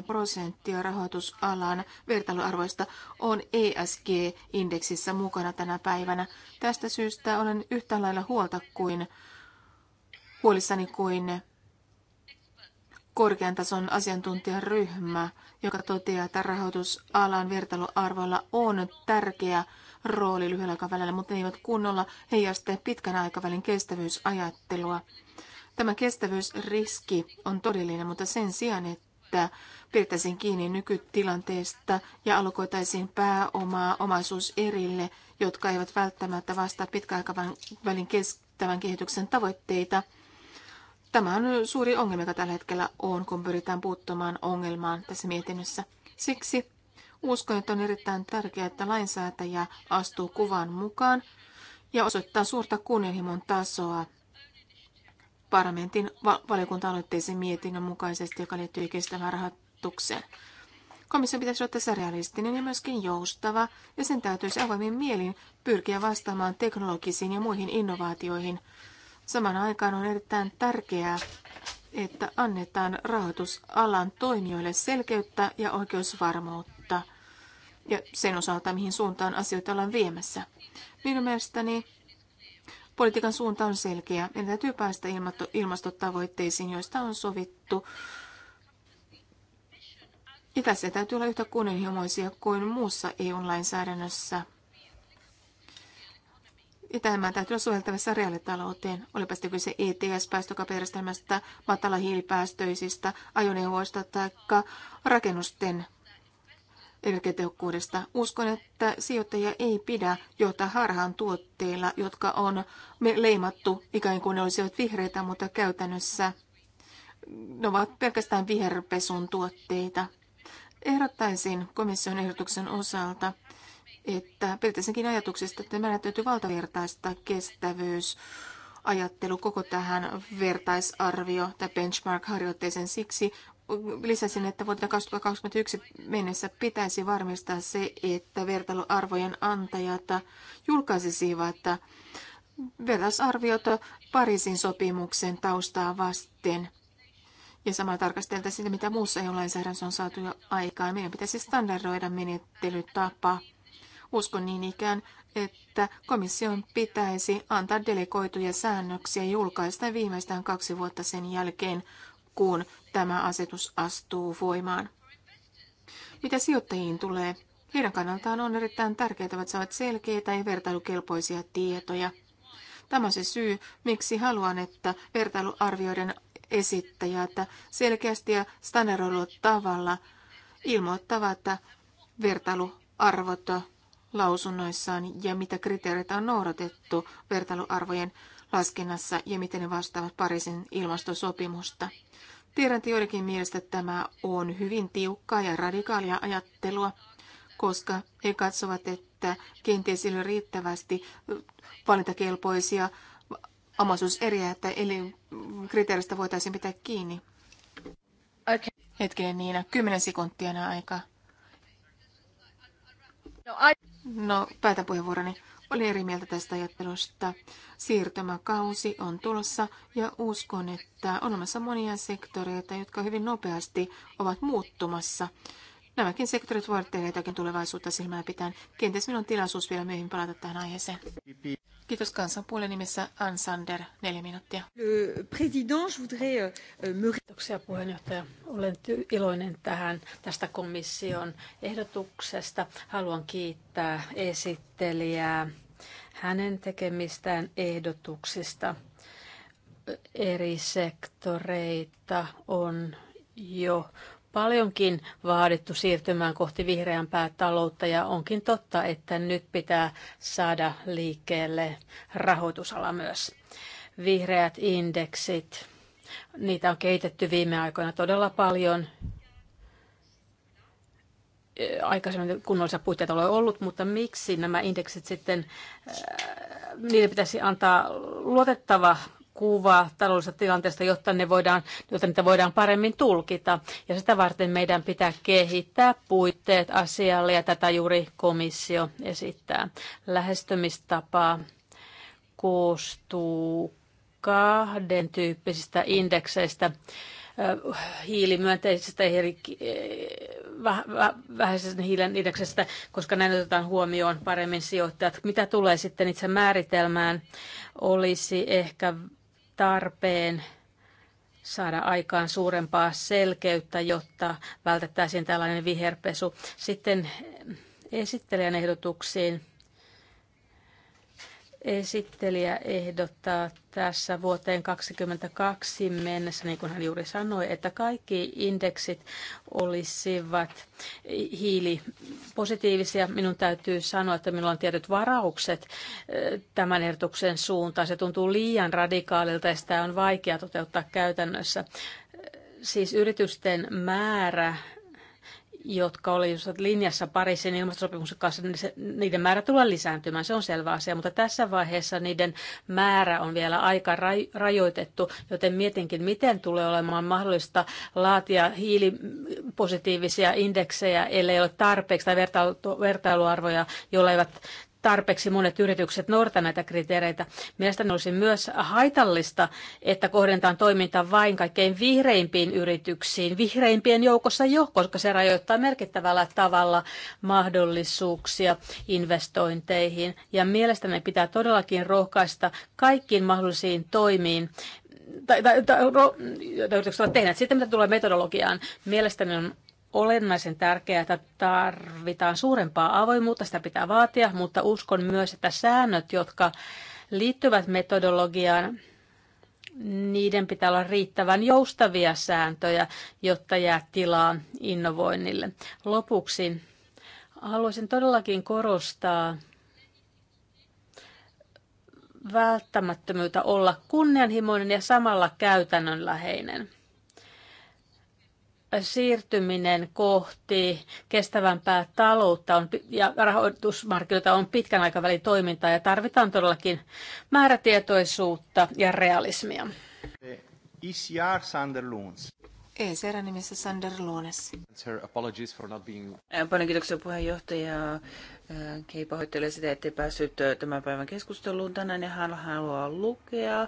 prosenttia rahoitusalan vertailuarvoista on ESG-indeksissä mukana tänä päivänä. Tästä syystä olen yhtä lailla huolta kuin huolissani kuin korkean tason asiantuntijaryhmä, joka toteaa, että rahoitusalan vertailuarvoilla on tärkeä rooli lyhyellä aikavälillä, mutta ne eivät kunnolla heijasta pitkän aikavälin kestävyysajattelua. Tämä kestävyysriski on todellinen, mutta sen sijaan, että pidettäisiin kiinni nykytilanteesta ja alkoitaisiin pääomaa omaisuus erille, jotka eivät välttämättä vastaa pitkäaikavälin kestävän kehityksen tavoitteita. Tämä on suuri ongelma, joka tällä hetkellä on, kun pyritään puuttumaan ongelmaan tässä mietinnössä. Siksi uskon, että on erittäin tärkeää, että lainsäätäjä astuu kuvan mukaan ja osoittaa suurta kunnianhimon tasoa parlamentin va- valiokunta-aloitteisen mietinnön mukaisesti, joka liittyy kestävään rahoitukseen. Komission pitäisi olla tässä realistinen ja myöskin joustava, ja sen täytyisi avoimin mielin pyrkiä vastaamaan teknologisiin ja muihin innovaatioihin. Saman aikaan on erittäin tärkeää, että annetaan rahoitusalan toimijoille selkeyttä ja oikeusvarmuutta ja sen osalta, mihin suuntaan asioita ollaan viemässä. Minun mielestäni Politiikan suunta on selkeä. Meidän täytyy päästä ilmastotavoitteisiin, joista on sovittu. Ja tässä täytyy olla yhtä kunnianhimoisia kuin muussa EU-lainsäädännössä. Ja tämä täytyy olla soveltavissa reaalitalouteen. Olipa sitten kyse ETS-päästökapajärjestelmästä, matala hiilipäästöisistä, ajoneuvoista tai rakennusten energiatehokkuudesta. Uskon, että sijoittajia ei pidä johtaa harhaan tuotteilla, jotka on leimattu ikään kuin ne olisivat vihreitä, mutta käytännössä ne ovat pelkästään viherpesun tuotteita. Ehdottaisin komission ehdotuksen osalta, että pelkästäänkin ajatuksesta, että meidän täytyy valtavirtaista kestävyys ajattelu koko tähän vertaisarvio- tai benchmark-harjoitteeseen siksi lisäsin, että vuoteen 2021 mennessä pitäisi varmistaa se, että vertailuarvojen antajat julkaisisivat vertaisarviot Pariisin sopimuksen taustaa vasten. Ja samalla tarkasteltaisiin sitä, mitä muussa EU-lainsäädännössä on saatu jo aikaa. Meidän pitäisi standardoida menettelytapa. Uskon niin ikään, että komission pitäisi antaa delegoituja säännöksiä julkaista viimeistään kaksi vuotta sen jälkeen, kun tämä asetus astuu voimaan. Mitä sijoittajiin tulee, heidän kannaltaan on erittäin tärkeää, että saavat selkeitä ja vertailukelpoisia tietoja. Tämä on se syy, miksi haluan, että vertailuarvioiden esittäjät selkeästi ja standardoidulla tavalla ilmoittavat vertailuarvot lausunnoissaan ja mitä kriteereitä on noudatettu vertailuarvojen laskennassa ja miten ne vastaavat Pariisin ilmastosopimusta. Tiedän, että joidenkin mielestä tämä on hyvin tiukkaa ja radikaalia ajattelua, koska he katsovat, että kenties ei ole riittävästi valintakelpoisia omaisuuseriä, että eli kriteeristä voitaisiin pitää kiinni. Okay. Hetkinen Niina, kymmenen sekuntia aika. No, I... no päätän puheenvuoroni. Olen eri mieltä tästä ajattelusta. Siirtymäkausi on tulossa ja uskon, että on olemassa monia sektoreita, jotka hyvin nopeasti ovat muuttumassa. Nämäkin sektorit voivat tehdä jotakin tulevaisuutta silmää pitäen. Kenties minulla on tilaisuus vielä myöhemmin palata tähän aiheeseen. Kiitos kansanpuolen nimessä Ann Sander, neljä minuuttia. Euh, Kiitoksia puheenjohtaja. Olen iloinen tähän tästä komission ehdotuksesta. Haluan kiittää esittelijää hänen tekemistään ehdotuksista. Eri sektoreita on jo paljonkin vaadittu siirtymään kohti vihreämpää taloutta ja onkin totta, että nyt pitää saada liikkeelle rahoitusala myös. Vihreät indeksit, niitä on kehitetty viime aikoina todella paljon. Aikaisemmin kunnollisia puitteita ole ollut, mutta miksi nämä indeksit sitten, äh, niille pitäisi antaa luotettava kuvaa taloudellisesta tilanteesta, jotta, ne voidaan, jotta niitä voidaan paremmin tulkita. Ja sitä varten meidän pitää kehittää puitteet asialle, ja tätä juuri komissio esittää. Lähestymistapa koostuu kahden tyyppisistä indekseistä hiilimyönteisestä e, vähäisestä hiilen indeksestä, koska näin otetaan huomioon paremmin sijoittajat. Mitä tulee sitten itse määritelmään, olisi ehkä tarpeen saada aikaan suurempaa selkeyttä, jotta vältettäisiin tällainen viherpesu. Sitten esittelijän ehdotuksiin Esittelijä ehdottaa tässä vuoteen 2022 mennessä, niin kuin hän juuri sanoi, että kaikki indeksit olisivat hiilipositiivisia. Minun täytyy sanoa, että minulla on tietyt varaukset eh, tämän ehdotuksen suuntaan. Se tuntuu liian radikaalilta ja sitä on vaikea toteuttaa käytännössä. Siis yritysten määrä jotka oli linjassa Pariisin ilmastosopimuksen kanssa, niin niiden määrä tulee lisääntymään, se on selvä asia, mutta tässä vaiheessa niiden määrä on vielä aika rajoitettu, joten mietinkin, miten tulee olemaan mahdollista laatia hiilipositiivisia indeksejä, ellei ole tarpeeksi tai vertailuarvoja, joilla eivät tarpeeksi monet yritykset noudata näitä kriteereitä. Mielestäni olisi myös haitallista, että kohdentaan toiminta vain kaikkein vihreimpiin yrityksiin, vihreimpien joukossa jo, koska se rajoittaa merkittävällä tavalla mahdollisuuksia investointeihin. Ja mielestäni pitää todellakin rohkaista kaikkiin mahdollisiin toimiin, tai, tai, tai, tai yritykset ovat tehneet. Sitten mitä tulee metodologiaan, mielestäni on olennaisen tärkeää, että tarvitaan suurempaa avoimuutta, sitä pitää vaatia, mutta uskon myös, että säännöt, jotka liittyvät metodologiaan, niiden pitää olla riittävän joustavia sääntöjä, jotta jää tilaa innovoinnille. Lopuksi haluaisin todellakin korostaa välttämättömyyttä olla kunnianhimoinen ja samalla käytännönläheinen siirtyminen kohti kestävämpää taloutta on, ja rahoitusmarkkinoita on pitkän aikavälin toimintaa ja tarvitaan todellakin määrätietoisuutta ja realismia. ECR Sanderloons. ECR nimessä Sander Lunes. E paljon kiitoksia puheenjohtaja. Kei pahoittelee sitä, ettei päässyt tämän päivän keskusteluun tänään ja hän haluaa lukea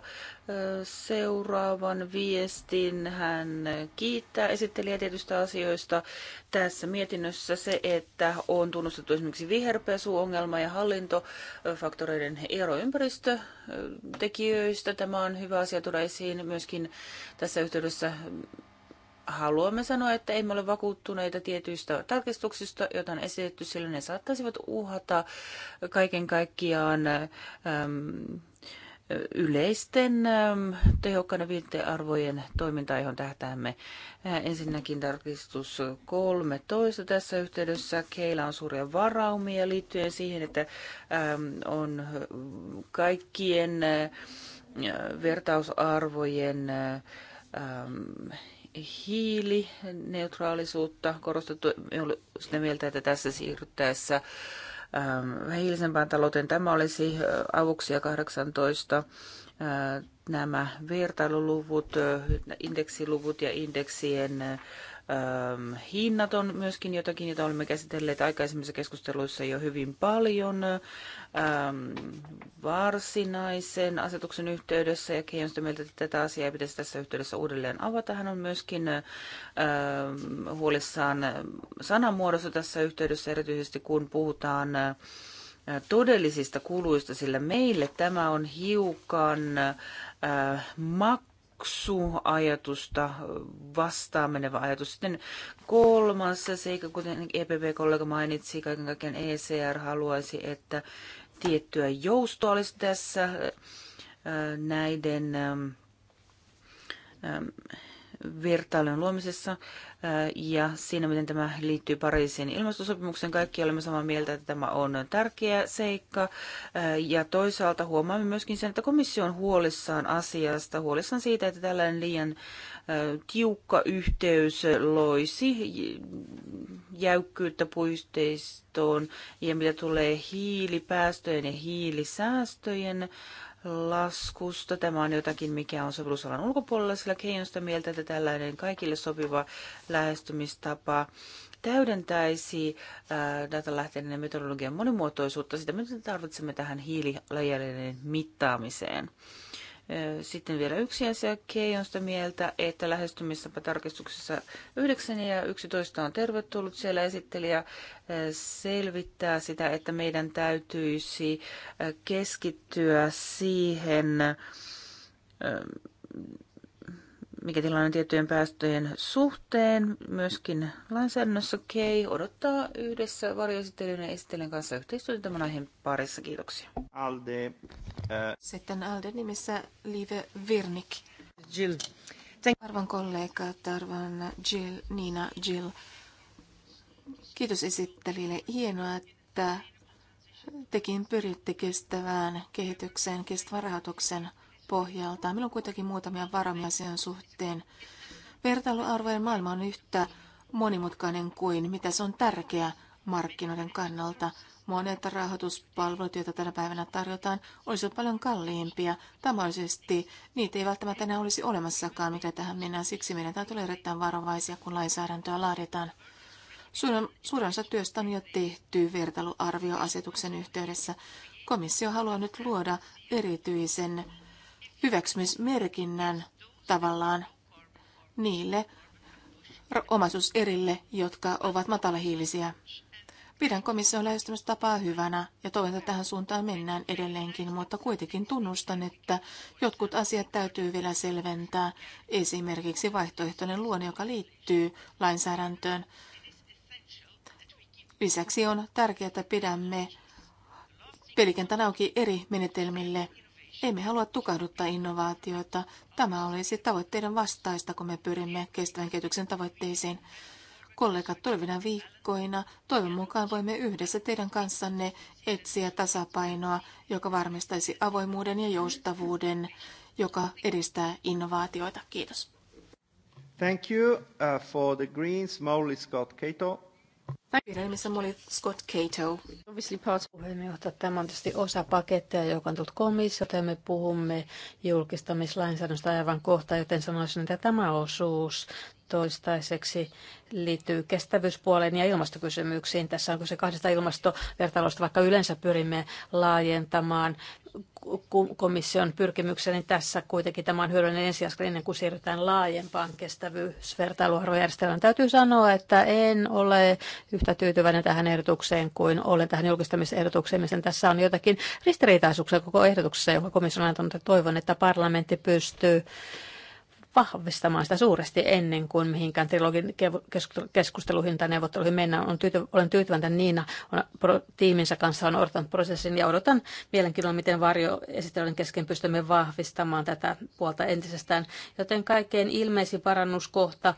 seuraavan viestin. Hän kiittää esittelijä tietystä asioista tässä mietinnössä se, että on tunnustettu esimerkiksi viherpesuongelma ja hallintofaktoreiden ero ympäristötekijöistä. Tämä on hyvä asia tuoda esiin myöskin tässä yhteydessä haluamme sanoa, että emme ole vakuuttuneita tietyistä tarkistuksista, joita on esitetty, sillä ne saattaisivat uhata kaiken kaikkiaan äm, yleisten äm, tehokkaiden viitearvojen toimintaa, johon tähtäämme. Äh, ensinnäkin tarkistus 13 tässä yhteydessä. Keillä on suuria varaumia liittyen siihen, että äm, on kaikkien ä, äh, vertausarvojen ä, ähm, hiilineutraalisuutta korostettu. Me olemme sitä mieltä, että tässä siirryttäessä ähm, hiilisempään talouteen tämä olisi äh, avuksi ja 18 äh, nämä vertailuluvut, äh, indeksiluvut ja indeksien hinnat on myöskin jotakin, jota olemme käsitelleet aikaisemmissa keskusteluissa jo hyvin paljon varsinaisen asetuksen yhteydessä ja Keijon sitä mieltä, että tätä asiaa ei pitäisi tässä yhteydessä uudelleen avata. Hän on myöskin huolissaan sanamuodossa tässä yhteydessä, erityisesti kun puhutaan todellisista kuluista, sillä meille tämä on hiukan äh, maksuajatusta vastaan menevä ajatus. Sitten kolmas seikka, kuten EPP-kollega mainitsi, kaiken kaiken ECR haluaisi, että tiettyä joustoa olisi tässä näiden vertailun luomisessa ja siinä, miten tämä liittyy Pariisin ilmastosopimukseen. Kaikki olemme samaa mieltä, että tämä on tärkeä seikka. Ja toisaalta huomaamme myöskin sen, että komissio on huolissaan asiasta, huolissaan siitä, että tällainen liian tiukka yhteys loisi jäykkyyttä puisteistoon ja mitä tulee hiilipäästöjen ja hiilisäästöjen laskusta. Tämä on jotakin, mikä on sovellusalan ulkopuolella, sillä Kei on sitä mieltä, että tällainen kaikille sopiva lähestymistapa täydentäisi äh, datalähteiden metodologian monimuotoisuutta, sitä me tarvitsemme tähän hiilijalanjäljen mittaamiseen. Sitten vielä yksi asia. Kei on sitä mieltä, että lähestymisessä tarkistuksessa 9 ja 11 on tervetullut. Siellä esittelijä selvittää sitä, että meidän täytyisi keskittyä siihen mikä tilanne tiettyjen päästöjen suhteen myöskin lainsäädännössä. Kei odottaa yhdessä varjoesittelyyn ja esittelijän kanssa yhteistyötä tämän aiheen parissa. Kiitoksia. Alde. Äh. Sitten Alde nimessä Live Virnik. Jill. Thank- arvon kollegat, arvon Jill, Nina Jill. Kiitos esittelijälle. Hienoa, että tekin pyritte kestävään kehitykseen, kestävän rahoituksen pohjalta. Meillä on kuitenkin muutamia varmia sen suhteen. Vertailuarvojen maailma on yhtä monimutkainen kuin mitä se on tärkeä markkinoiden kannalta. Monet rahoituspalvelut, joita tänä päivänä tarjotaan, olisivat paljon kalliimpia. Tavallisesti niitä ei välttämättä enää olisi olemassakaan, mikä tähän mennään. Siksi meidän täytyy olla erittäin varovaisia, kun lainsäädäntöä laaditaan. Suurin osa työstä on jo tehty vertailuarvioasetuksen yhteydessä. Komissio haluaa nyt luoda erityisen hyväksymismerkinnän tavallaan niille omaisuuserille, jotka ovat matalahiilisiä. Pidän komission lähestymistapaa hyvänä ja toivon, että tähän suuntaan mennään edelleenkin, mutta kuitenkin tunnustan, että jotkut asiat täytyy vielä selventää. Esimerkiksi vaihtoehtoinen luonne, joka liittyy lainsäädäntöön. Lisäksi on tärkeää, että pidämme pelikentän auki eri menetelmille emme halua tukahduttaa innovaatioita. Tämä olisi tavoitteiden vastaista, kun me pyrimme kestävän kehityksen tavoitteisiin. Kollegat, tulevina viikkoina toivon mukaan voimme yhdessä teidän kanssanne etsiä tasapainoa, joka varmistaisi avoimuuden ja joustavuuden, joka edistää innovaatioita. Kiitos. Thank you uh, for the Greens, Molly Scott Cato. Virheimissä oli Scott Cato. Obviously parts puheenjohtaja. Tämä on tietysti osa pakettia, joka on tullut komissiota ja me puhumme julkistamislainsäädännöstä aivan kohta, joten sanoisin, että tämä osuus toistaiseksi liittyy kestävyyspuoleen ja ilmastokysymyksiin. Tässä on kyse kahdesta ilmastovertailusta, vaikka yleensä pyrimme laajentamaan komission pyrkimyksiä, niin tässä kuitenkin tämä on hyödyllinen ensiaskel ennen kuin siirrytään laajempaan kestävyysvertailuarvojärjestelmään. Täytyy sanoa, että en ole yhtä tyytyväinen tähän ehdotukseen kuin olen tähän julkistamisehdotukseen, missä tässä on jotakin ristiriitaisuuksia koko ehdotuksessa, joka komissio on antanut. Toivon, että parlamentti pystyy vahvistamaan sitä suuresti ennen kuin mihinkään trilogin keskusteluihin tai neuvotteluihin mennään. On tyyty, olen tyytyväinen Niina on, pro, tiiminsä kanssa on odottanut prosessin ja odotan mielenkiinnolla, miten varjoesittelyn kesken pystymme vahvistamaan tätä puolta entisestään. Joten kaikkein ilmeisin parannuskohta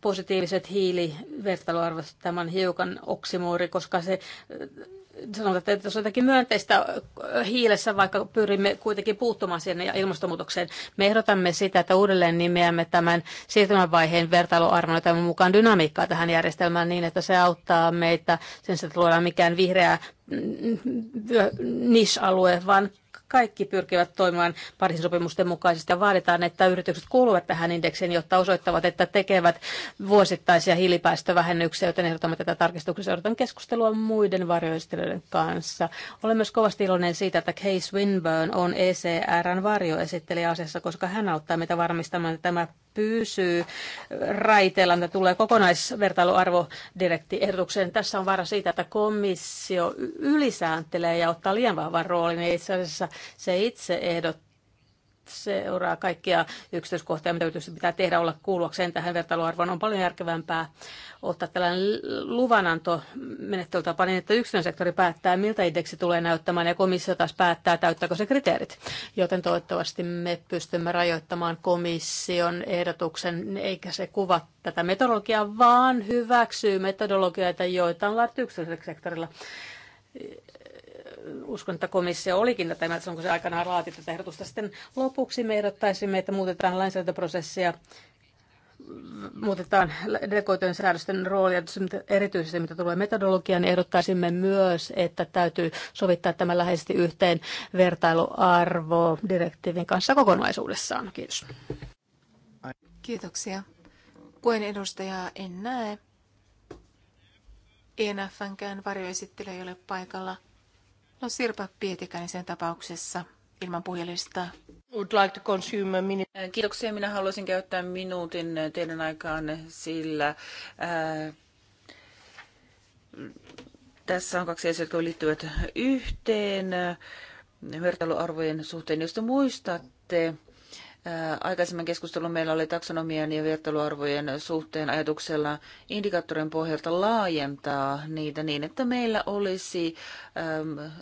positiiviset hiilivertailuarvot. Tämä on hiukan oksimoori, koska se sanotaan, että jos on jotakin myönteistä hiilessä, vaikka pyrimme kuitenkin puuttumaan siihen ja ilmastonmuutokseen, me ehdotamme sitä, että uudelleen nimeämme tämän siirtymävaiheen vertailuarvon tämän mukaan dynamiikkaa tähän järjestelmään niin, että se auttaa meitä sen sijaan, että luodaan mikään vihreä mm, mm, niche-alue, vaan kaikki pyrkivät toimimaan Pariisin sopimusten mukaisesti ja vaaditaan, että yritykset kuuluvat tähän indeksiin, jotta osoittavat, että tekevät vuosittaisia hiilipäästövähennyksiä, joten ehdotamme tätä tarkistuksessa. Odotan keskustelua muiden varjoistelijoiden kanssa. Olen myös kovasti iloinen siitä, että Case Winburn on ECRn varjoesittelijä asiassa, koska hän auttaa meitä varmistamaan, että tämä pysyy raiteilla, mitä tulee kokonaisvertailuarvodirektiehdotukseen. Tässä on vaara siitä, että komissio ylisääntelee ja ottaa liian vahvan roolin. Itse asiassa se itse ehdottaa seuraa kaikkia yksityiskohtia, mitä yritykset pitää tehdä olla kuuluakseen tähän vertailuarvoon. On paljon järkevämpää ottaa tällainen luvananto menettelytapa niin, että yksityinen sektori päättää, miltä indeksi tulee näyttämään, ja komissio taas päättää, täyttääkö se kriteerit. Joten toivottavasti me pystymme rajoittamaan komission ehdotuksen, eikä se kuva tätä metodologiaa, vaan hyväksyy metodologioita, joita on laadittu yksityisellä sektorilla uskon, että komissio olikin tämä, että onko se aikanaan raati tätä ehdotusta. Sitten lopuksi me ehdottaisimme, että muutetaan lainsäädäntöprosessia muutetaan delegoitujen säädösten roolia, erityisesti mitä tulee metodologiaan, niin ehdottaisimme myös, että täytyy sovittaa tämä läheisesti yhteen vertailuarvo direktiivin kanssa kokonaisuudessaan. Kiitos. Kiitoksia. Kuen edustajaa en näe. ENFnkään varjoesittelijä ei ole paikalla. No Sirpa Pietikäinen sen tapauksessa ilman puhelista. Would like to consume a minute. Äh, kiitoksia. Minä haluaisin käyttää minuutin äh, teidän aikaan, sillä ää, äh, tässä on kaksi asiaa, jotka liittyvät yhteen vertailuarvojen suhteen. Jos te muistatte, aikaisemman keskustelun meillä oli taksonomian ja vertailuarvojen suhteen ajatuksella indikaattorien pohjalta laajentaa niitä niin, että meillä olisi ähm,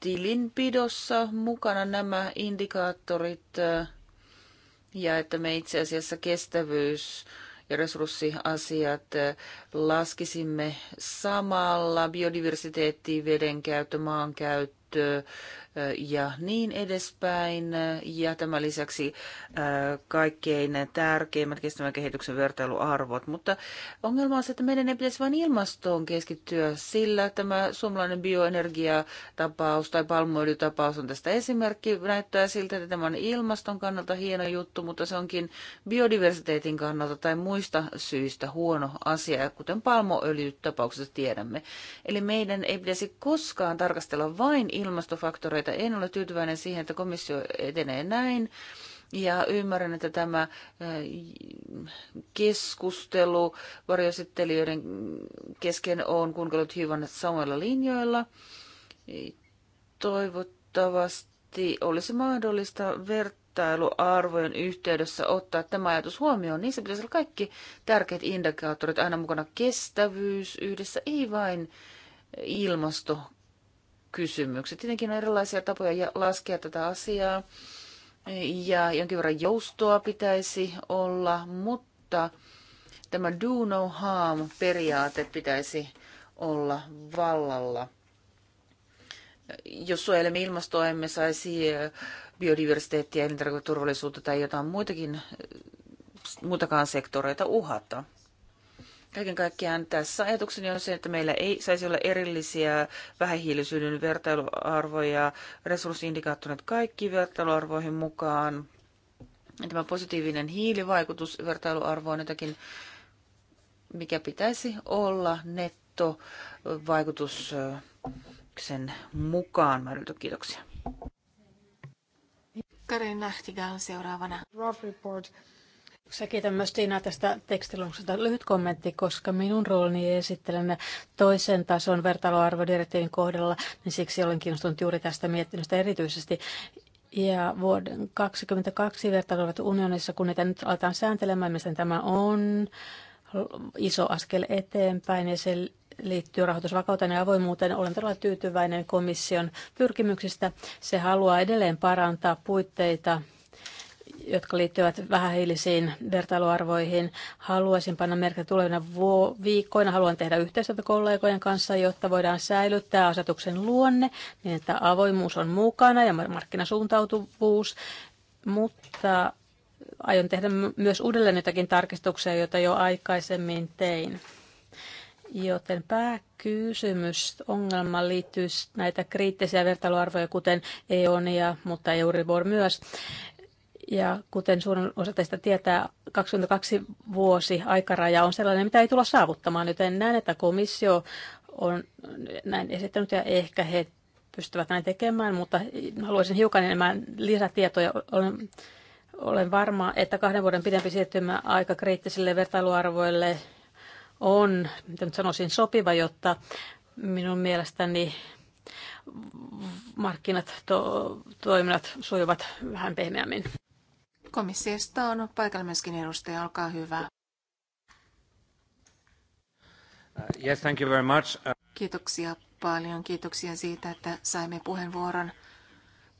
tilinpidossa mukana nämä indikaattorit äh, ja että me itse asiassa kestävyys ja resurssiasiat äh, laskisimme samalla biodiversiteetti, vedenkäyttö, maankäyttö, ja niin edespäin. Ja tämän lisäksi kaikkein tärkeimmät kestävän kehityksen vertailuarvot. Mutta ongelma on se, että meidän ei pitäisi vain ilmastoon keskittyä, sillä tämä suomalainen bioenergiatapaus tai palmuöljytapaus on tästä esimerkki. Näyttää siltä, että tämä on ilmaston kannalta hieno juttu, mutta se onkin biodiversiteetin kannalta tai muista syistä huono asia, kuten palmuöljytapauksessa tiedämme. Eli meidän ei pitäisi koskaan tarkastella vain ilmastofaktoreita. En ole tyytyväinen siihen, että komissio etenee näin. Ja ymmärrän, että tämä äh, keskustelu varjosittelijöiden kesken on kunkelut hyvän samoilla linjoilla. Toivottavasti olisi mahdollista vertailuarvojen yhteydessä ottaa tämä ajatus huomioon. Niissä pitäisi olla kaikki tärkeät indikaattorit aina mukana. Kestävyys yhdessä, ei vain ilmasto kysymykset. Tietenkin on erilaisia tapoja laskea tätä asiaa ja jonkin verran joustoa pitäisi olla, mutta tämä do no harm periaate pitäisi olla vallalla. Jos suojelemme ilmastoa, emme saisi äh, biodiversiteettiä, elintarviketurvallisuutta tai jotain muitakin, äh, muutakaan sektoreita uhata. Kaiken kaikkiaan tässä ajatukseni on se, että meillä ei saisi olla erillisiä vähähiilisyyden vertailuarvoja, resurssiindikaattorit kaikki vertailuarvoihin mukaan. Tämä positiivinen hiilivaikutus vertailuarvo on jotakin, mikä pitäisi olla nettovaikutuksen mukaan määritelty. Kiitoksia. Karin Lähtikä on seuraavana. Report. Se kiitän myös Tiina tästä tekstiluksesta. Lyhyt kommentti, koska minun roolini esittelen toisen tason vertailuarvodirektiivin kohdalla, niin siksi olen kiinnostunut juuri tästä miettinystä erityisesti. Ja vuoden 2022 vertailuarvot unionissa, kun niitä nyt aletaan sääntelemään, mistä tämä on iso askel eteenpäin ja se liittyy rahoitusvakauteen ja avoimuuteen. Olen todella tyytyväinen komission pyrkimyksistä. Se haluaa edelleen parantaa puitteita jotka liittyvät vähähiilisiin vertailuarvoihin. Haluaisin panna merkitä tulevina viikkoina. Haluan tehdä yhteistyötä kollegojen kanssa, jotta voidaan säilyttää asetuksen luonne niin, että avoimuus on mukana ja markkinasuuntautuvuus. Mutta aion tehdä myös uudelleen jotakin tarkistuksia, joita jo aikaisemmin tein. Joten pääkysymys, ongelma liittyy näitä kriittisiä vertailuarvoja, kuten EONia, mutta Euribor myös. Ja kuten suurin osa teistä tietää, 22 vuosi aikaraja on sellainen, mitä ei tulla saavuttamaan, joten näen, että komissio on näin esittänyt ja ehkä he pystyvät näin tekemään, mutta haluaisin hiukan enemmän lisätietoja. Olen, olen varma, että kahden vuoden pidempi siirtymä aika kriittisille vertailuarvoille on, mitä nyt sanoisin, sopiva, jotta minun mielestäni markkinat to, toiminnat sujuvat vähän pehmeämmin. Komissiosta on paikalla myöskin edustaja, olkaa hyvä. Uh, yes, thank you very much. Uh, Kiitoksia paljon. Kiitoksia siitä, että saimme puheenvuoron.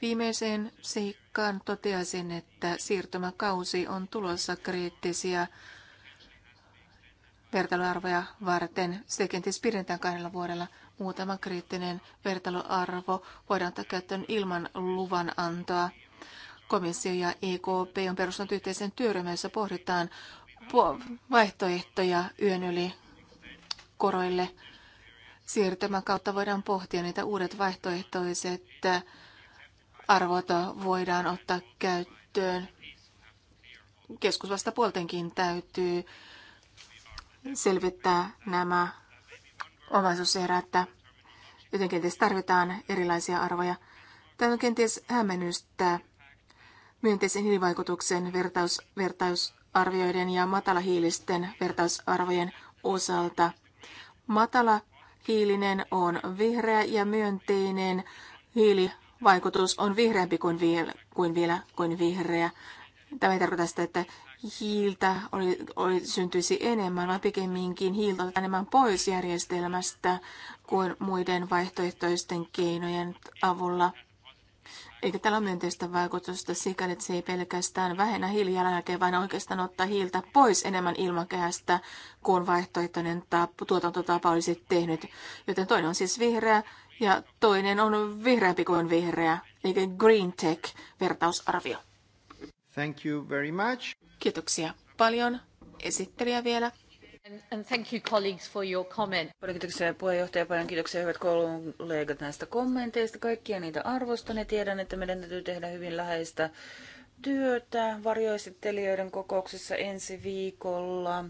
Viimeiseen seikkaan toteaisin, että siirtymäkausi on tulossa kriittisiä vertailuarvoja varten. Se kenties pidentään kahdella vuodella. Muutama kriittinen vertailuarvo voidaan ottaa käyttöön ilman luvan antoa. Komissio ja EKP on perustanut yhteisen työryhmän, jossa pohditaan vaihtoehtoja yön yli koroille. Siirtymän kautta voidaan pohtia niitä uudet vaihtoehtoiset arvot voidaan ottaa käyttöön. Keskusvastapuoltenkin täytyy selvittää nämä omaisuuserät, joten kenties tarvitaan erilaisia arvoja. Tämä on kenties hämmennystä myönteisen hiilivaikutuksen vertaus, vertausarvioiden ja matalahiilisten vertausarvojen osalta. Matala hiilinen on vihreä ja myönteinen hiilivaikutus on vihreämpi kuin vielä kuin, vielä, kuin vihreä. Tämä ei tarkoita sitä, että hiiltä oli, oli, syntyisi enemmän, vaan pikemminkin hiiltä enemmän pois järjestelmästä kuin muiden vaihtoehtoisten keinojen avulla. Eikä tällä ole myönteistä vaikutusta sikäli, että se ei pelkästään vähennä hiilijalanjälkeä, vaan oikeastaan ottaa hiiltä pois enemmän ilmakehästä kuin vaihtoehtoinen tap- tuotantotapa olisi tehnyt. Joten toinen on siis vihreä ja toinen on vihreämpi kuin vihreä, eli Green Tech-vertausarvio. Thank you very much. Kiitoksia paljon. Esittelijä vielä. And thank you colleagues for your comment. Paljon kiitoksia puheenjohtaja, paljon kiitoksia hyvät kollegat näistä kommenteista. Kaikkia niitä arvostan ja tiedän, että meidän täytyy tehdä hyvin läheistä työtä varjoesittelijöiden kokouksessa ensi viikolla,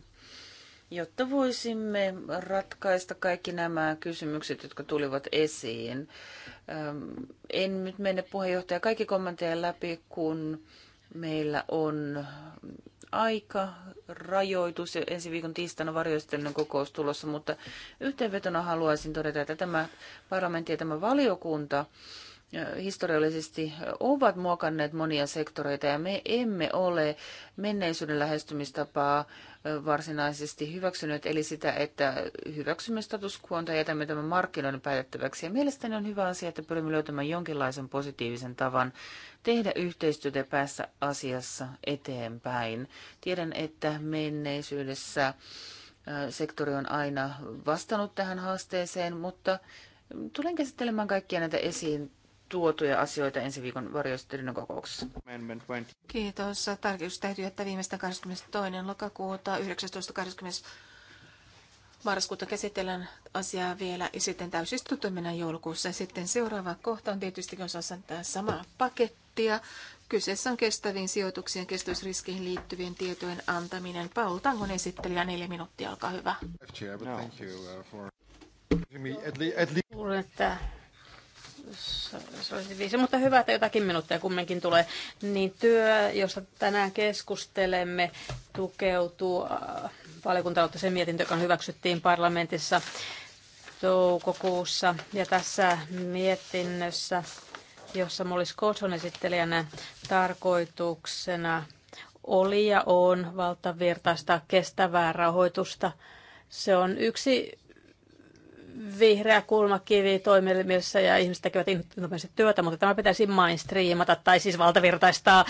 jotta voisimme ratkaista kaikki nämä kysymykset, jotka tulivat esiin. En nyt mene puheenjohtaja kaikki kommentteja läpi, kun meillä on aika rajoitus ja ensi viikon tiistaina varjoistellinen kokous tulossa, mutta yhteenvetona haluaisin todeta, että tämä parlamentti ja tämä valiokunta historiallisesti ovat muokanneet monia sektoreita ja me emme ole menneisyyden lähestymistapaa varsinaisesti hyväksyneet, eli sitä, että hyväksymme status quo tai jätämme tämän markkinoiden päätettäväksi. Ja mielestäni on hyvä asia, että pyrimme löytämään jonkinlaisen positiivisen tavan tehdä yhteistyötä päässä asiassa eteenpäin. Tiedän, että menneisyydessä sektori on aina vastannut tähän haasteeseen, mutta tulen käsittelemään kaikkia näitä esiin tuotuja asioita ensi viikon varjostelun kokouksessa. Kiitos. Tarkistus täytyy jättää viimeistä 22. lokakuuta 19.20. Marraskuuta käsitellään asiaa vielä ja sitten täysistunto mennään joulukuussa. sitten seuraava kohta on tietysti osassa tämä sama pakettia. Kyseessä on kestäviin sijoituksiin ja kestävyysriskeihin liittyvien tietojen antaminen. Paul Tangon esittelijä, neljä minuuttia, olkaa hyvä. No. Uh, Luulen, että se olisi viisi, mutta hyvä, että jotakin minuuttia kumminkin tulee. Niin työ, josta tänään keskustelemme, tukeutuu äh, valiokuntaloutta sen mietintö, joka hyväksyttiin parlamentissa toukokuussa. Ja tässä mietinnössä, jossa Molly Scott on esittelijänä, tarkoituksena oli ja on valtavirtaista kestävää rahoitusta. Se on yksi vihreä kulmakivi toimielimissä ja ihmiset tekevät inhimillistä työtä, mutta tämä pitäisi mainstreamata tai siis valtavirtaistaa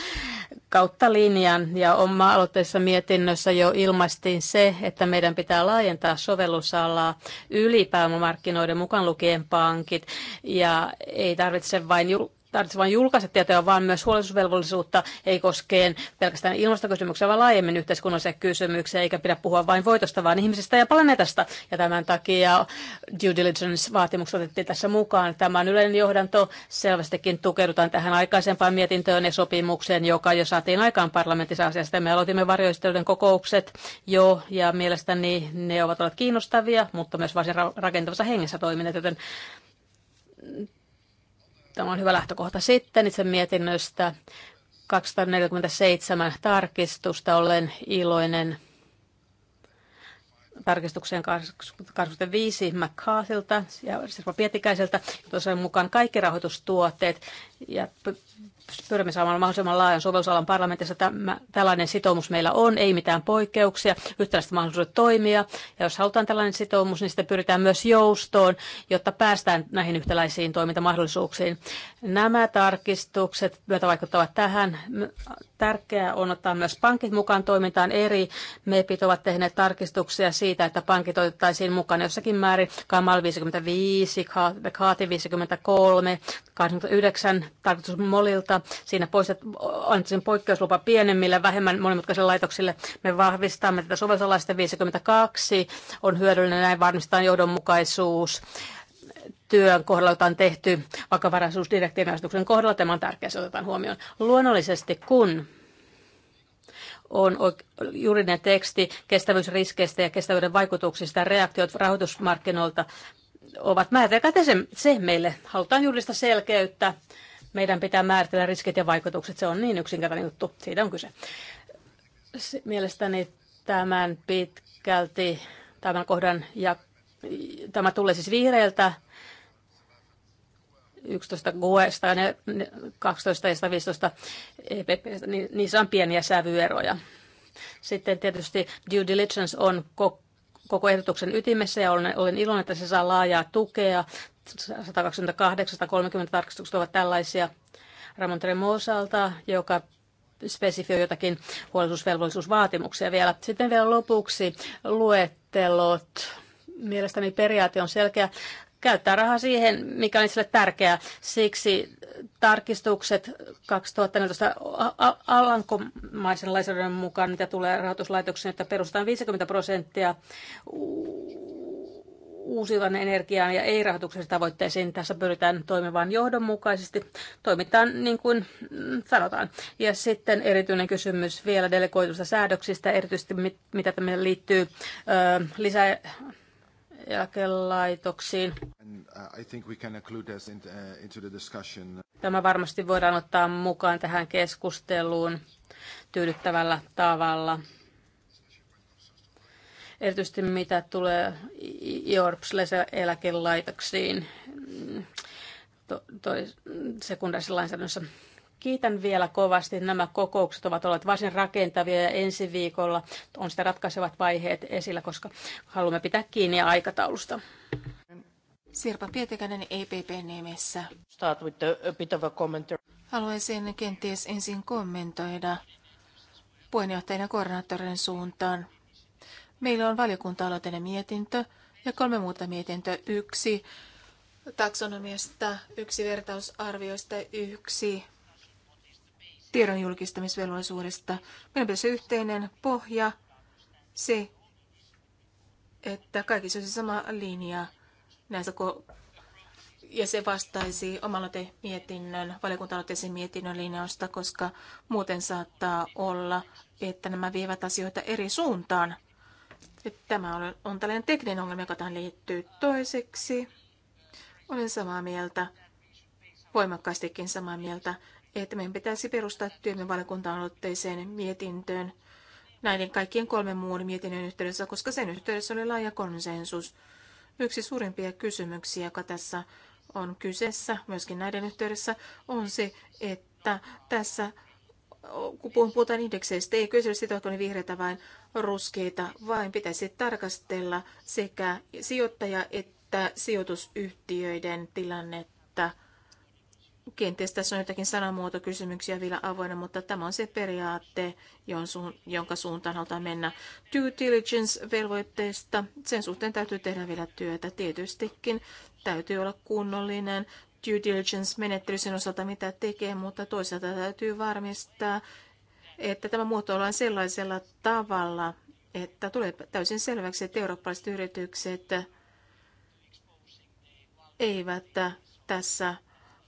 kautta linjan. Ja oma aloitteessa mietinnössä jo ilmaistiin se, että meidän pitää laajentaa sovellusalaa ylipääomamarkkinoiden mukaan lukien pankit ja ei tarvitse vain tarvitse vain julkaista tietoja, vaan myös huolellisuusvelvollisuutta ei koskeen pelkästään ilmastokysymyksiä, vaan laajemmin yhteiskunnallisia kysymyksiä, eikä pidä puhua vain voitosta, vaan ihmisestä ja planeetasta. Ja tämän takia due diligence-vaatimukset otettiin tässä mukaan. Tämä on yleinen johdanto. Selvästikin tukeudutaan tähän aikaisempaan mietintöön ja sopimukseen, joka jo saatiin aikaan parlamentissa asiasta. Me aloitimme varjoisteluiden kokoukset jo, ja mielestäni ne ovat olleet kiinnostavia, mutta myös varsin rakentavassa hengessä toimineet, joten Tämä on hyvä lähtökohta sitten itse mietinnöstä. 247 tarkistusta. Olen iloinen tarkistukseen 25 McCarthilta ja Sirpa Pietikäiseltä, jossa on mukaan kaikki rahoitustuotteet ja pyrimme saamaan mahdollisimman laajan sovellusalan parlamentissa. Tämä, tällainen sitoumus meillä on, ei mitään poikkeuksia, yhtäläiset mahdollisuudet toimia. Ja jos halutaan tällainen sitoumus, niin sitä pyritään myös joustoon, jotta päästään näihin yhtäläisiin toimintamahdollisuuksiin. Nämä tarkistukset myötä vaikuttavat tähän. Tärkeää on ottaa myös pankit mukaan toimintaan. Eri MEPit ovat tehneet tarkistuksia siitä, että pankit otettaisiin mukaan jossakin määrin. Kamal 55, Kaati 53, 89, tarkoitus Molilta Siinä siinä poistet, sen poikkeuslupa pienemmille, vähemmän monimutkaisille laitoksille. Me vahvistamme tätä sovellusalaisten 52, on hyödyllinen, näin varmistetaan johdonmukaisuus työn kohdalla, jota on tehty vakavaraisuusdirektiivin asetuksen kohdalla. Tämä on tärkeää, se otetaan huomioon. Luonnollisesti, kun on juridinen teksti kestävyysriskeistä ja kestävyyden vaikutuksista ja reaktiot rahoitusmarkkinoilta ovat määritelkää se, se meille. Halutaan juridista selkeyttä meidän pitää määritellä riskit ja vaikutukset. Se on niin yksinkertainen juttu. Siitä on kyse. Mielestäni tämän pitkälti tämän kohdan ja tämä tulee siis vihreiltä 11 GUEsta e ja 12 ja 115 EPP, niin niissä on pieniä sävyeroja. Sitten tietysti due diligence on koko ehdotuksen ytimessä ja olen, olen iloinen, että se saa laajaa tukea 128-130 tarkistukset ovat tällaisia Ramon Tremosalta, joka spesifioi jotakin huolellisuusvelvollisuusvaatimuksia vielä. Sitten vielä lopuksi luettelot. Mielestäni periaate on selkeä. Käyttää rahaa siihen, mikä on itselle tärkeää. Siksi tarkistukset 2014 alankomaisen lainsäädännön mukaan, mitä tulee rahoituslaitoksiin, että perustetaan 50 prosenttia uusiutuvan energiaan ja ei rahoituksen tavoitteisiin. Tässä pyritään toimimaan johdonmukaisesti. Toimitaan niin kuin mm, sanotaan. Ja sitten erityinen kysymys vielä delegoitusta säädöksistä, erityisesti mitä tämä liittyy ö, uh, uh, Tämä varmasti voidaan ottaa mukaan tähän keskusteluun tyydyttävällä tavalla erityisesti mitä tulee IORPS-eläkelaitoksiin to, sekundaisessa lainsäädännössä. Kiitän vielä kovasti. Nämä kokoukset ovat olleet varsin rakentavia ja ensi viikolla on sitä ratkaisevat vaiheet esillä, koska haluamme pitää kiinni aikataulusta. Sirpa Pietikäinen EPP-nimessä. Start with a bit of a commentary. Haluaisin kenties ensin kommentoida puheenjohtajana koordinaattorin suuntaan. Meillä on valiokunta-aloitteinen mietintö ja kolme muuta mietintöä. Yksi taksonomiasta, yksi vertausarvioista, yksi tiedon julkistamisvelvollisuudesta. Meillä on se yhteinen pohja, se, että kaikissa olisi sama linja näissä ja se vastaisi omalla mietinnön, valiokunta mietinnön linjausta, koska muuten saattaa olla, että nämä vievät asioita eri suuntaan tämä on, on tällainen tekninen ongelma, joka tähän liittyy. Toiseksi olen samaa mieltä, voimakkaastikin samaa mieltä, että meidän pitäisi perustaa työmme valiokunta-aloitteeseen mietintöön näiden kaikkien kolmen muun mietinnön yhteydessä, koska sen yhteydessä oli laaja konsensus. Yksi suurimpia kysymyksiä, joka tässä on kyseessä myöskin näiden yhteydessä, on se, että tässä kun puhutaan indekseistä, ei kysyä sitä, onko ne vihreitä vai ruskeita, vaan pitäisi tarkastella sekä sijoittaja että sijoitusyhtiöiden tilannetta. Kenties tässä on jotakin sanamuotokysymyksiä vielä avoinna, mutta tämä on se periaate, jonka suuntaan halutaan mennä. Due diligence-velvoitteesta, sen suhteen täytyy tehdä vielä työtä tietystikin. Täytyy olla kunnollinen due diligence-menettelyn osalta, mitä tekee, mutta toisaalta täytyy varmistaa, että tämä muotoillaan sellaisella tavalla, että tulee täysin selväksi, että eurooppalaiset yritykset eivät tässä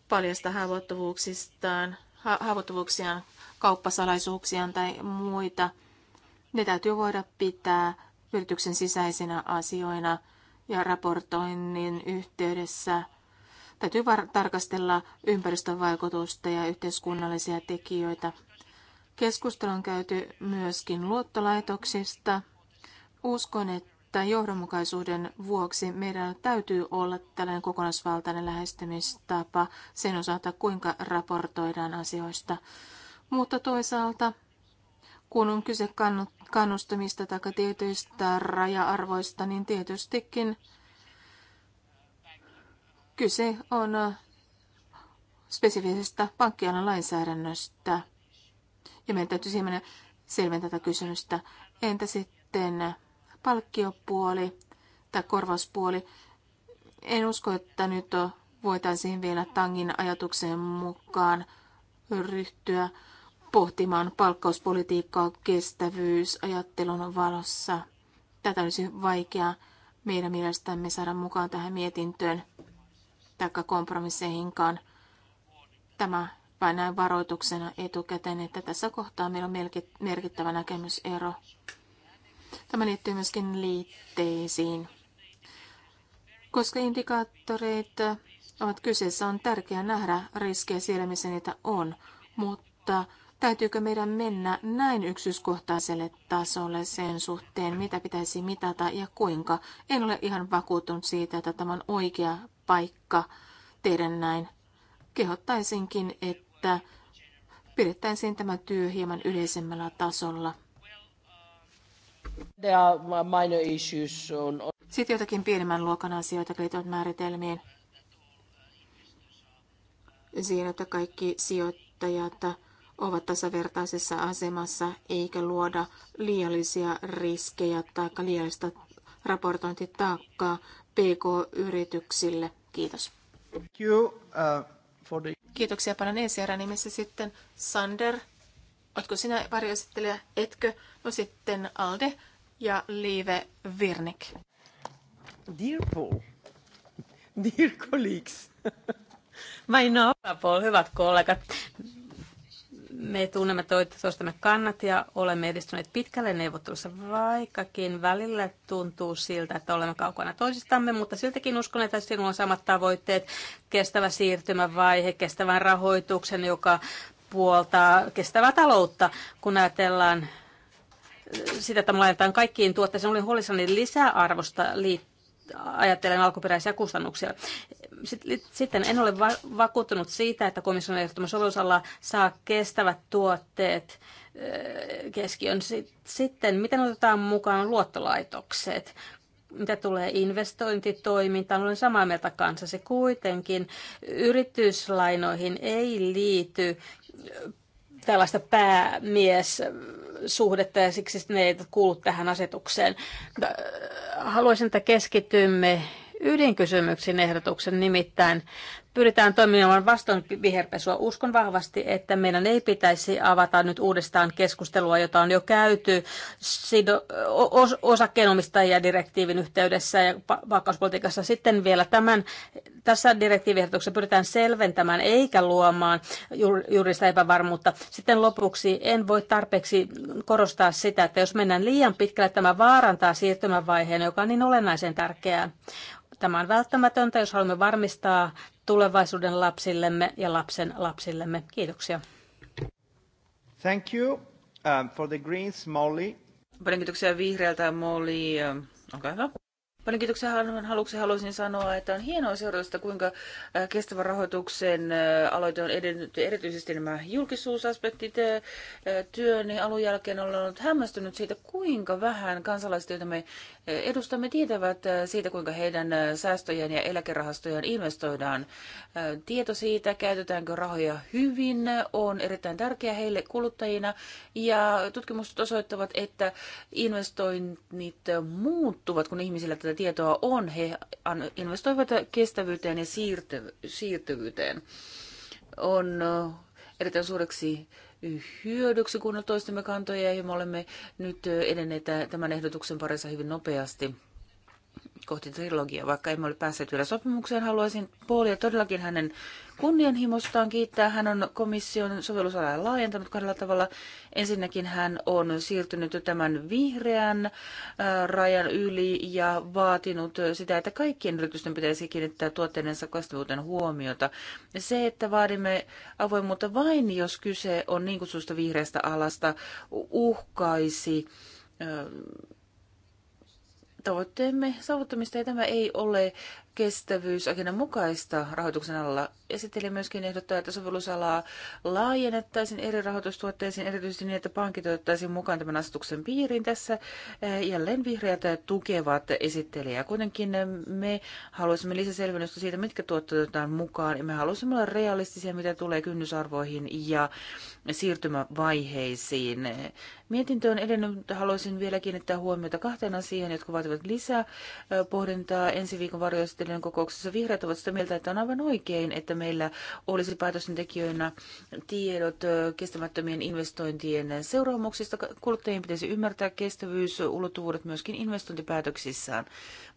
paljasta haavoittuvuuksistaan, ha- haavoittuvuuksiaan, kauppasalaisuuksiaan tai muita. Ne täytyy voida pitää yrityksen sisäisinä asioina ja raportoinnin yhteydessä – Täytyy tarkastella ympäristövaikutusta ja yhteiskunnallisia tekijöitä. Keskustelu on käyty myöskin luottolaitoksista. Uskon, että johdonmukaisuuden vuoksi meidän täytyy olla tällainen kokonaisvaltainen lähestymistapa sen osalta, kuinka raportoidaan asioista. Mutta toisaalta, kun on kyse kannustamista tai tietyistä raja-arvoista, niin tietystikin Kyse on äh, spesifisestä pankkialan lainsäädännöstä. Ja meidän täytyy siihen selventää tätä kysymystä. Entä sitten palkkiopuoli tai korvauspuoli? En usko, että nyt voitaisiin vielä Tangin ajatuksen mukaan ryhtyä pohtimaan palkkauspolitiikkaa kestävyysajattelun valossa. Tätä olisi vaikea meidän mielestämme saada mukaan tähän mietintöön tai kompromisseihinkaan. Tämä vain näin varoituksena etukäteen, että tässä kohtaa meillä on merkittävä näkemysero. Tämä liittyy myöskin liitteisiin. Koska indikaattoreit ovat kyseessä, on tärkeää nähdä riskejä siellä, missä niitä on, mutta täytyykö meidän mennä näin yksityiskohtaiselle tasolle sen suhteen, mitä pitäisi mitata ja kuinka. En ole ihan vakuuttunut siitä, että tämä on oikea paikka tehdä näin. Kehottaisinkin, että pidettäisiin tämä työ hieman yleisemmällä tasolla. Sitten jotakin pienemmän luokan asioita liittyvät määritelmiin. Siinä, että kaikki sijoittajat ovat tasavertaisessa asemassa eikä luoda liiallisia riskejä tai liiallista raportointitaakkaa PK-yrityksille. Kiitos. Uh, Kiitoksia paljon ECR nimessä sitten Sander. Oletko sinä varjoesittelijä? Etkö? No sitten Alde ja Liive Virnik. Dear Paul, dear colleagues, my name Paul, hyvät kollegat. Me tunnemme toistamme kannat ja olemme edistyneet pitkälle neuvottelussa, vaikkakin välillä tuntuu siltä, että olemme kaukana toisistamme, mutta siltikin uskon, että sinulla on samat tavoitteet, kestävä siirtymävaihe, kestävän rahoituksen, joka puoltaa kestävää taloutta, kun ajatellaan sitä, että laitetaan kaikkiin tuotteisiin. Olin huolissani lisäarvosta liittyen ajatellen alkuperäisiä kustannuksia. Sitten en ole vakuuttunut siitä, että komission ehdottomassa sovellusala saa kestävät tuotteet äh, keskiön. Sitten, miten otetaan mukaan luottolaitokset? mitä tulee investointitoimintaan, olen samaa mieltä kanssasi kuitenkin. Yrityslainoihin ei liity äh, tällaista päämiessuhdetta ja siksi ne eivät kuulu tähän asetukseen. Äh, haluaisin, että keskitymme ydinkysymyksen ehdotuksen, nimittäin pyritään toimimaan vastoin viherpesua. Uskon vahvasti, että meidän ei pitäisi avata nyt uudestaan keskustelua, jota on jo käyty sido, os, osakkeenomistajia direktiivin yhteydessä ja vakauspolitiikassa. Sitten vielä tämän, tässä direktiiviehdotuksessa pyritään selventämään eikä luomaan juridista epävarmuutta. Sitten lopuksi en voi tarpeeksi korostaa sitä, että jos mennään liian pitkälle, tämä vaarantaa siirtymävaiheen, joka on niin olennaisen tärkeää Tämä on välttämätöntä, jos haluamme varmistaa tulevaisuuden lapsillemme ja lapsen lapsillemme. Kiitoksia. Thank you um, for the Greens, Molly. Paljon kiitoksia vihreältä, Molly. Äh, olkaa hyvä. Paljon kiitoksia Hanvan haluksi. Haluaisin sanoa, että on hienoa seurata sitä, kuinka kestävän rahoituksen aloite on edennyt, erityisesti nämä julkisuusaspektit työn niin alun jälkeen olen ollut hämmästynyt siitä, kuinka vähän kansalaiset, joita me edustamme, tietävät siitä, kuinka heidän säästöjen ja eläkerahastojen investoidaan. Tieto siitä, käytetäänkö rahoja hyvin, on erittäin tärkeä heille kuluttajina ja tutkimukset osoittavat, että investoinnit muuttuvat, kun ihmisillä tätä tietoa on, he investoivat kestävyyteen ja siirtyvyyteen. On äh, erittäin suureksi hyödyksi kuunnella toistemme kantoja ja me olemme nyt äh, edenneet tämän ehdotuksen parissa hyvin nopeasti kohti trilogia. Vaikka emme ole päässeet vielä sopimukseen, haluaisin puolia todellakin hänen kunnianhimostaan kiittää. Hän on komission sovellusalaa laajentanut kahdella tavalla. Ensinnäkin hän on siirtynyt tämän vihreän äh, rajan yli ja vaatinut sitä, että kaikkien yritysten pitäisi kiinnittää tuotteidensa kasvuuteen huomiota. Se, että vaadimme avoimuutta vain, jos kyse on niin kutsusta vihreästä alasta, uhkaisi äh, tavoitteemme saavuttamista ja tämä ei ole kestävyysagendan mukaista rahoituksen alalla. Esitteli myöskin ehdottaa, että sovellusalaa laajennettaisiin eri rahoitustuotteisiin, erityisesti niin, että pankit otettaisiin mukaan tämän asetuksen piiriin. Tässä eh, jälleen vihreät tukevat esittelijää. Kuitenkin eh, me haluaisimme lisäselvennystä siitä, mitkä tuotteet otetaan mukaan, me haluaisimme olla realistisia, mitä tulee kynnysarvoihin ja siirtymävaiheisiin. Mietintöön edennyt haluaisin vielä kiinnittää huomiota kahteen asiaan, jotka vaativat lisää eh, pohdintaa ensi viikon varjoistelun varjoesittelijän kokouksessa vihreät ovat sitä mieltä, että on aivan oikein, että meillä olisi päätöksentekijöinä tiedot kestämättömien investointien seuraamuksista. Kuluttajien pitäisi ymmärtää kestävyysulottuvuudet myöskin investointipäätöksissään.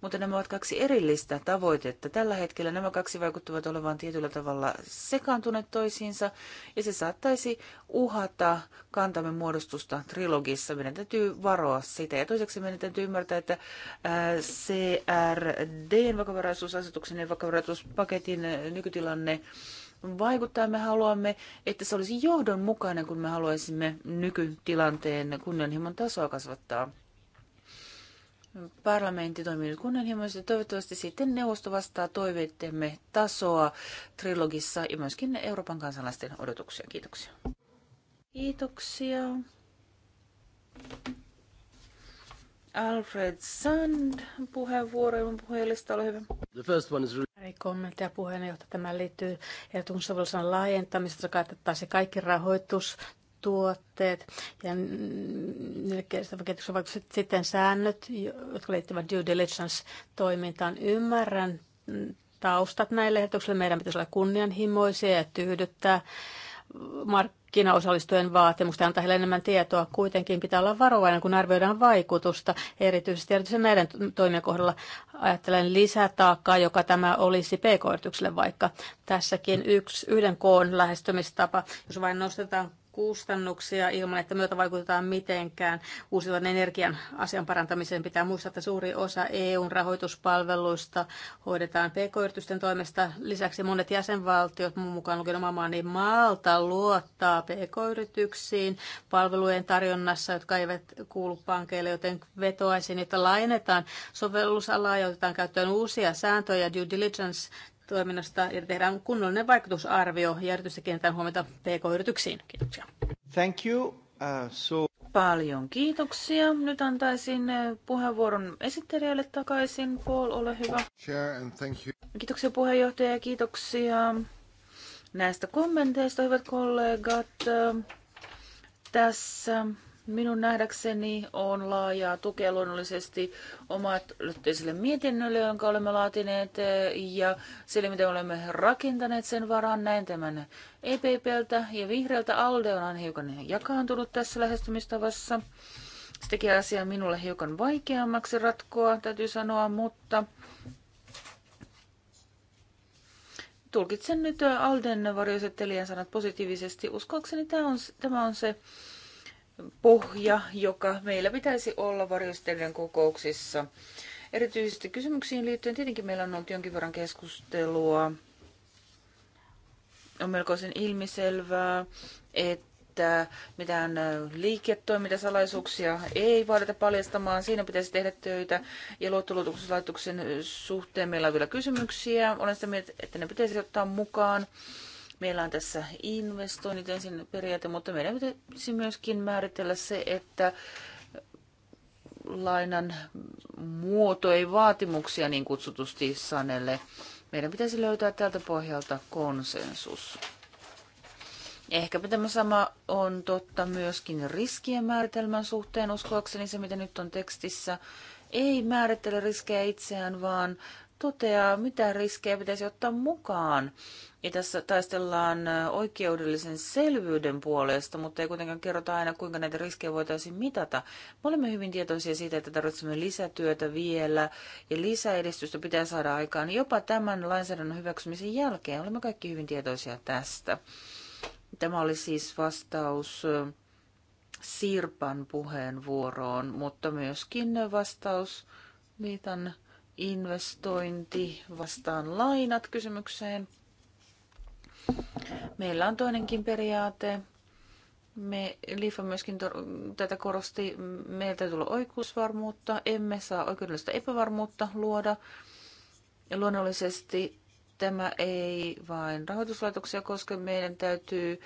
Mutta nämä ovat kaksi erillistä tavoitetta. Tällä hetkellä nämä kaksi vaikuttavat olevan tietyllä tavalla sekaantuneet toisiinsa ja se saattaisi uhata kantamme muodostusta trilogissa. Meidän täytyy varoa sitä. Ja toiseksi meidän täytyy ymmärtää, että CRDn vakavaraisuus vakavaraisuusasetuksen ja vakavaraisuuspaketin eh, nykytilanne vaikuttaa. Me haluamme, että se olisi johdonmukainen, kun me haluaisimme nykytilanteen kunnianhimon tasoa kasvattaa. Parlamentti toimii nyt kunnianhimoisesti. Toivottavasti sitten neuvosto vastaa toiveittemme tasoa trilogissa ja myöskin Euroopan kansalaisten odotuksia. Kiitoksia. Kiitoksia. Alfred Sand puheenvuoro ilman puhujalista, ole hyvä. The first one is... Pari kommenttia puheenjohtaja. Tämä liittyy ehdotuksen laajentamista, joka se kaikki rahoitus, tuotteet ja kestävän kehityksen vaikutukset, sitten säännöt, jotka liittyvät due diligence-toimintaan. Ymmärrän taustat näille ehdotuksille. Meidän pitäisi olla kunnianhimoisia ja tyydyttää markkinaosallistujien vaatimusta ja antaa heille enemmän tietoa. Kuitenkin pitää olla varovainen, kun arvioidaan vaikutusta, erityisesti, erityisesti näiden toimien kohdalla. Ajattelen lisätaakkaa, joka tämä olisi pk-yritykselle vaikka. Tässäkin yksi, yhden koon lähestymistapa, jos vain nostetaan kustannuksia ilman, että myötä vaikutetaan mitenkään. Uusiutuvan energian asian parantamiseen pitää muistaa, että suuri osa EUn rahoituspalveluista hoidetaan pk-yritysten toimesta. Lisäksi monet jäsenvaltiot, mukaan lukien oma maa, niin Malta luottaa pk-yrityksiin palvelujen tarjonnassa, jotka eivät kuulu pankeille, joten vetoaisin, että laajennetaan sovellusalaa ja otetaan käyttöön uusia sääntöjä due diligence toiminnasta ja tehdään kunnollinen vaikutusarvio ja erityisesti kiinnitetään huomiota PK-yrityksiin. Kiitoksia. Thank you. Uh, so... Paljon kiitoksia. Nyt antaisin eh, puheenvuoron esittelijälle takaisin. Paul, ole hyvä. Chair and thank you. Kiitoksia puheenjohtaja ja kiitoksia näistä kommenteista, hyvät kollegat. Tässä Minun nähdäkseni on laajaa tukea luonnollisesti omat yhteiselle mietinnölle, jonka olemme laatineet, eh, ja sille, miten olemme rakentaneet sen varaan. Näin tämän EPPltä ja vihreältä Alde on hiukan jakaantunut tässä lähestymistavassa. Se tekee asiaa minulle hiukan vaikeammaksi ratkoa, täytyy sanoa, mutta tulkitsen nyt Alden varjoisettelijän sanat positiivisesti. Uskoakseni tämä on, tämä on se pohja, joka meillä pitäisi olla varjosteiden kokouksissa. Erityisesti kysymyksiin liittyen tietenkin meillä on ollut jonkin verran keskustelua. On melkoisen ilmiselvää, että mitään liiketoimintasalaisuuksia ei vaadita paljastamaan. Siinä pitäisi tehdä töitä. Ja luottoluotuksen suhteen meillä on vielä kysymyksiä. Olen sitä mieltä, että ne pitäisi ottaa mukaan. Meillä on tässä investoinnit ensin periaate, mutta meidän pitäisi myöskin määritellä se, että lainan muoto ei vaatimuksia niin kutsutusti sanelle. Meidän pitäisi löytää tältä pohjalta konsensus. Ehkäpä tämä sama on totta myöskin riskien määritelmän suhteen. Uskoakseni se, mitä nyt on tekstissä, ei määrittele riskejä itseään, vaan toteaa, mitä riskejä pitäisi ottaa mukaan ja tässä taistellaan oikeudellisen selvyyden puolesta, mutta ei kuitenkaan kerrota aina, kuinka näitä riskejä voitaisiin mitata. Me olemme hyvin tietoisia siitä, että tarvitsemme lisätyötä vielä ja lisäedistystä pitää saada aikaan jopa tämän lainsäädännön hyväksymisen jälkeen. Olemme kaikki hyvin tietoisia tästä. Tämä oli siis vastaus Sirpan puheenvuoroon, mutta myöskin vastaus Liitan investointi vastaan lainat kysymykseen. Meillä on toinenkin periaate. Me, Liifa myöskin to, tätä korosti, meiltä tulee oikeusvarmuutta, emme saa oikeudellista epävarmuutta luoda. Ja luonnollisesti tämä ei vain rahoituslaitoksia koske, meidän täytyy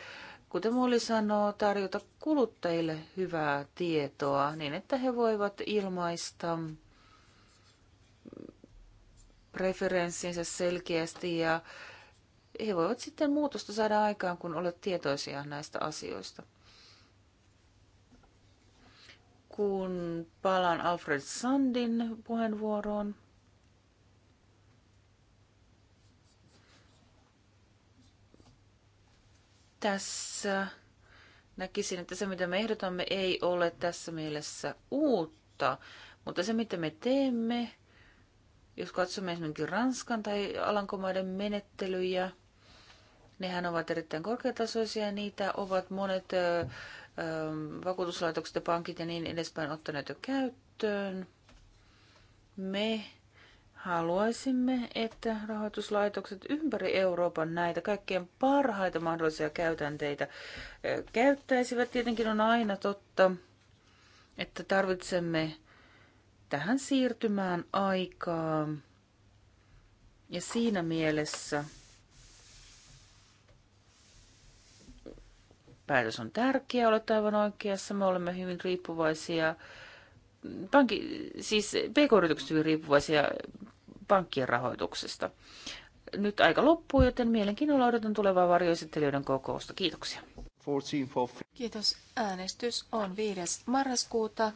kuten Muoli sanoo, tarjota kuluttajille hyvää tietoa niin, että he voivat ilmaista preferenssinsä selkeästi ja he voivat sitten muutosta saada aikaan, kun olet tietoisia näistä asioista. Kun palaan Alfred Sandin puheenvuoroon, tässä näkisin, että se mitä me ehdotamme ei ole tässä mielessä uutta, mutta se mitä me teemme, jos katsomme esimerkiksi Ranskan tai Alankomaiden menettelyjä, Nehän ovat erittäin korkeatasoisia ja niitä ovat monet ö, ö, vakuutuslaitokset ja pankit ja niin edespäin ottaneet jo käyttöön. Me haluaisimme, että rahoituslaitokset ympäri Euroopan näitä kaikkein parhaita mahdollisia käytänteitä käyttäisivät. Tietenkin on aina totta, että tarvitsemme tähän siirtymään aikaa. Ja siinä mielessä – päätös on tärkeä, olet aivan oikeassa, me olemme hyvin riippuvaisia, pankki, siis pk-yritykset hyvin riippuvaisia pankkien rahoituksesta. Nyt aika loppuu, joten mielenkiinnolla odotan tulevaa varjoesittelijöiden kokousta. Kiitoksia. Kiitos. Äänestys on 5. marraskuuta.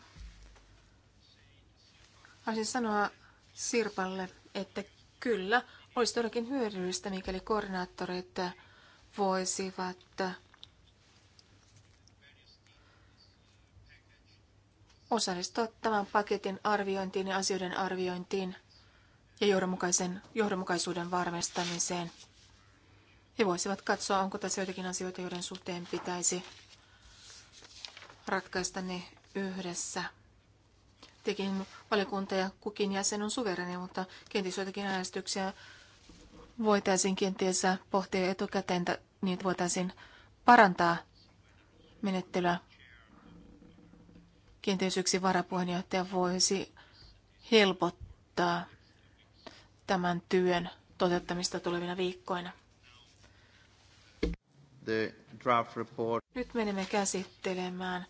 Haluaisin sanoa Sirpalle, että kyllä, olisi todellakin hyödyllistä, mikäli koordinaattorit voisivat osallistua tämän paketin arviointiin ja asioiden arviointiin ja johdonmukaisen, johdonmukaisuuden varmistamiseen. He voisivat katsoa, onko tässä joitakin asioita, joiden suhteen pitäisi ratkaista ne yhdessä. Tekin valiokunta ja kukin jäsen on suvereni, mutta kenties joitakin äänestyksiä voitaisiin kenties pohtia etukäteen, niitä voitaisiin parantaa menettelyä Kenties yksi varapuheenjohtaja voisi helpottaa tämän työn toteuttamista tulevina viikkoina. The draft report. Nyt menemme käsittelemään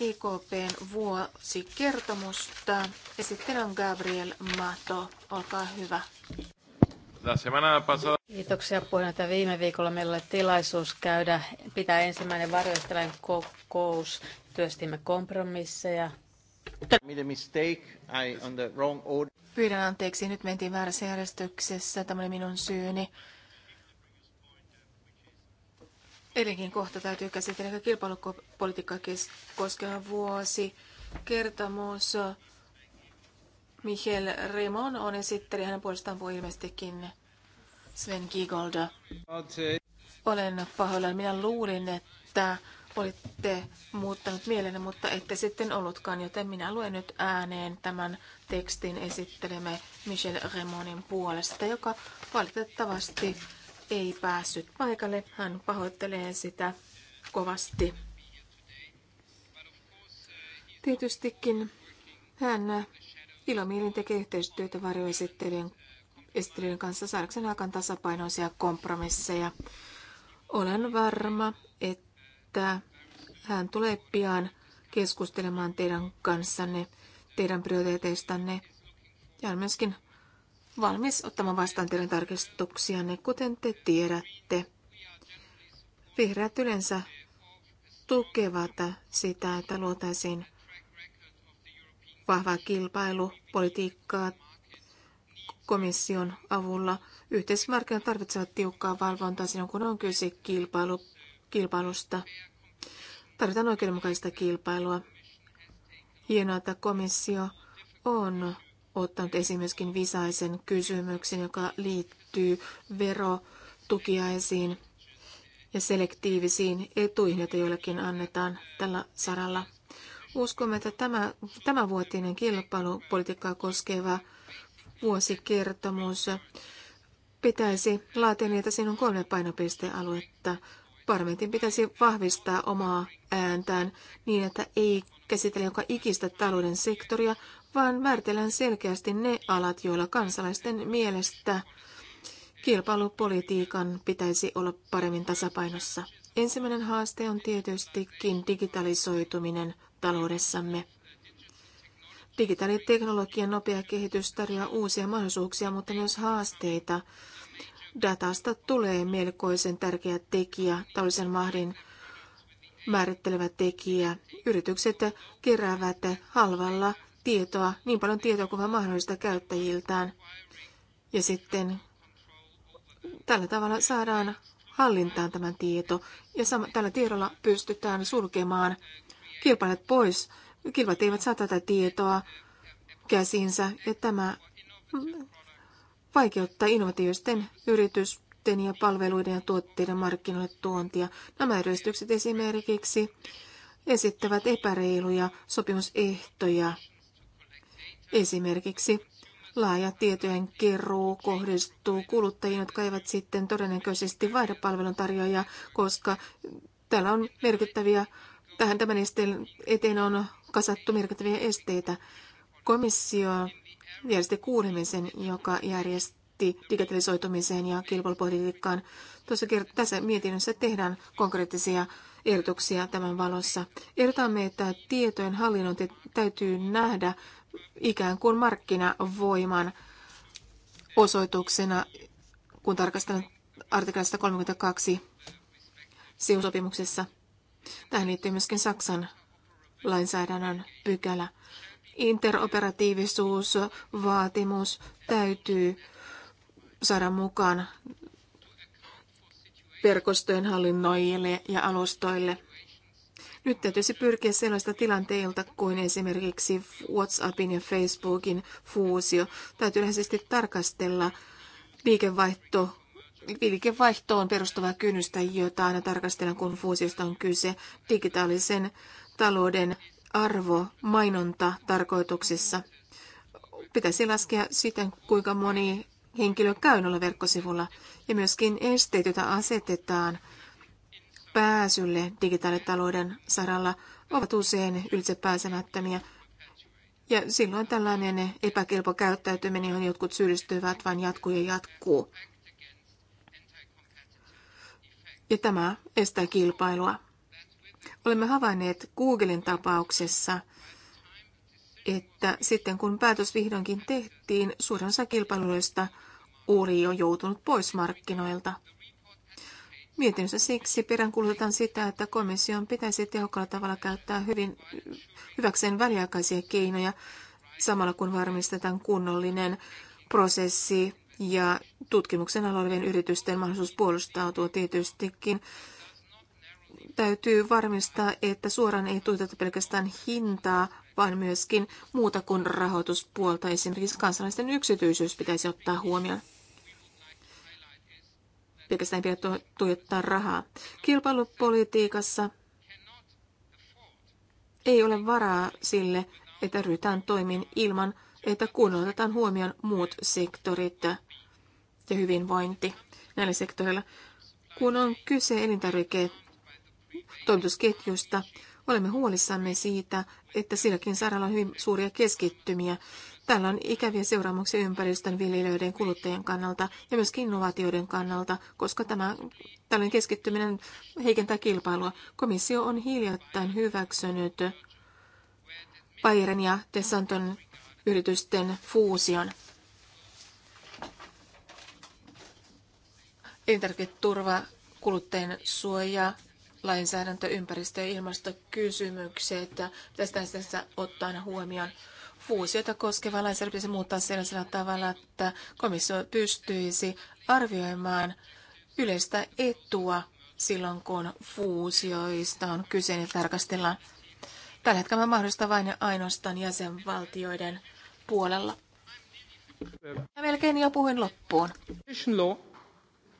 EKPn vuosikertomusta. Esittelen on Gabriel Mato. Olkaa hyvä. Kiitoksia puheenjohtaja. Viime viikolla meillä oli tilaisuus käydä, pitää ensimmäinen varjoittelen kokous työstimme kompromisseja. Pyydän anteeksi, nyt mentiin väärässä järjestyksessä. Tämä oli minun syyni. Elinkin kohta täytyy käsitellä kilpailupolitiikkaa koskeva vuosi. Kertomus Michel Rimon on esitteli, hänen puolestaan puhui ilmeisestikin Sven Giegold. Olen pahoillani. Minä luulin, että olitte muuttanut mielenne, mutta ette sitten ollutkaan, joten minä luen nyt ääneen tämän tekstin esittelemme Michel Remonin puolesta, joka valitettavasti ei päässyt paikalle. Hän pahoittelee sitä kovasti. Tietystikin hän ilomielin tekee yhteistyötä varjoesittelijän kanssa saadakseen aikaan tasapainoisia kompromisseja. Olen varma, että hän tulee pian keskustelemaan teidän kanssanne, teidän prioriteeteistanne. Ja on myöskin valmis ottamaan vastaan teidän tarkistuksianne, kuten te tiedätte. Vihreät yleensä tukevat sitä, että luotaisiin vahvaa kilpailupolitiikkaa komission avulla. Yhteismarkkinat tarvitsevat tiukkaa valvontaa silloin, kun on kyse kilpailu kilpailusta. Tarvitaan oikeudenmukaista kilpailua. Hienoa, että komissio on ottanut esiin myöskin visaisen kysymyksen, joka liittyy verotukiaisiin ja selektiivisiin etuihin, joita joillekin annetaan tällä saralla. Uskomme, että tämä, vuotinen kilpailupolitiikkaa koskeva vuosikertomus pitäisi laatia niitä sinun kolme painopistealuetta. Parlamentin pitäisi vahvistaa omaa ääntään niin, että ei käsitellä joka ikistä talouden sektoria, vaan määritellään selkeästi ne alat, joilla kansalaisten mielestä kilpailupolitiikan pitäisi olla paremmin tasapainossa. Ensimmäinen haaste on tietystikin digitalisoituminen taloudessamme. Digitaaliteknologian nopea kehitys tarjoaa uusia mahdollisuuksia, mutta myös haasteita Datasta tulee melkoisen tärkeä tekijä, taloudellisen mahdin määrittelevä tekijä. Yritykset keräävät halvalla tietoa, niin paljon tietoa kuin mahdollista käyttäjiltään. Ja sitten tällä tavalla saadaan hallintaan tämän tieto. Ja sama, tällä tiedolla pystytään sulkemaan kilpailijat pois. Kilpailijat eivät saa tätä tietoa käsinsä ja tämä vaikeuttaa innovatiivisten yritysten ja palveluiden ja tuotteiden markkinoille tuontia. Nämä yhdistykset esimerkiksi esittävät epäreiluja sopimusehtoja. Esimerkiksi laaja tietojen keruu kohdistuu kuluttajiin, jotka eivät sitten todennäköisesti vaihda palveluntarjoajaa, koska täällä on merkittäviä, tähän tämän esteen eteen on kasattu merkittäviä esteitä. Komissio järjesti kuulemisen, joka järjesti digitalisoitumiseen ja kilpailupolitiikkaan. Tuossa tässä mietinnössä tehdään konkreettisia ehdotuksia tämän valossa. Ehdotamme, että tietojen hallinnointi täytyy nähdä ikään kuin markkinavoiman osoituksena, kun tarkastellaan artiklasta 32 siusopimuksessa. Tähän liittyy myöskin Saksan lainsäädännön pykälä interoperatiivisuusvaatimus täytyy saada mukaan verkostojen hallinnoijille ja alustoille. Nyt täytyisi pyrkiä sellaista tilanteilta kuin esimerkiksi WhatsAppin ja Facebookin fuusio. Täytyy läheisesti tarkastella liikevaihto, liikevaihtoon perustuvaa kynnystä, jota aina tarkastellaan, kun fuusiosta on kyse digitaalisen talouden arvo mainonta tarkoituksissa pitäisi laskea siten, kuinka moni henkilö käy noilla verkkosivulla ja myöskin esteet, joita asetetaan pääsylle digitaalitalouden saralla, ovat usein ylitse pääsemättömiä. Ja silloin tällainen epäkelpo käyttäytyminen, johon jotkut syyllistyvät, vain jatkuu ja jatkuu. Ja tämä estää kilpailua. Olemme havainneet Googlen tapauksessa, että sitten kun päätös vihdoinkin tehtiin, suurin osa kilpailuista oli jo joutunut pois markkinoilta. Mietinnössä siksi peräänkuulutetaan sitä, että komission pitäisi tehokkaalla tavalla käyttää hyvin, hyväkseen väliaikaisia keinoja, samalla kun varmistetaan kunnollinen prosessi ja tutkimuksen aloivien yritysten mahdollisuus puolustautua tietystikin täytyy varmistaa, että suoraan ei tuoteta pelkästään hintaa, vaan myöskin muuta kuin rahoituspuolta. Esimerkiksi kansalaisten yksityisyys pitäisi ottaa huomioon. Pelkästään ei pidä tuottaa rahaa. Kilpailupolitiikassa ei ole varaa sille, että ryhdytään toimiin ilman, että kunnolla otetaan huomioon muut sektorit ja hyvinvointi näillä sektoreilla. Kun on kyse elintarvike toimitusketjuista. Olemme huolissamme siitä, että silläkin saralla on hyvin suuria keskittymiä. Tällä on ikäviä seuraamuksia ympäristön, viljelijöiden, kuluttajien kannalta ja myös innovaatioiden kannalta, koska tämä tällainen keskittyminen heikentää kilpailua. Komissio on hiljattain hyväksynyt Bayern ja Tessanton yritysten fuusion. Elintarviketurva, kuluttajien suoja, lainsäädäntö, ympäristö- ja ilmastokysymykset pitäisi tässä ottaa aina huomioon. Fuusiota koskeva lainsäädäntö pitäisi muuttaa sellaisella tavalla, että komissio pystyisi arvioimaan yleistä etua silloin, kun fuusioista on kyse, ja tarkastellaan. Tällä hetkellä mahdollista vain ja ainoastaan jäsenvaltioiden puolella. Ja melkein jo puhuin loppuun.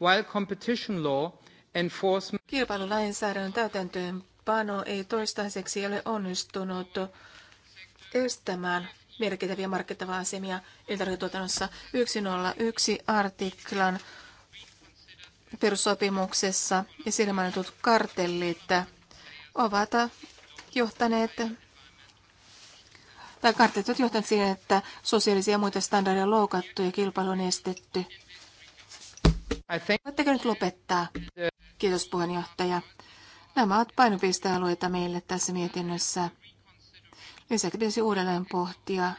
While competition law enforcement. Kilpailulainsäädännön täytäntöönpano ei toistaiseksi ole onnistunut estämään merkittäviä markkittavaa asemia elintarviketuotannossa 101 artiklan perussopimuksessa ja siinä mainitut kartellit ovat johtaneet tai kartellit ovat johtaneet siihen, että sosiaalisia ja muita standardeja on loukattu ja kilpailu on estetty. Voitteko nyt lopettaa? Kiitos puheenjohtaja. Nämä ovat painopistealueita meille tässä mietinnössä. Lisäksi pitäisi uudelleen pohtia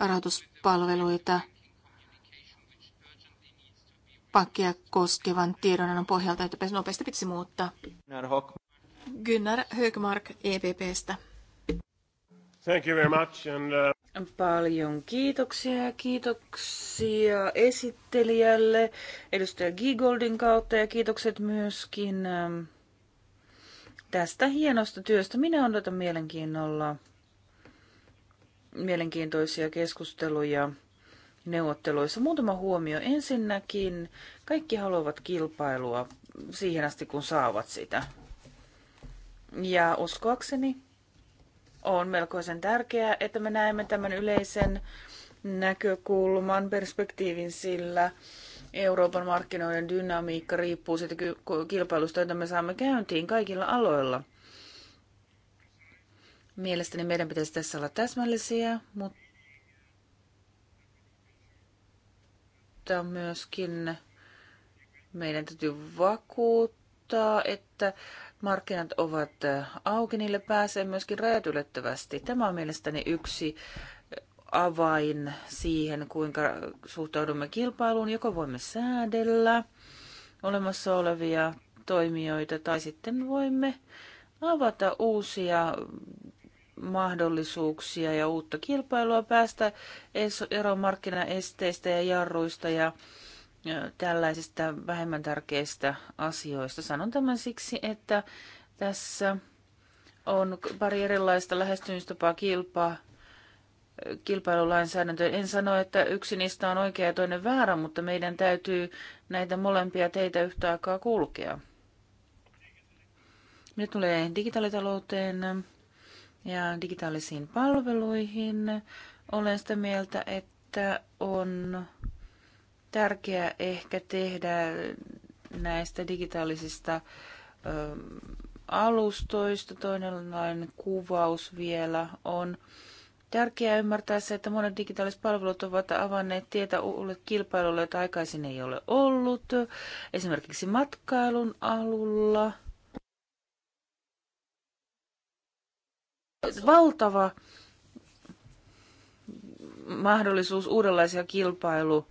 rahoituspalveluita pankkia koskevan tiedonannon pohjalta, jota nopeasti pitäisi muuttaa. Gunnar Högmark EPPstä. Thank you very much and, uh... Paljon kiitoksia ja kiitoksia esittelijälle, edustaja Gigoldin kautta ja kiitokset myöskin ähm, tästä hienosta työstä. Minä odotan mielenkiinnolla mielenkiintoisia keskusteluja neuvotteluissa. Muutama huomio. Ensinnäkin kaikki haluavat kilpailua siihen asti, kun saavat sitä. Ja uskoakseni on melkoisen tärkeää, että me näemme tämän yleisen näkökulman, perspektiivin, sillä Euroopan markkinoiden dynamiikka riippuu siitä kilpailusta, jota me saamme käyntiin kaikilla aloilla. Mielestäni meidän pitäisi tässä olla täsmällisiä, mutta myöskin meidän täytyy vakuuttaa, että markkinat ovat auki, niille pääsee myöskin rajat Tämä on mielestäni yksi avain siihen, kuinka suhtaudumme kilpailuun. Joko voimme säädellä olemassa olevia toimijoita tai sitten voimme avata uusia mahdollisuuksia ja uutta kilpailua, päästä eroon markkinaesteistä ja jarruista ja tällaisista vähemmän tärkeistä asioista. Sanon tämän siksi, että tässä on pari erilaista lähestymistapaa kilpaa kilpailulainsäädäntöön. En sano, että yksi niistä on oikea ja toinen väärä, mutta meidän täytyy näitä molempia teitä yhtä aikaa kulkea. Nyt tulee digitaalitalouteen ja digitaalisiin palveluihin. Olen sitä mieltä, että on tärkeää ehkä tehdä näistä digitaalisista alustoista. Toinenlainen kuvaus vielä on tärkeää ymmärtää se, että monet digitaaliset palvelut ovat avanneet tietä uudelle kilpailulle, jota aikaisin ei ole ollut. Esimerkiksi matkailun alulla. Valtava mahdollisuus uudenlaisia kilpailu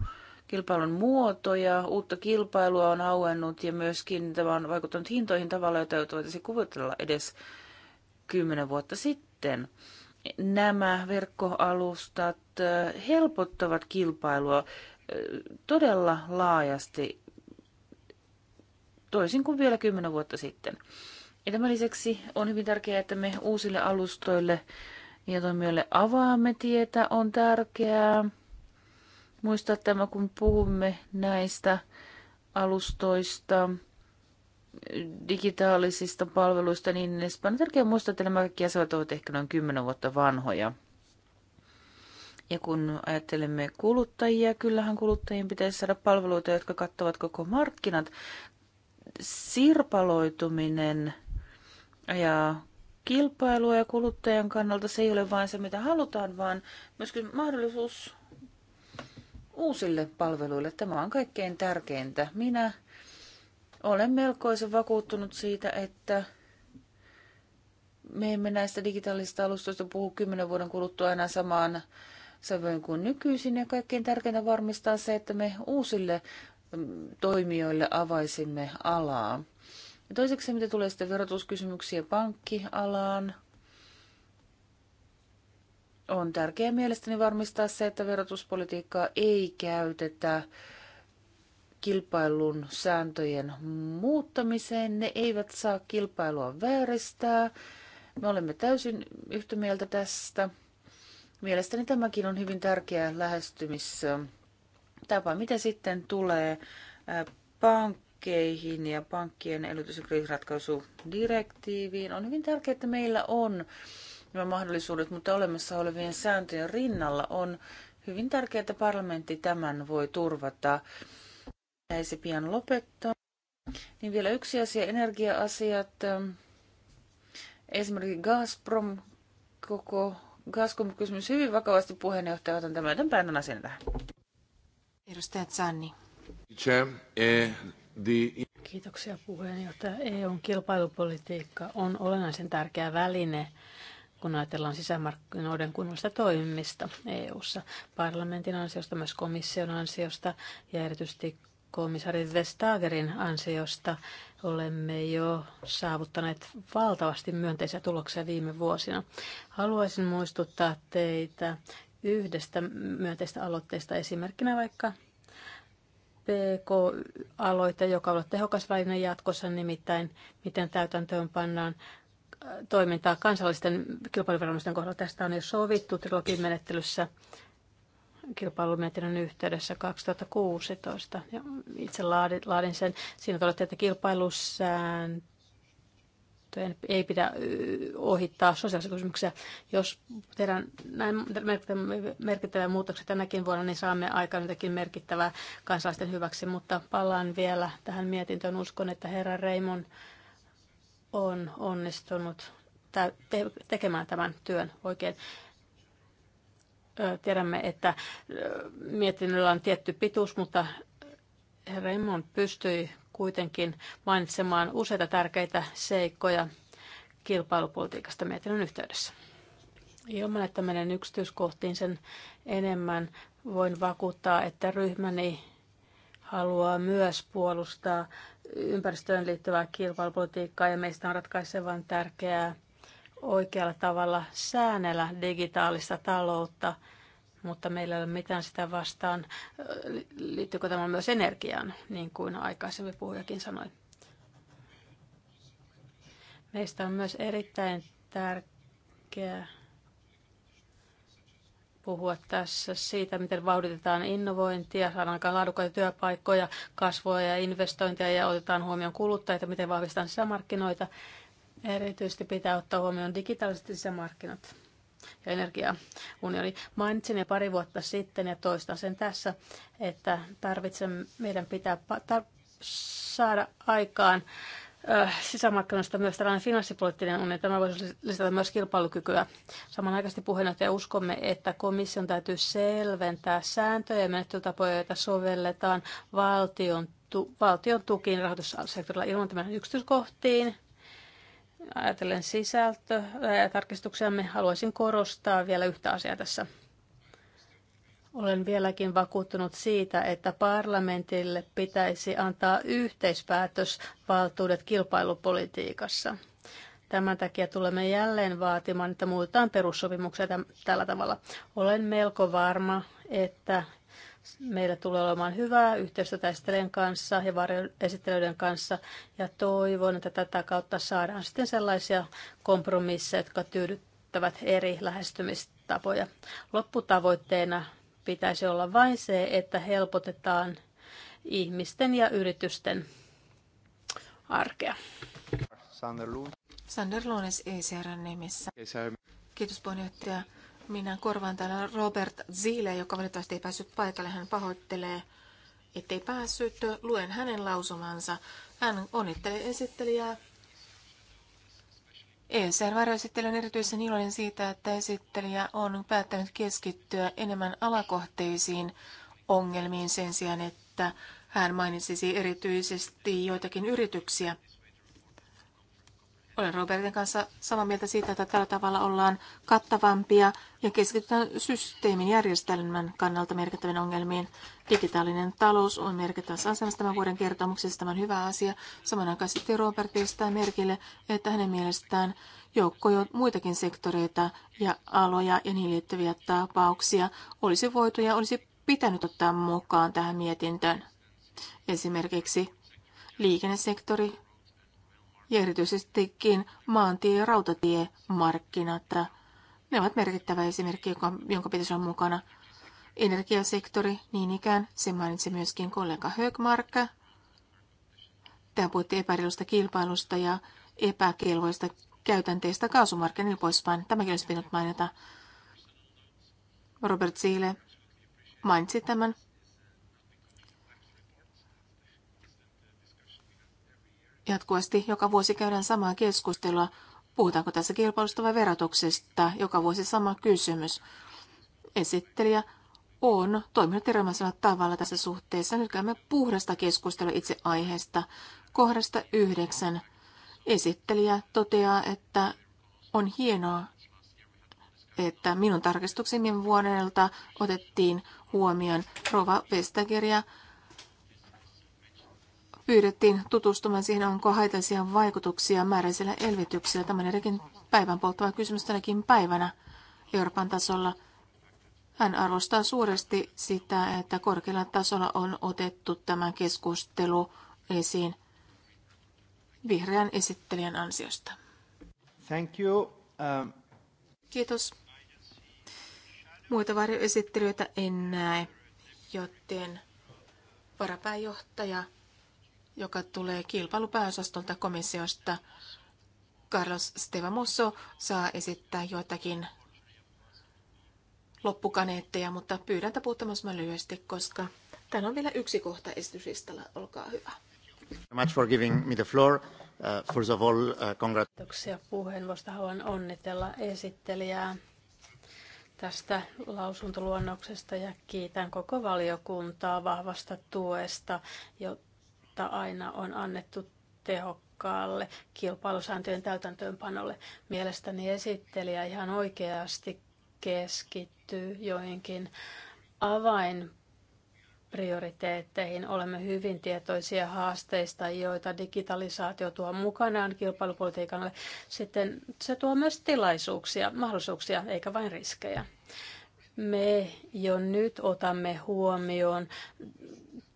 kilpailun muotoja, uutta kilpailua on auennut ja myöskin tämä on vaikuttanut hintoihin tavalla, jota ei voitaisi kuvitella edes kymmenen vuotta sitten. Nämä verkkoalustat helpottavat kilpailua todella laajasti, toisin kuin vielä kymmenen vuotta sitten. Ja tämän lisäksi on hyvin tärkeää, että me uusille alustoille ja toimijoille avaamme tietä. On tärkeää, muistaa tämä, kun puhumme näistä alustoista, digitaalisista palveluista niin edespäin. On tärkeää muistaa, että nämä kaikki asiat ovat ehkä noin 10 vuotta vanhoja. Ja kun ajattelemme kuluttajia, kyllähän kuluttajien pitäisi saada palveluita, jotka kattavat koko markkinat. Sirpaloituminen ja kilpailua ja kuluttajan kannalta se ei ole vain se, mitä halutaan, vaan myöskin mahdollisuus uusille palveluille. Tämä on kaikkein tärkeintä. Minä olen melkoisen vakuuttunut siitä, että me emme näistä digitaalisista alustoista puhu kymmenen vuoden kuluttua enää samaan sävyyn kuin nykyisin. Ja kaikkein tärkeintä varmistaa se, että me uusille mm, toimijoille avaisimme alaa. Ja toiseksi mitä tulee sitten verotuskysymyksiä pankkialaan, on tärkeää mielestäni varmistaa se, että verotuspolitiikkaa ei käytetä kilpailun sääntöjen muuttamiseen. Ne eivät saa kilpailua vääristää. Me olemme täysin yhtä mieltä tästä. Mielestäni tämäkin on hyvin tärkeä lähestymistapa. Mitä sitten tulee äh, pankkeihin ja pankkien elytys- ja kriisiratkaisudirektiiviin? On hyvin tärkeää, että meillä on nämä mahdollisuudet, mutta olemassa olevien sääntöjen rinnalla on hyvin tärkeää, että parlamentti tämän voi turvata. se pian lopettaa. Niin vielä yksi asia, energia-asiat. Esimerkiksi Gazprom, koko Gazprom kysymys hyvin vakavasti puheenjohtaja, otan tämän, tämän päivän asian tähän. Edustaja Zanni. Eh, Kiitoksia puheenjohtaja. EUn kilpailupolitiikka on olennaisen tärkeä väline kun ajatellaan sisämarkkinoiden kunnollista toimimista EU-ssa. Parlamentin ansiosta, myös komission ansiosta ja erityisesti komissaari Vestagerin ansiosta olemme jo saavuttaneet valtavasti myönteisiä tuloksia viime vuosina. Haluaisin muistuttaa teitä yhdestä myönteistä aloitteesta esimerkkinä vaikka PK-aloite, joka on tehokas väline jatkossa, nimittäin miten täytäntöön pannaan toimintaa kansallisten kilpailuviranomaisten kohdalla. Tästä on jo sovittu menettelyssä kilpailumenettelyn yhteydessä 2016. Ja itse laadin, laadin sen. Siinä todettiin, että kilpailussään ei pidä ohittaa sosiaalisia kysymyksiä. Jos tehdään näin merkittäviä muutoksia tänäkin vuonna, niin saamme aikaan jotakin merkittävää kansalaisten hyväksi, mutta palaan vielä tähän mietintöön. Uskon, että herra Reimon on onnistunut tekemään tämän työn oikein. Tiedämme, että mietinnöllä on tietty pituus, mutta Raymond pystyi kuitenkin mainitsemaan useita tärkeitä seikkoja kilpailupolitiikasta mietinnön yhteydessä. Ilman, että menen yksityiskohtiin sen enemmän, voin vakuuttaa, että ryhmäni haluaa myös puolustaa ympäristöön liittyvää kilpailupolitiikkaa ja meistä on ratkaisevan tärkeää oikealla tavalla säännellä digitaalista taloutta, mutta meillä ei ole mitään sitä vastaan. Liittyykö tämä myös energiaan, niin kuin aikaisemmin puhujakin sanoi? Meistä on myös erittäin tärkeää puhua tässä siitä, miten vauhditetaan innovointia, saadaan laadukkaita työpaikkoja, kasvua ja investointeja ja otetaan huomioon kuluttajia, miten vahvistetaan sisämarkkinoita. Erityisesti pitää ottaa huomioon digitaaliset sisämarkkinat ja energiaunioni. Mainitsin jo pari vuotta sitten ja toistan sen tässä, että tarvitsemme, meidän pitää saada aikaan sisämarkkinoista myös tällainen finanssipoliittinen unioni. Tämä voisi lisätä myös kilpailukykyä. Samanaikaisesti puheenjohtaja uskomme, että komission täytyy selventää sääntöjä ja menettelytapoja, joita sovelletaan valtion, tu- valtion tukiin rahoitussektorilla ilman tämän yksityiskohtiin. Ajatellen sisältö ja tarkistuksiamme haluaisin korostaa vielä yhtä asiaa tässä olen vieläkin vakuuttunut siitä, että parlamentille pitäisi antaa yhteispäätösvaltuudet kilpailupolitiikassa. Tämän takia tulemme jälleen vaatimaan, että muutetaan perussopimuksia tällä tavalla. Olen melko varma, että meillä tulee olemaan hyvää yhteistä esittelijän kanssa ja varjoesittelyiden kanssa ja toivon, että tätä kautta saadaan sitten sellaisia kompromisseja, jotka tyydyttävät eri lähestymistapoja. Lopputavoitteena pitäisi olla vain se, että helpotetaan ihmisten ja yritysten arkea. Sander Lunes Sander Luunes ECRn nimissä. Kiitos puheenjohtaja. Minä korvaan täällä Robert Zile, joka valitettavasti ei päässyt paikalle. Hän pahoittelee, ettei päässyt. Luen hänen lausumansa. Hän onnittelee esittelijää ESR-varjoesittely on erityisen iloinen siitä, että esittelijä on päättänyt keskittyä enemmän alakohteisiin ongelmiin sen sijaan, että hän mainitsisi erityisesti joitakin yrityksiä olen Robertin kanssa samaa mieltä siitä, että tällä tavalla ollaan kattavampia ja keskitytään systeemin järjestelmän kannalta merkittävien ongelmiin. Digitaalinen talous on merkittävässä asemassa tämän vuoden kertomuksessa. Tämä on hyvä asia. Samanaikaisesti Robert pistää merkille, että hänen mielestään joukko jo muitakin sektoreita ja aloja ja niihin liittyviä tapauksia olisi voitu ja olisi pitänyt ottaa mukaan tähän mietintöön. Esimerkiksi liikennesektori, ja erityisestikin maantie- ja rautatiemarkkinat. Ne ovat merkittävä esimerkki, jonka, jonka pitäisi olla mukana. Energiasektori, niin ikään, se mainitsi myöskin kollega Högmark. Tämä puhuttiin epäreilusta kilpailusta ja epäkelvoista käytänteistä kaasumarkkinoilla niin poispäin. Tämäkin olisi pitänyt mainita. Robert Siile mainitsi tämän Jatkuvasti joka vuosi käydään samaa keskustelua. Puhutaanko tässä kilpailusta vai verotuksesta? Joka vuosi sama kysymys. Esittelijä on toiminut erilaisella tavalla tässä suhteessa. Nyt käymme puhdasta keskustelua itse aiheesta. Kohdasta yhdeksän. Esittelijä toteaa, että on hienoa, että minun tarkistukseni vuodelta otettiin huomioon Rova Vestageria pyydettiin tutustumaan siihen, onko haitallisia vaikutuksia määräisellä elvytyksellä. Tämä on erikin päivän polttava kysymys tänäkin päivänä Euroopan tasolla. Hän arvostaa suuresti sitä, että korkealla tasolla on otettu tämä keskustelu esiin vihreän esittelijän ansiosta. Thank you. Um... Kiitos. Muita varjoesittelyitä en näe, joten varapääjohtaja joka tulee kilpailupääosastolta komissiosta. Carlos Stevamusso saa esittää joitakin loppukaneetteja, mutta pyydän puhuttamaan lyhyesti, koska täällä on vielä yksi kohta esityslistalla. Olkaa hyvä. Much for giving me the floor. Uh, first of all, uh, Kiitoksia puheenvuorosta. Haluan onnitella esittelijää tästä lausuntoluonnoksesta ja kiitän koko valiokuntaa vahvasta tuesta, huolimatta aina on annettu tehokkaalle kilpailusääntöjen täytäntöönpanolle. Mielestäni esittelijä ihan oikeasti keskittyy joihinkin avain prioriteetteihin. Olemme hyvin tietoisia haasteista, joita digitalisaatio tuo mukanaan kilpailupolitiikalle. Sitten se tuo myös tilaisuuksia, mahdollisuuksia eikä vain riskejä. Me jo nyt otamme huomioon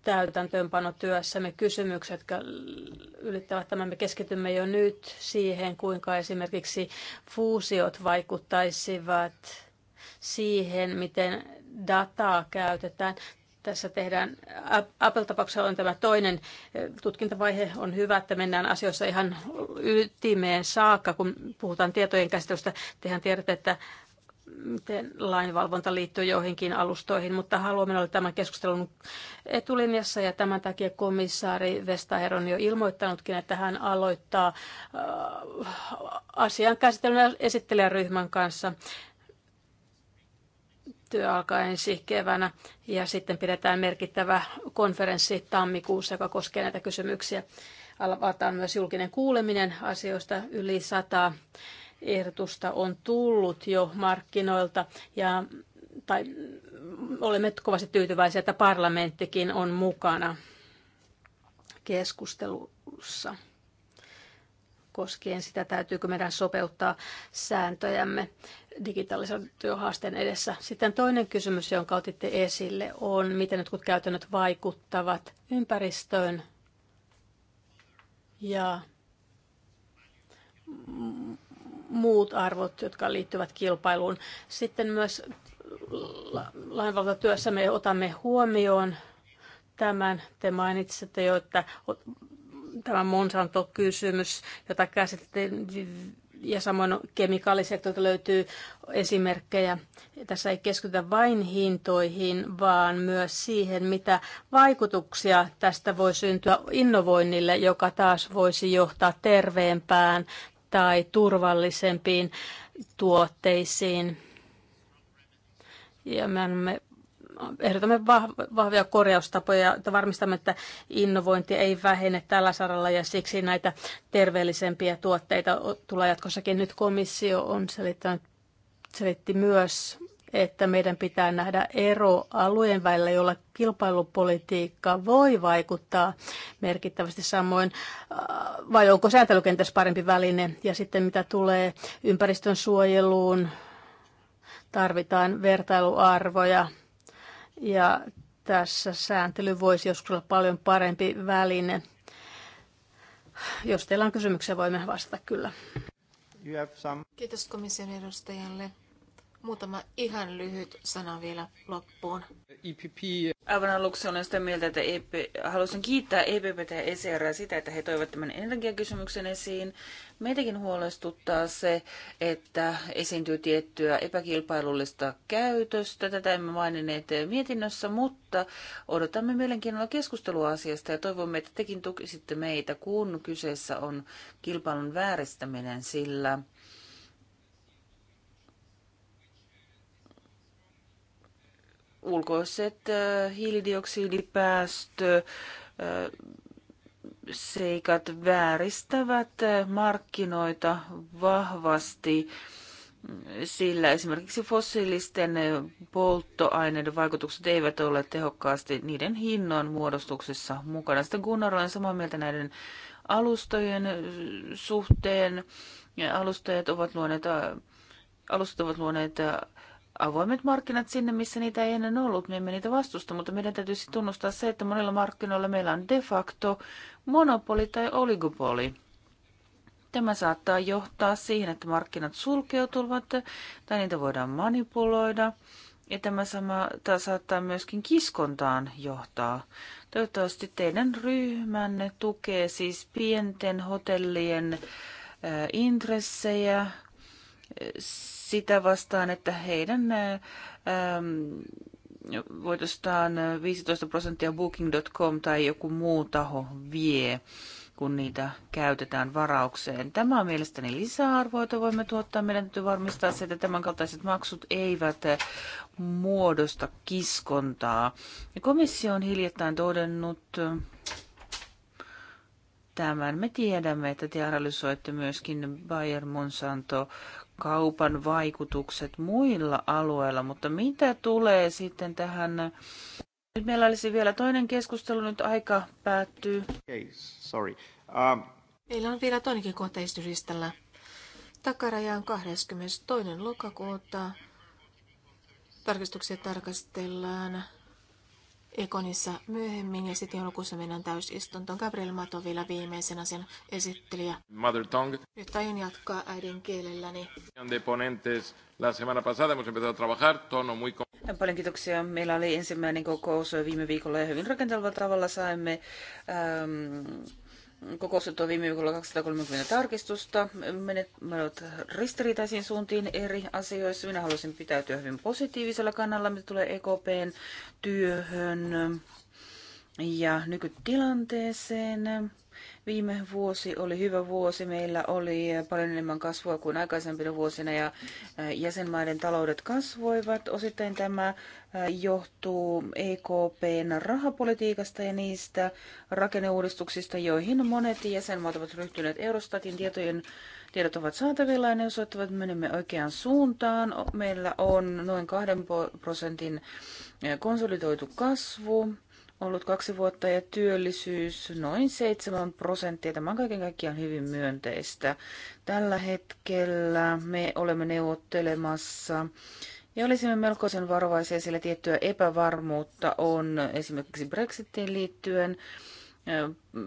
täytäntöönpanotyössämme kysymykset, jotka ylittävät tämän. Me keskitymme jo nyt siihen, kuinka esimerkiksi fuusiot vaikuttaisivat siihen, miten dataa käytetään. Tässä tehdään, Apple-tapauksessa on tämä toinen eh, tutkintavaihe. On hyvä, että mennään asioissa ihan ytimeen saakka, kun puhutaan tietojen käsittelystä. Tehän tiedätte, että miten lainvalvonta liittyy joihinkin alustoihin, mutta haluamme olla tämän keskustelun etulinjassa ja tämän takia komissaari Vestager on jo ilmoittanutkin, että hän aloittaa äh, asian käsittelyn esittelijäryhmän kanssa työ alkaa ensi keväänä ja sitten pidetään merkittävä konferenssi tammikuussa, joka koskee näitä kysymyksiä. Avataan myös julkinen kuuleminen asioista yli sataa ehdotusta on tullut jo markkinoilta ja tai olemme kovasti tyytyväisiä, että parlamenttikin on mukana keskustelussa koskien sitä, täytyykö meidän sopeuttaa sääntöjämme työhaasteen edessä. Sitten toinen kysymys, jonka otitte esille, on miten jotkut käytännöt vaikuttavat ympäristöön ja muut arvot, jotka liittyvät kilpailuun. Sitten myös lainvalvontatyössä me otamme huomioon tämän. Te mainitsitte jo, että tämä Monsanto-kysymys, jota käsiteltiin ja samoin kemikaalisektorilta löytyy esimerkkejä. Tässä ei keskitytä vain hintoihin, vaan myös siihen, mitä vaikutuksia tästä voi syntyä innovoinnille, joka taas voisi johtaa terveempään tai turvallisempiin tuotteisiin. Ja me annamme ehdotamme vahvoja korjaustapoja että varmistamme, että innovointi ei vähene tällä saralla ja siksi näitä terveellisempiä tuotteita tulee jatkossakin. Nyt komissio on selittänyt, selitti myös että meidän pitää nähdä ero alueen välillä, jolla kilpailupolitiikka voi vaikuttaa merkittävästi samoin, äh, vai onko sääntelykentässä parempi väline. Ja sitten mitä tulee ympäristön suojeluun, tarvitaan vertailuarvoja ja tässä sääntely voisi joskus olla paljon parempi väline. Jos teillä on kysymyksiä, voimme vastata kyllä. Kiitos komission edustajalle. Muutama ihan lyhyt sana vielä loppuun. EPP. Aivan aluksi olen sitä mieltä, että EP, haluaisin kiittää EPPtä ja ECR sitä, että he toivat tämän energiakysymyksen esiin. Meitäkin huolestuttaa se, että esiintyy tiettyä epäkilpailullista käytöstä. Tätä emme maininneet mietinnössä, mutta odotamme mielenkiinnolla keskustelua asiasta ja toivomme, että tekin tukisitte meitä, kun kyseessä on kilpailun vääristäminen, sillä ulkoiset äh, hiilidioksidipäästö äh, seikat vääristävät äh, markkinoita vahvasti, sillä esimerkiksi fossiilisten polttoaineiden vaikutukset eivät ole tehokkaasti niiden hinnan muodostuksessa mukana. Sitten Gunnar on samaa mieltä näiden alustojen suhteen. Alustajat ovat luoneet, alustat ovat luoneet avoimet markkinat sinne, missä niitä ei ennen ollut. Me emme niitä vastusta, mutta meidän täytyy tunnustaa se, että monilla markkinoilla meillä on de facto monopoli tai oligopoli. Tämä saattaa johtaa siihen, että markkinat sulkeutuvat tai niitä voidaan manipuloida. Ja tämä sama tämä saattaa myöskin kiskontaan johtaa. Toivottavasti teidän ryhmänne tukee siis pienten hotellien intressejä sitä vastaan, että heidän ähm, voitostaan 15 prosenttia Booking.com tai joku muu taho vie, kun niitä käytetään varaukseen. Tämä on mielestäni lisäarvoa, jota voimme tuottaa. Meidän täytyy varmistaa se, että tämänkaltaiset maksut eivät muodosta kiskontaa. Ja komissio on hiljattain todennut, tämän me tiedämme, että te analysoitte myöskin Bayer Monsanto kaupan vaikutukset muilla alueilla, mutta mitä tulee sitten tähän... Nyt meillä olisi vielä toinen keskustelu, nyt aika päättyy. Okay, sorry. Um... Meillä on vielä toinenkin kohta esityslistalla. Takaraja on 22. lokakuuta. Tarkistuksia tarkastellaan Ekonissa myöhemmin ja sitten joulukuussa mennään täysistuntoon. Gabriel Mato vielä viimeisenä sen esittelijä. Mother tongue. Nyt aion jatkaa äidin kielelläni. la semana pasada hemos empezado a trabajar, tono muy... Paljon kiitoksia. Meillä oli ensimmäinen kokous viime viikolla ja hyvin rakentavalla tavalla saimme ähm, kokoukset on viime viikolla 230 tarkistusta. Menevät ristiriitaisiin suuntiin eri asioissa. Minä haluaisin pitäytyä hyvin positiivisella kannalla, mitä tulee EKPn työhön ja nykytilanteeseen. Viime vuosi oli hyvä vuosi. Meillä oli paljon enemmän kasvua kuin aikaisempina vuosina ja äh, jäsenmaiden taloudet kasvoivat. Osittain tämä äh, johtuu EKPn rahapolitiikasta ja niistä rakenneuudistuksista, joihin monet jäsenmaat ovat ryhtyneet Eurostatin tietojen Tiedot ovat saatavilla ja ne osoittavat, että menemme oikeaan suuntaan. Meillä on noin 2 prosentin äh, konsolidoitu kasvu ollut kaksi vuotta ja työllisyys noin 7 prosenttia. Tämä on kaiken kaikkiaan hyvin myönteistä. Tällä hetkellä me olemme neuvottelemassa ja olisimme melkoisen varovaisia, sillä tiettyä epävarmuutta on esimerkiksi Brexitiin liittyen.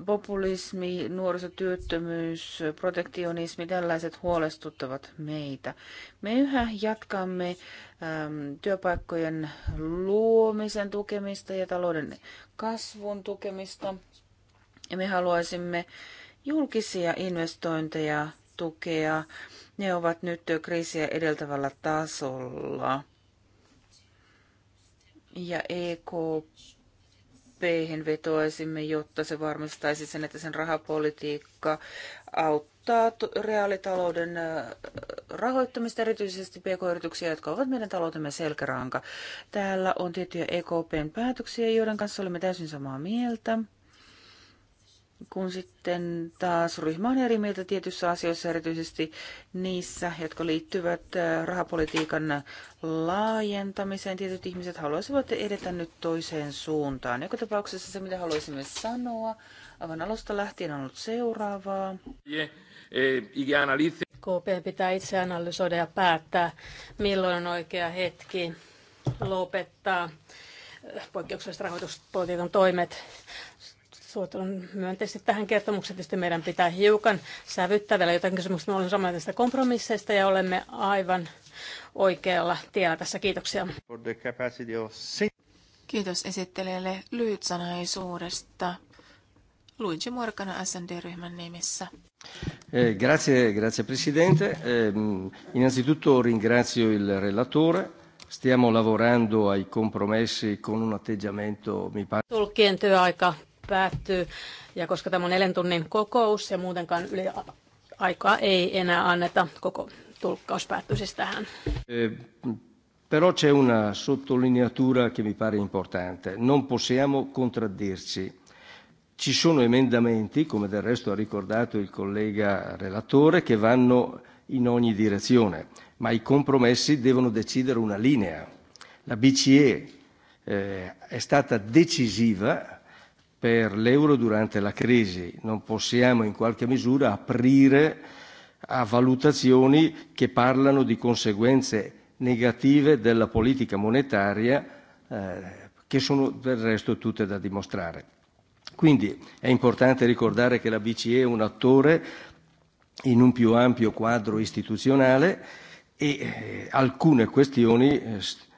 Populismi, nuorisotyöttömyys, protektionismi, tällaiset huolestuttavat meitä. Me yhä jatkamme ähm, työpaikkojen luomisen tukemista ja talouden kasvun tukemista. Ja me haluaisimme julkisia investointeja tukea. Ne ovat nyt kriisiä edeltävällä tasolla. Ja EKP meihin vetoaisimme, jotta se varmistaisi sen, että sen rahapolitiikka auttaa reaalitalouden rahoittamista, erityisesti pk-yrityksiä, jotka ovat meidän taloutemme selkäranka. Täällä on tiettyjä EKPn päätöksiä, joiden kanssa olemme täysin samaa mieltä kun sitten taas ryhmä on eri mieltä tietyissä asioissa, erityisesti niissä, jotka liittyvät äh, rahapolitiikan laajentamiseen. Tietyt ihmiset haluaisivat edetä nyt toiseen suuntaan. Joka tapauksessa se, mitä haluaisimme sanoa, aivan alusta lähtien on ollut seuraavaa. E, KP pitää itse analysoida ja päättää, milloin on oikea hetki lopettaa poikkeukselliset rahoituspolitiikan toimet suhtaudun myönteisesti tähän kertomukseen. Tietysti meidän pitää hiukan sävyttää vielä jotain kysymyksiä. Me olemme samalla tästä kompromisseista ja olemme aivan oikealla tiellä tässä. Kiitoksia. Kiitos esittelijälle lyhytsanaisuudesta. Luigi Morgana SND-ryhmän nimissä. Eh, grazie, grazie Presidente. Ehm, innanzitutto ringrazio il relatore. Stiamo lavorando ai compromessi con un atteggiamento, mi pare... Tulkien työaika päättyy. Ja koska tämä on neljän tunnin kokous ja muutenkaan yli aikaa ei enää anneta, koko tulkkaus päättyy siis tähän. Eh, però c'è una sottolineatura che mi pare importante. Non possiamo contraddirci. Ci sono emendamenti, come del resto ha ricordato il collega relatore, che vanno in ogni direzione, ma i compromessi devono decidere una linea. La BCE eh, è stata decisiva per l'euro durante la crisi. Non possiamo in qualche misura aprire a valutazioni che parlano di conseguenze negative della politica monetaria, eh, che sono del resto tutte da dimostrare. Quindi è importante ricordare che la BCE è un attore in un più ampio quadro istituzionale e eh, alcune questioni eh,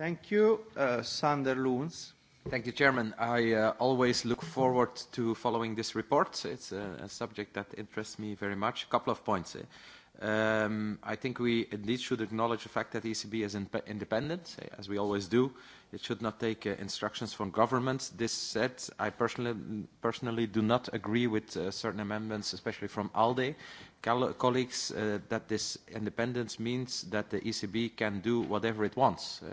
Thank you, uh, Sander Loons. Thank you, Chairman. I uh, always look forward to following this report. It's a, a subject that interests me very much. A couple of points. Eh? Um, I think we indeed should acknowledge the fact that ECB e is in independent, eh, as we always do. It should not take uh, instructions from governments. This said, I personally, personally do not agree with uh, certain amendments, especially from ALDE colleagues, uh, that this independence means that the ECB can do whatever it wants. Uh,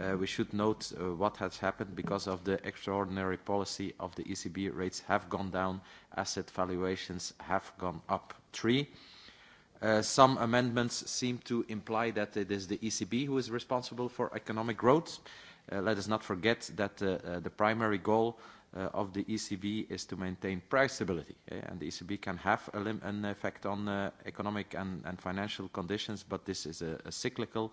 Uh, we should note uh, what has happened because of the extraordinary policy of the ECB. Rates have gone down, asset valuations have gone up. Three, uh, some amendments seem to imply that it is the ECB who is responsible for economic growth. let us not forget that the primary goal of the ECB is to maintain price stability. Eh, and the ECB can have an effect on economic and, financial conditions, but this is a, cyclical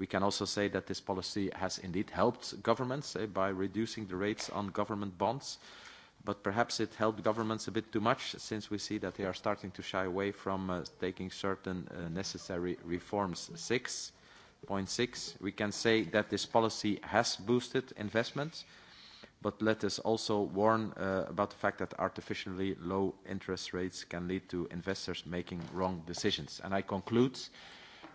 We can also say that this policy has indeed helped governments eh, by reducing the rates on government bonds, but perhaps it helped governments a bit too much since we see that they are starting to shy away from uh, taking certain uh, necessary reforms. 6.6 we can say that this policy has boosted investment, but let us also warn uh, about the fact that artificially low interest rates can lead to investors making wrong decisions. And I conclude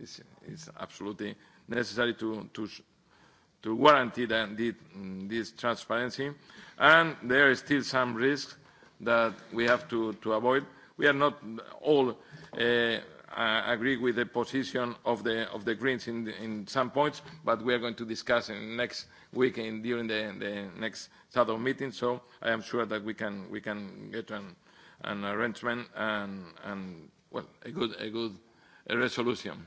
is, is absolutely necessary to, to, to guarantee that the, this transparency. And there is still some risks that we have to, to avoid. We are not all uh, uh agree with the position of the, of the Greens in, in some points, but we are going to discuss in next week and during the, the next SADC meeting. So I am sure that we can, we can get an, an arrangement and, and, well, a good, a good resolution.